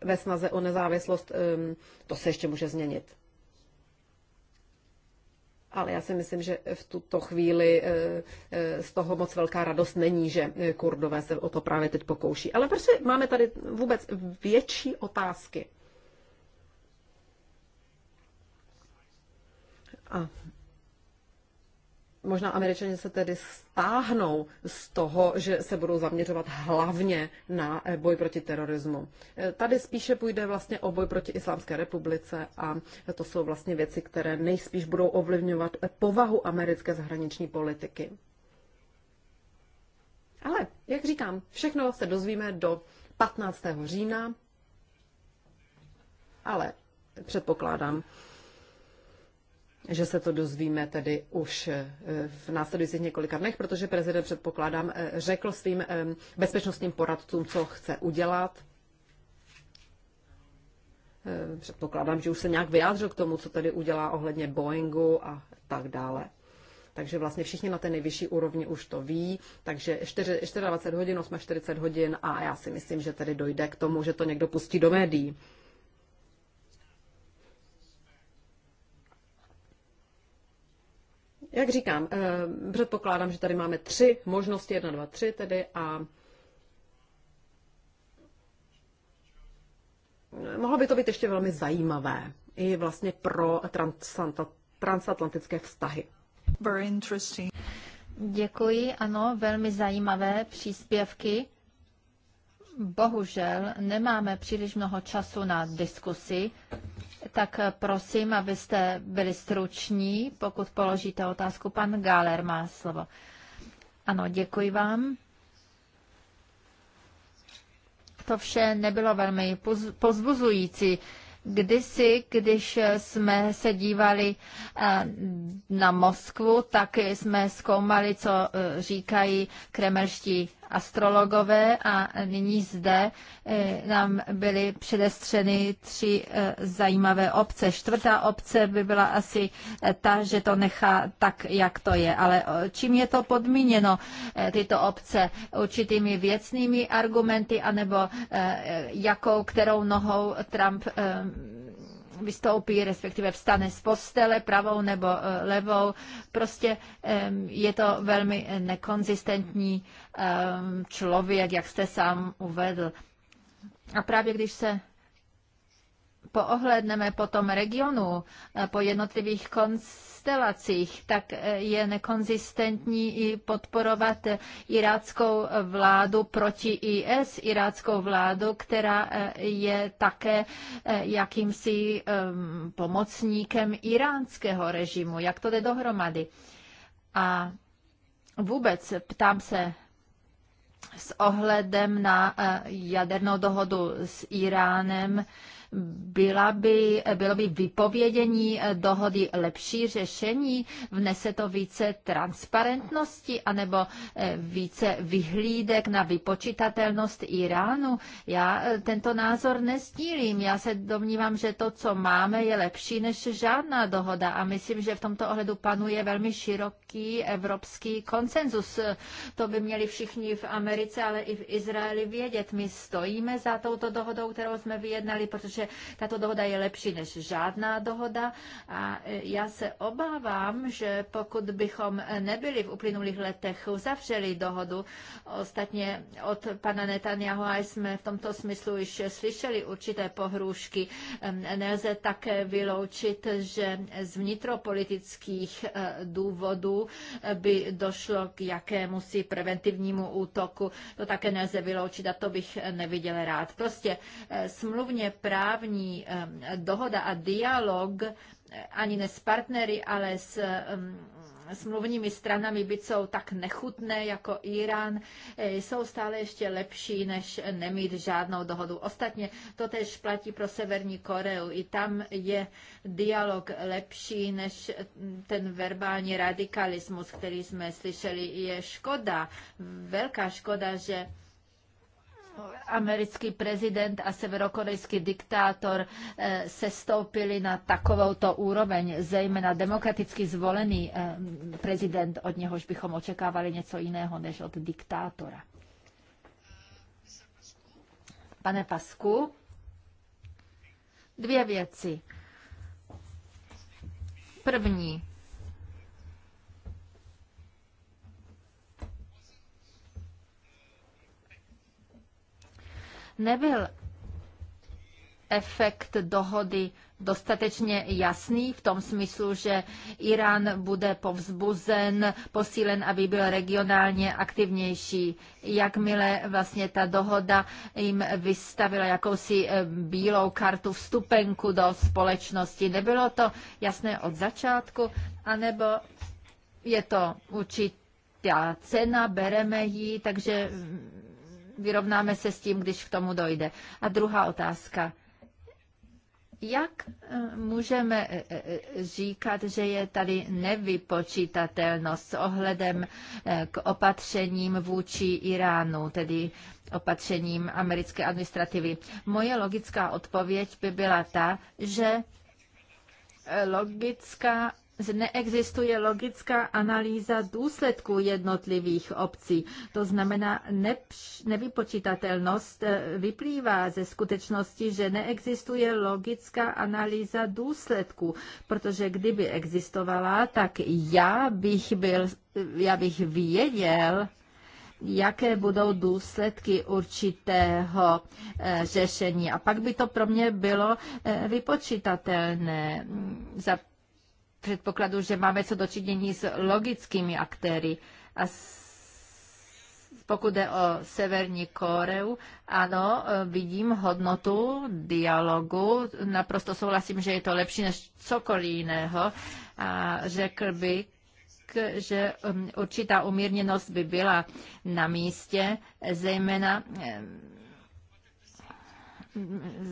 ve snaze o nezávislost, um, to se ještě může změnit. Ale já si myslím, že v tuto chvíli eh, eh, z toho moc velká radost není, že eh, kurdové se o to právě teď pokouší. Ale prostě máme tady vůbec větší otázky. A možná američané se tedy stáhnou z toho, že se budou zaměřovat hlavně na eh, boj proti terorismu. Eh, tady spíše půjde vlastně o boj proti Islámské republice a to jsou vlastně věci, které nejspíš budou ovlivňovat eh, povahu americké zahraniční politiky. Ale, jak říkám, všechno se dozvíme do 15. října, ale předpokládám, že se to dozvíme tedy už eh, v následujících několika dnech, protože prezident, předpokládám, eh, řekl svým eh, bezpečnostním poradcům, co chce udělat. Předpokládám, že už se nějak vyjádřil k tomu, co tedy udělá ohledně Boeingu a tak dále. Takže vlastně všichni na té nejvyšší úrovni už to ví. Takže 24 hodin, 48 hodin a já si myslím, že tedy dojde k tomu, že to někdo pustí do médií. jak říkám, eh, předpokládám, že tady máme tři možnosti, jedna, dva, tři tedy a mohlo by to být ještě velmi zajímavé i vlastně pro transatlantické vztahy. Very interesting. Děkuji, ano, velmi zajímavé příspěvky bohužel nemáme příliš mnoho času na diskusi, tak prosím, abyste byli struční, pokud položíte otázku. Pan Gáler má slovo. Ano, děkuji vám. To vše nebylo velmi pozbuzující. Kdysi, když jsme se dívali eh, na Moskvu, tak jsme zkoumali, co eh, říkají kremelští astrologové a nyní zde eh, nám byly předestřeny tři eh, zajímavé obce. Čtvrtá obce by byla asi eh, ta, že to nechá tak, jak to je. Ale čím je to podmíněno, tyto obce? Určitými věcnými argumenty, anebo jakou, kterou nohou Trump vystoupí, respektive vstane z postele pravou nebo eh, levou. Prostě je to velmi nekonzistentní člověk, jak jste sám uvedl. A právě když se poohledneme potom regionu eh, po jednotlivých konstelacích, tak eh, je nekonzistentní i podporovat eh, iráckou vládu proti IS, iráckou vládu, která je také jakýmsi ehm, pomocníkem iránského režimu. Jak to jde dohromady? A vůbec ptám se s ohledem na jadernou dohodu s Iránem, byla by, bylo by vypovědění eh, dohody lepší řešení? Vnese to více transparentnosti anebo eh, více vyhlídek na vypočitatelnost Iránu? Já eh, tento názor nestílím. Já se domnívám, že to, co máme, je lepší než žádná dohoda a myslím, že v tomto ohledu panuje velmi široký evropský konsenzus. To by měli všichni v Americe, ale i v Izraeli vědět. My stojíme za touto dohodou, kterou jsme vyjednali, protože že tato dohoda je lepší než žádná dohoda a e, já se obávám, že pokud bychom nebyli v uplynulých letech uzavřeli dohodu, ostatně od pana Netanyahu a jsme v tomto smyslu již slyšeli určité pohrůžky, nelze také vyloučit, že z vnitropolitických e, důvodů e, by došlo k jakému si preventivnímu útoku. To také nelze vyloučit a to bych neviděl rád. Prostě smluvně právě právní dohoda a dialog eh, ani ne s partnery, ale s smluvními stranami, byť jsou tak nechutné jako Irán, eh, jsou stále ještě lepší, než nemít žádnou dohodu. Ostatně to tež platí pro Severní Koreu. I tam je dialog lepší než ten verbální radikalismus, který jsme slyšeli. Je škoda, velká škoda, že americký prezident a severokorejský diktátor eh, se stoupili na takovouto úroveň, zejména demokraticky zvolený eh, prezident, od něhož bychom očekávali něco jiného než od diktátora. Pane Pasku, dvě věci. První, nebyl efekt dohody dostatečně jasný v tom smyslu, že Irán bude povzbuzen, posílen, aby byl regionálně aktivnější. Jakmile vlastně ta dohoda jim vystavila jakousi eh, bílou kartu vstupenku do společnosti, nebylo to jasné od začátku, anebo je to určitá cena, bereme ji, takže vyrovnáme se s tím, když k tomu dojde. A druhá otázka. Jak eh, můžeme eh, eh, říkat, že je tady nevypočítatelnost s ohledem k opatřením vůči Iránu, tedy opatřením americké administrativy? Moje logická odpověď by byla ta, že logická neexistuje logická analýza důsledků jednotlivých obcí. To znamená, nepř, nevypočítatelnost eh, vyplývá ze skutečnosti, že neexistuje logická analýza důsledků, protože kdyby existovala, tak já bych, byl, eh, já bych věděl, jaké budou důsledky určitého eh, řešení. A pak by to pro mě bylo vypočítatelné. Za předpokladu, že máme co dočinění s logickými aktéry. A pokud jde o Severní Koreu, ano, vidím hodnotu dialogu. Naprosto souhlasím, že je to lepší než cokoliv jiného. A řekl bych, že um, určitá umírněnost by byla na místě, zejména um,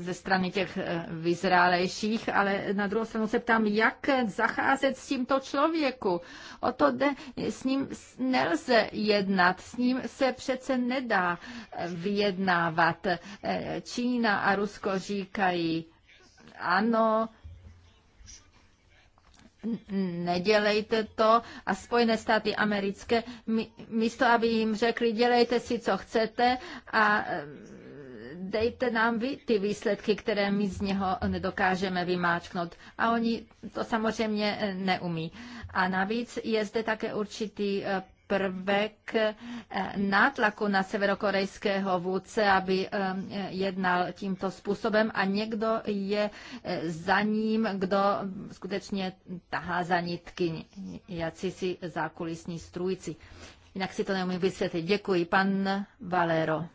ze strany těch eh, vyzrálejších, ale na druhou stranu se ptám, jak zacházet s tímto člověku. O to jde, s ním nelze jednat, s ním se přece nedá eh, vyjednávat. Eh, Čína a Rusko říkají, ano, nedělejte to a Spojené státy americké, místo aby jim řekli, dělejte si, co chcete a dejte nám vy ty výsledky, které my z něho nedokážeme vymáčknout. A oni to samozřejmě eh, neumí. A navíc je zde také určitý eh, prvek eh, nátlaku na severokorejského vůdce, aby jednal tímto způsobem a někdo je za ním, kdo skutečně tahá za nitky, jací si zákulisní strůjci. Jinak si to neumím vysvětlit. Děkuji, pan Valero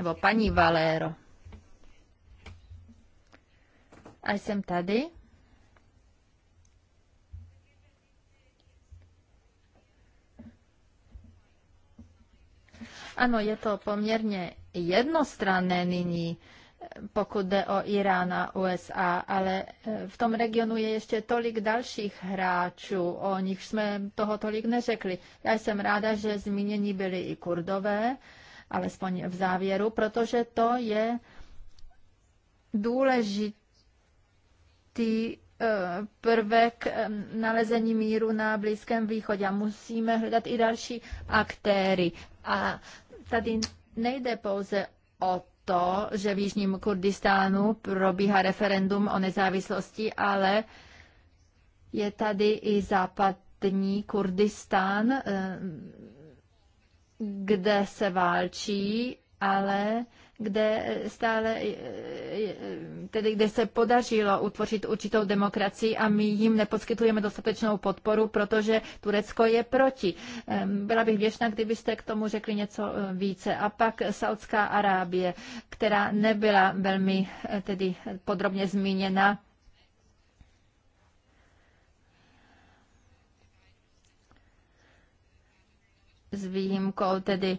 nebo paní Valero. A jsem tady. Ano, je to poměrně jednostranné nyní, pokud jde o Irán a USA, ale eh, v tom regionu je ještě tolik dalších hráčů, o nich jsme toho tolik neřekli. Já jsem ráda, že zmíněni byli i kurdové, alespoň v závěru, protože to je důležitý eh, prvek eh, nalezení míru na Blízkém východě a musíme hledat i další aktéry. A tady nejde pouze o to, že v Jižním Kurdistánu probíhá referendum o nezávislosti, ale je tady i západní Kurdistán, eh, kde se válčí, ale kde stále, eh, eh, tedy kde se podařilo utvořit určitou demokracii a my jim neposkytujeme dostatečnou podporu, protože Turecko je proti. Byla bych věčná, kdybyste k tomu řekli něco eh, více. A pak Saudská Arábie, která nebyla velmi tedy podrobně zmíněna s výjimkou tedy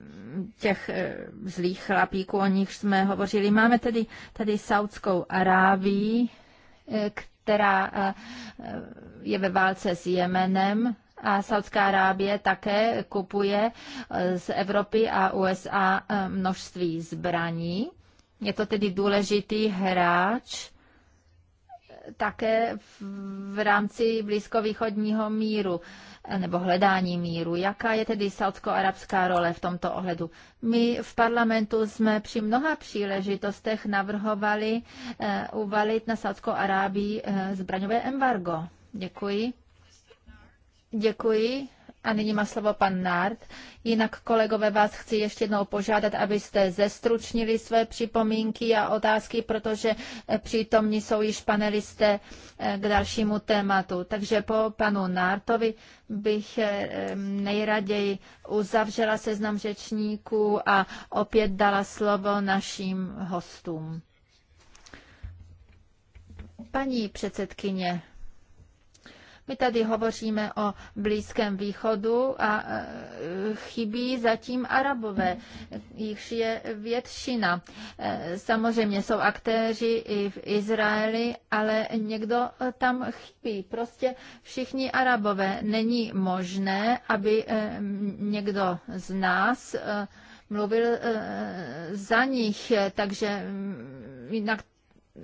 mm, těch eh, zlých chlapíků, o nich jsme hovořili. Máme tedy tady Saudskou Arábii, eh, která eh, je ve válce s Jemenem, a Saudská Arábie také kupuje z Evropy a USA množství zbraní. Je to tedy důležitý hráč také v rámci blízkovýchodního míru nebo hledání míru. Jaká je tedy saudsko-arabská role v tomto ohledu? My v parlamentu jsme při mnoha příležitostech navrhovali eh, uvalit na Saudskou Arábii eh, zbraňové embargo. Děkuji. Děkuji. A nyní má slovo pan Nárd. Jinak, kolegové, vás chci ještě jednou požádat, abyste zestručnili své připomínky a otázky, protože eh, přítomní jsou již panelisté eh, k dalšímu tématu. Takže po panu Nártovi bych eh, nejraději uzavřela seznam řečníků a opět dala slovo našim hostům. Paní předsedkyně, my tady hovoříme o Blízkém východu a e, chybí zatím Arabové, jichž je většina. E, samozřejmě jsou aktéři i v Izraeli, ale někdo tam chybí. Prostě všichni Arabové. Není možné, aby e, někdo z nás mluvil za nich, takže jinak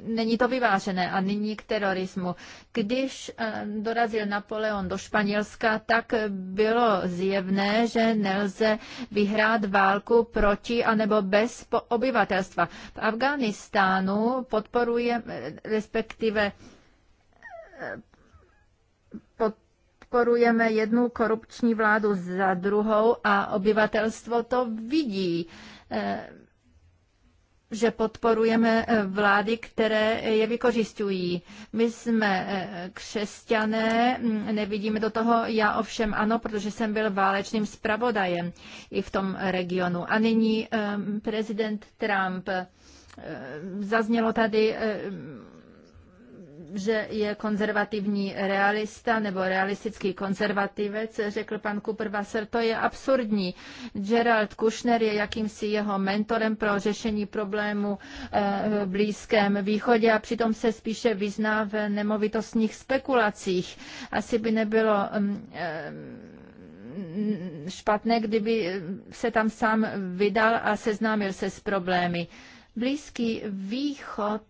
není to vyvážené. A nyní k terorismu. Když eh, dorazil Napoleon do Španělska, tak bylo zjevné, že nelze vyhrát válku proti anebo bez obyvatelstva. V Afghánistánu podporuje, eh, respektive eh, podporujeme jednu korupční vládu za druhou a obyvatelstvo to vidí že podporujeme eh, vlády, které eh, je vykořišťují. My jsme eh, křesťané, hm, nevidíme do toho, já ovšem ano, protože jsem byl válečným zpravodajem i v tom regionu. A nyní ehm, prezident Trump. Zaznělo tady ehm, že je konzervativní realista nebo realistický konzervativec, řekl pan Cooper Wasser, to je absurdní. Gerald Kushner je jakýmsi jeho mentorem pro řešení problému eh, v Blízkém východě a přitom se spíše vyzná v nemovitostních spekulacích. Asi by nebylo mm, eh, špatné, kdyby se tam sám vydal a seznámil se s problémy. Blízký východ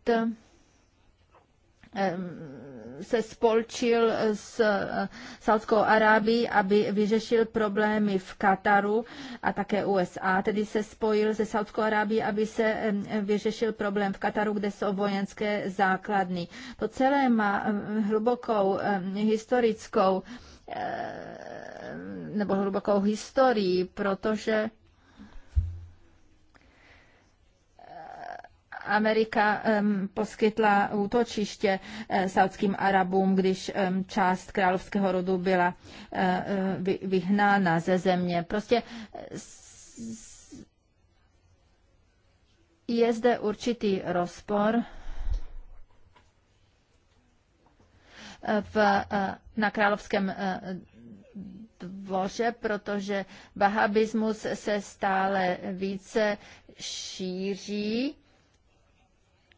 se spolčil s eh, Saudskou Arábií, aby vyřešil problémy v Kataru a také USA, tedy se spojil se Saudskou Arábií, aby se vyřešil problém v Kataru, kde jsou vojenské základny. To celé má hlubokou historickou eh, nebo hlubokou historii, protože Amerika poskytla útočiště eh, saudským Arabům, když část královského rodu byla eh, eh, vyhnána ze země. Prostě je zde určitý rozpor v, na královském dvoře, protože bahabismus se stále více šíří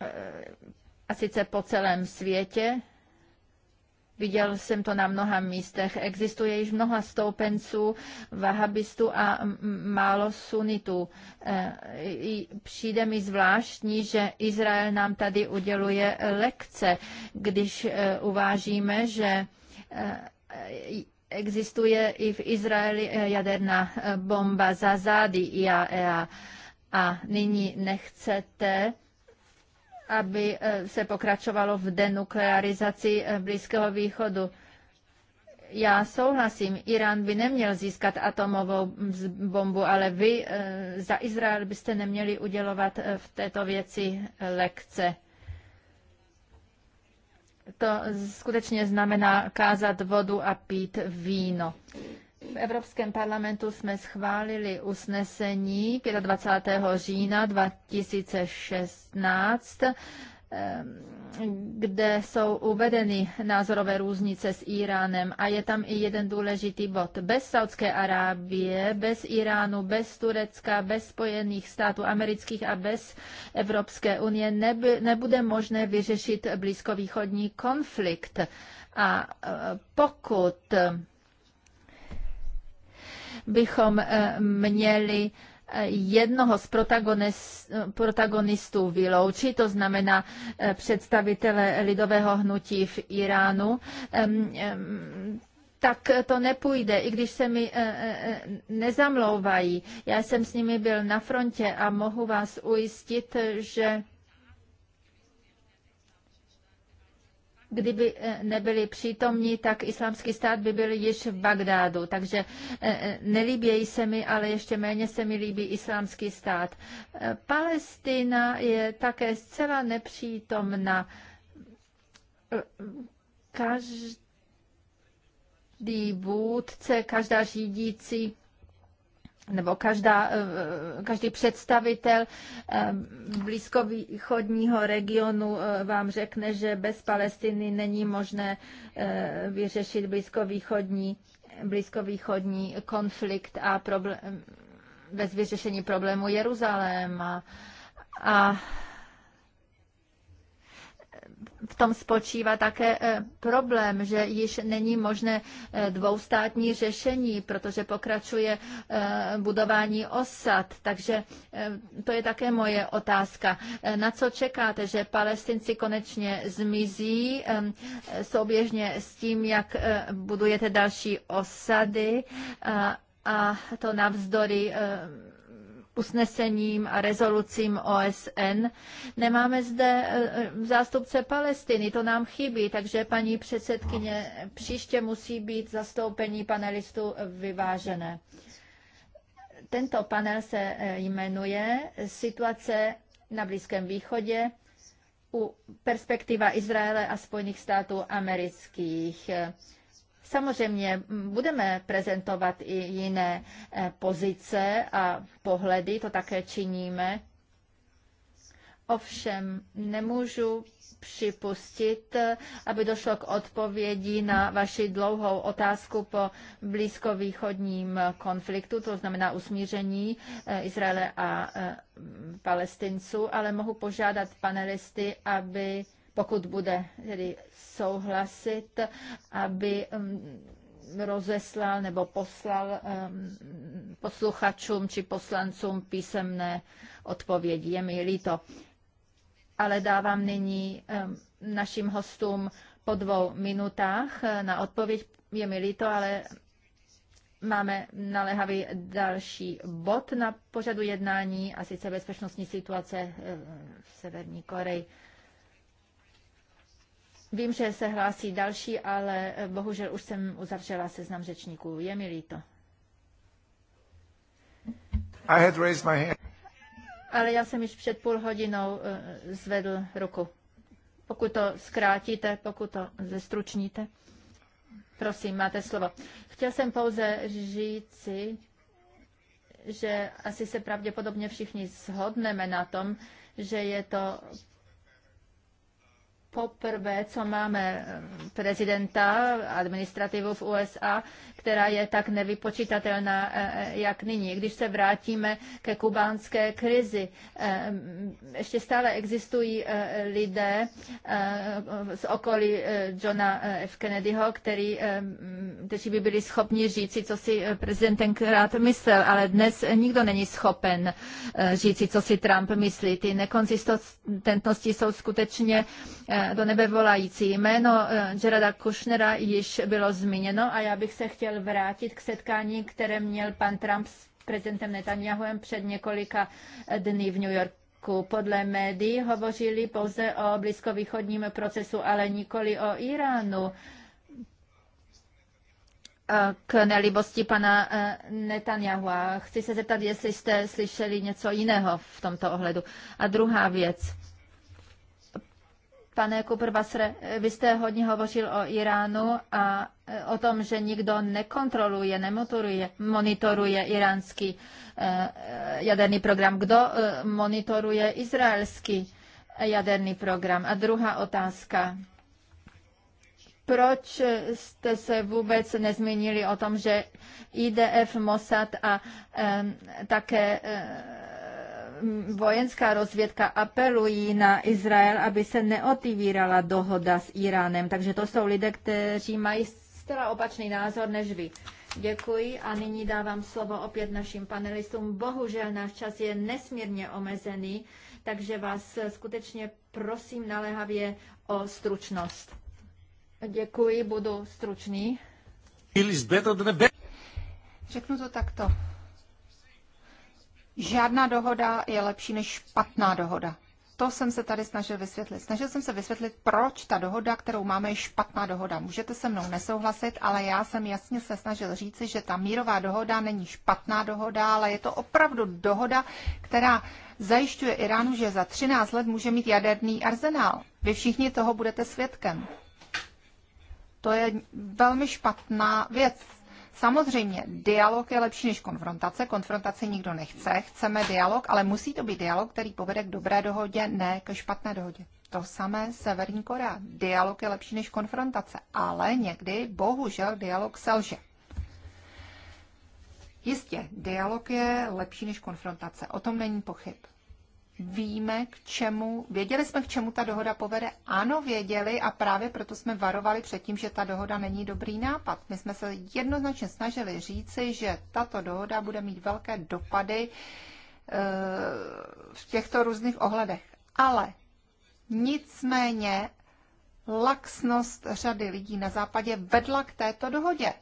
Eh, a sice po celém světě. Viděl jsem to na mnoha místech. Existuje již mnoha stoupenců, vahabistů a málo sunitů. Eh, přijde mi zvláštní, že Izrael nám tady uděluje lekce, když eh, uvážíme, že existuje i v Izraeli jaderná bomba za zády IAEA. E a nyní nechcete aby eh, se pokračovalo v denuklearizaci eh, Blízkého východu. Já souhlasím, Irán by neměl získat atomovou bombu, ale vy eh, za Izrael byste neměli udělovat v této věci lekce. To skutečně znamená kázat vodu a pít víno v Evropském parlamentu jsme schválili usnesení 25. října 2016, eh, kde jsou uvedeny názorové různice s Iránem a je tam i jeden důležitý bod. Bez Saudské Arábie, bez Iránu, bez Turecka, bez Spojených států amerických a bez Evropské unie nebude možné vyřešit blízkovýchodní konflikt. A eh, pokud bychom eh, měli eh, jednoho z protagonistů vyloučit, to znamená eh, představitele lidového hnutí v Iránu, tak to nepůjde, i když se mi nezamlouvají. Já jsem s nimi byl na frontě a mohu vás ujistit, že kdyby eh, nebyli přítomní, tak islámský stát by byl již v Bagdádu. Takže eh, eh, nelíbějí se mi, ale ještě méně se mi líbí islámský stát. Palestina je také zcela nepřítomna. Každý vůdce, každá řídící nebo každá, eh, každý představitel eh, blízkovýchodního regionu eh, vám řekne, že bez Palestiny není možné vyřešit blízkovýchodní, blízkovýchodní konflikt a problém, bez vyřešení problému Jeruzaléma. A v tom spočívá také eh, problém, že již není možné eh, dvoustátní řešení, protože pokračuje eh, budování osad. Takže to je také moje otázka. Na co čekáte, že palestinci konečně zmizí souběžně s tím, jak budujete další osady a to navzdory usnesením a rezolucím OSN. Nemáme zde eh, zástupce Palestiny, to nám chybí, takže paní předsedkyně, příště musí být zastoupení panelistů vyvážené. Tento panel se eh, jmenuje Situace na Blízkém východě u perspektiva Izraele a Spojených států amerických. Samozřejmě budeme prezentovat i jiné e, pozice a pohledy, to také činíme. Ovšem nemůžu připustit, e, aby došlo k odpovědi na vaši dlouhou otázku po blízkovýchodním konfliktu, to znamená usmíření e, Izraele a Palestinců, ale mohu požádat panelisty, aby pokud bude tedy souhlasit, aby um, rozeslal nebo poslal um, posluchačům či poslancům písemné odpovědi. Je mi líto. Ale dávám nyní um, našim hostům po dvou minutách eh, na odpověď. Je mi líto, ale máme naléhavý další bod na pořadu jednání a sice bezpečnostní situace eh, v Severní Koreji. Vím, že se hlásí další, ale eh, bohužel už jsem uzavřela seznam řečníků. Je mi líto. I had raised my hand. Ale já jsem již před půl hodinou eh, zvedl ruku. Pokud to zkrátíte, pokud to zestručníte. Prosím, máte slovo. Chtěl jsem pouze říci, že asi se pravděpodobně všichni shodneme na tom, že je to poprvé, co máme eh, prezidenta, administrativu v USA, která je tak nevypočitatelná, eh, eh, jak nyní. Když se vrátíme ke kubánské krizi, ještě stále existují lidé z okolí Johna F. Kennedyho, který, kteří by byli schopni říci, co si prezident tenkrát myslel, ale dnes nikdo není schopen říci, co si Trump myslí. Ty nekonzistentnosti jsou skutečně do nebe volající. Jméno eh, Gerada Kushnera již bylo zmíněno a já bych se chtěl vrátit k setkání, které měl pan Trump s prezidentem Netanyahuem před několika eh, dny v New Yorku. Podle médií hovořili pouze o blízkovýchodním procesu, ale nikoli o Iránu k nelibosti pana eh, Netanyahu. Chci se zeptat, jestli jste slyšeli něco jiného v tomto ohledu. A druhá věc. Pane Kuperbasre, vy jste hodně hovořil o Iránu a e, o tom, že nikdo nekontroluje, nemotoruje, monitoruje iránský e, e, jaderný program. Kdo monitoruje izraelský jaderný program? A druhá otázka. Proč jste se vůbec nezmínili o tom, že IDF, Mossad a také vojenská rozvědka apelují na Izrael, aby se neotivírala dohoda s Iránem. Takže to jsou lidé, kteří mají zcela opačný názor než vy. Děkuji a nyní dávám slovo opět našim panelistům. Bohužel náš čas je nesmírně omezený, takže vás skutečně prosím naléhavě o stručnost. Děkuji, budu stručný. Řeknu to takto žádná dohoda je lepší než špatná dohoda. To jsem se tady snažil vysvětlit. Snažil jsem se vysvětlit, proč ta dohoda, kterou máme, je špatná dohoda. Můžete se mnou nesouhlasit, ale já jsem jasně se snažil říci, že ta mírová dohoda není špatná dohoda, ale je to opravdu dohoda, která zajišťuje Iránu, že za 13 let může mít jaderný arzenál. Vy všichni toho budete svědkem. To je velmi špatná věc. Samozřejmě, dialog je lepší než konfrontace. Konfrontace nikdo nechce. Chceme dialog, ale musí to být dialog, který povede k dobré dohodě, ne ke špatné dohodě. To samé Severní Korea. Dialog je lepší než konfrontace, ale někdy, bohužel, dialog selže. Jistě, dialog je lepší než konfrontace, o tom není pochyb víme, k čemu, věděli jsme, k čemu ta dohoda povede. Ano, věděli a právě proto jsme varovali před tím, že ta dohoda není dobrý nápad. My jsme se jednoznačně snažili říci, že tato dohoda bude mít velké dopady eh, v těchto různých ohledech. Ale nicméně laxnost řady lidí na západě vedla k této dohodě.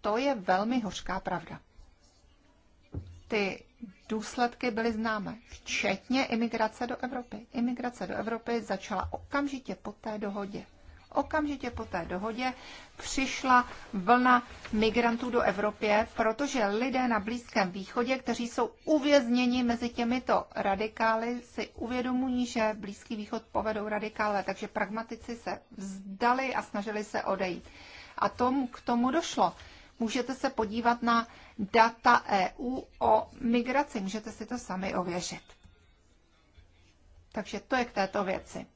To je velmi hořká pravda. Ty důsledky byly známé, včetně imigrace do Evropy. Imigrace do Evropy začala okamžitě po té dohodě. Okamžitě po té dohodě přišla vlna migrantů do Evropě, protože lidé na Blízkém východě, kteří jsou uvězněni mezi těmito radikály, si uvědomují, že Blízký východ povedou radikále, takže pragmatici se vzdali a snažili se odejít. A tom, k tomu došlo můžete se podívat na data EU o migraci. Můžete si to sami ověřit. Takže to je k této věci.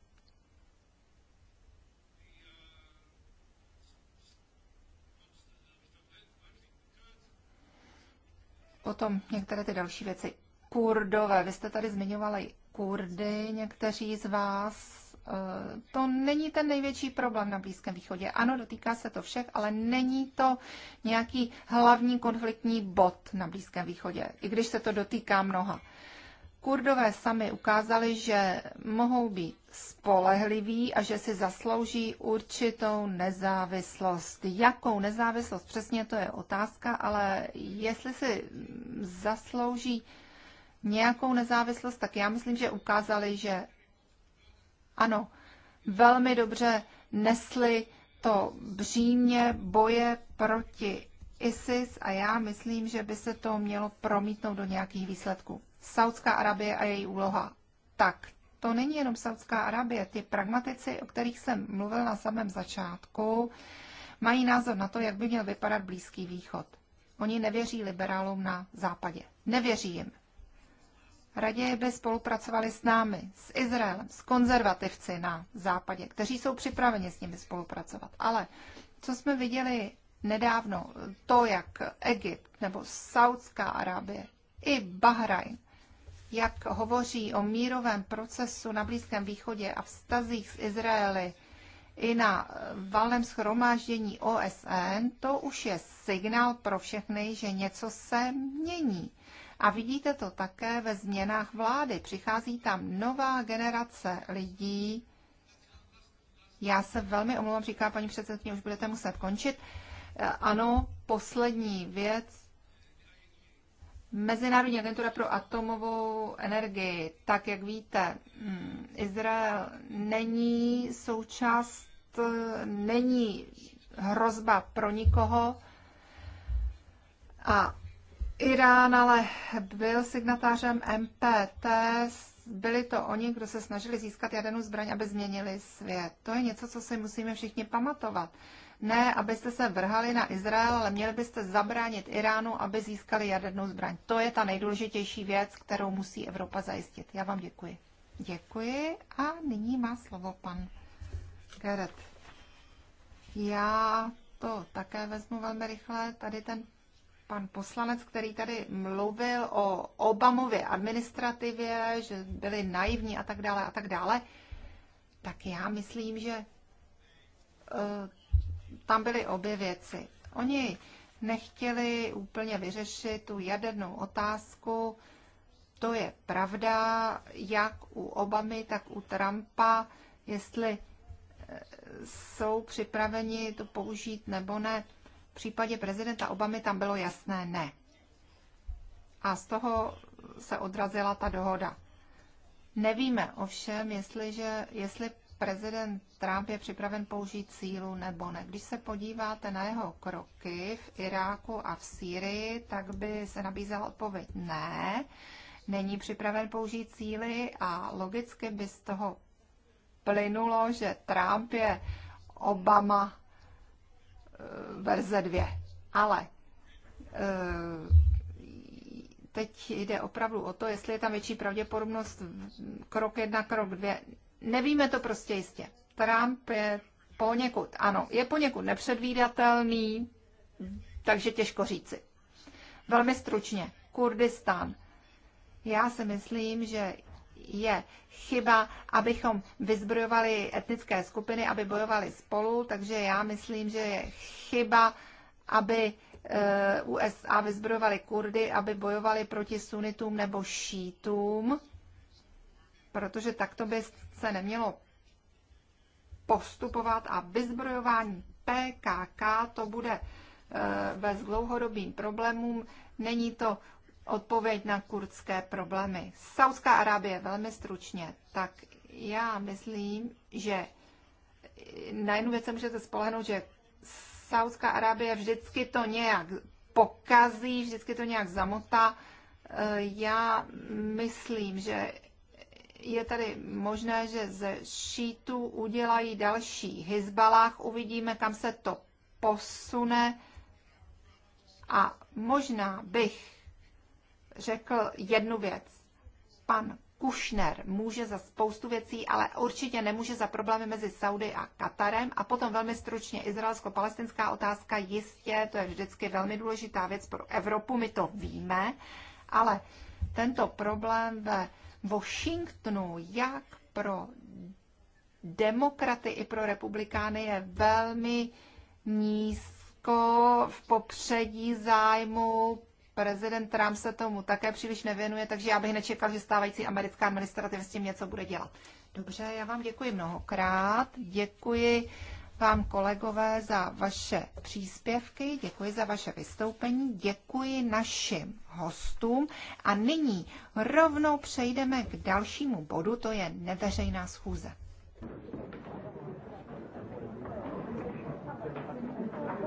Potom některé ty další věci. Kurdové. Vy jste tady zmiňovali Kurdy, někteří z vás Eh, to není ten největší problém na Blízkém východě. Ano, dotýká se to všech, ale není to nějaký hlavní konfliktní bod na Blízkém východě, i když se to dotýká mnoha. Kurdové sami ukázali, že mohou být spolehliví a že si zaslouží určitou nezávislost. Jakou nezávislost? Přesně to je otázka, ale jestli si zaslouží nějakou nezávislost, tak já myslím, že ukázali, že ano, velmi dobře nesli to břímě boje proti ISIS a já myslím, že by se to mělo promítnout do nějakých výsledků. Saudská Arabie a její úloha. Tak, to není jenom Saudská Arabie. Ty pragmatici, o kterých jsem mluvil na samém začátku, mají názor na to, jak by měl vypadat Blízký východ. Oni nevěří liberálům na západě. Nevěří jim raději by spolupracovali s námi, s Izraelem, s konzervativci na západě, kteří jsou připraveni s nimi spolupracovat. Ale co jsme viděli nedávno, to, jak Egypt nebo Saudská Arábie i Bahrajn, jak hovoří o mírovém procesu na Blízkém východě a vztazích s Izraeli i na valném schromáždění OSN, to už je signál pro všechny, že něco se mění a vidíte to také ve změnách vlády. Přichází tam nová generace lidí. Já se velmi omlouvám, říká paní předsedkyně, už budete muset končit. Eh, ano, poslední věc. Mezinárodní agentura pro atomovou energii, tak jak víte, hm, Izrael není součást, eh, není hrozba pro nikoho a Irán ale byl signatářem MPT, byli to oni, kdo se snažili získat jadernou zbraň, aby změnili svět. To je něco, co si musíme všichni pamatovat. Ne, abyste se vrhali na Izrael, ale měli byste zabránit Iránu, aby získali jadernou zbraň. To je ta nejdůležitější věc, kterou musí Evropa zajistit. Já vám děkuji. Děkuji a nyní má slovo pan Geret. Já to také vezmu velmi rychle. Tady ten pan poslanec, který tady mluvil o Obamově administrativě, že byli naivní a tak dále a tak dále, tak já myslím, že uh, tam byly obě věci. Oni nechtěli úplně vyřešit tu jadernou otázku, to je pravda, jak u Obamy, tak u Trumpa, jestli eh, jsou připraveni to použít nebo ne. V případě prezidenta Obamy tam bylo jasné ne. A z toho se odrazila ta dohoda. Nevíme ovšem, jestliže, jestli prezident Trump je připraven použít sílu nebo ne. Když se podíváte na jeho kroky v Iráku a v Sýrii, tak by se nabízela odpověď ne, není připraven použít síly a logicky by z toho plynulo, že Trump je Obama Eh, verze 2. Ale eh, teď jde opravdu o to, jestli je tam větší pravděpodobnost krok jedna, krok dvě. Nevíme to prostě jistě. Trump je poněkud, ano, je poněkud nepředvídatelný, takže těžko říci. Velmi stručně, Kurdistán. Já si myslím, že je chyba, abychom vyzbrojovali etnické skupiny, aby bojovali spolu, takže já myslím, že je chyba, aby eh, USA vyzbrojovali Kurdy, aby bojovali proti sunitům nebo šítům, protože takto by se nemělo postupovat a vyzbrojování PKK to bude bez eh, dlouhodobým problémům. Není to odpověď na kurdské problémy. Saudská Arábie, velmi stručně, tak já myslím, že na jednu věc se můžete spolehnout, že Saudská Arábie vždycky to nějak pokazí, vždycky to nějak zamotá. Eh, já myslím, že je tady možné, že ze šítu udělají další Hizbalách, uvidíme, kam se to posune. A možná bych řekl jednu věc. Pan Kušner může za spoustu věcí, ale určitě nemůže za problémy mezi Saudy a Katarem. A potom velmi stručně izraelsko-palestinská otázka, jistě, to je vždycky velmi důležitá věc pro Evropu, my to víme, ale tento problém ve Washingtonu, jak pro demokraty i pro republikány je velmi nízko v popředí zájmu prezident Trump se tomu také příliš nevěnuje, takže já bych nečekal, že stávající americká administrativa s tím něco bude dělat. Dobře, já vám děkuji mnohokrát. Děkuji vám, kolegové, za vaše příspěvky, děkuji za vaše vystoupení, děkuji našim hostům a nyní rovnou přejdeme k dalšímu bodu, to je neveřejná schůze.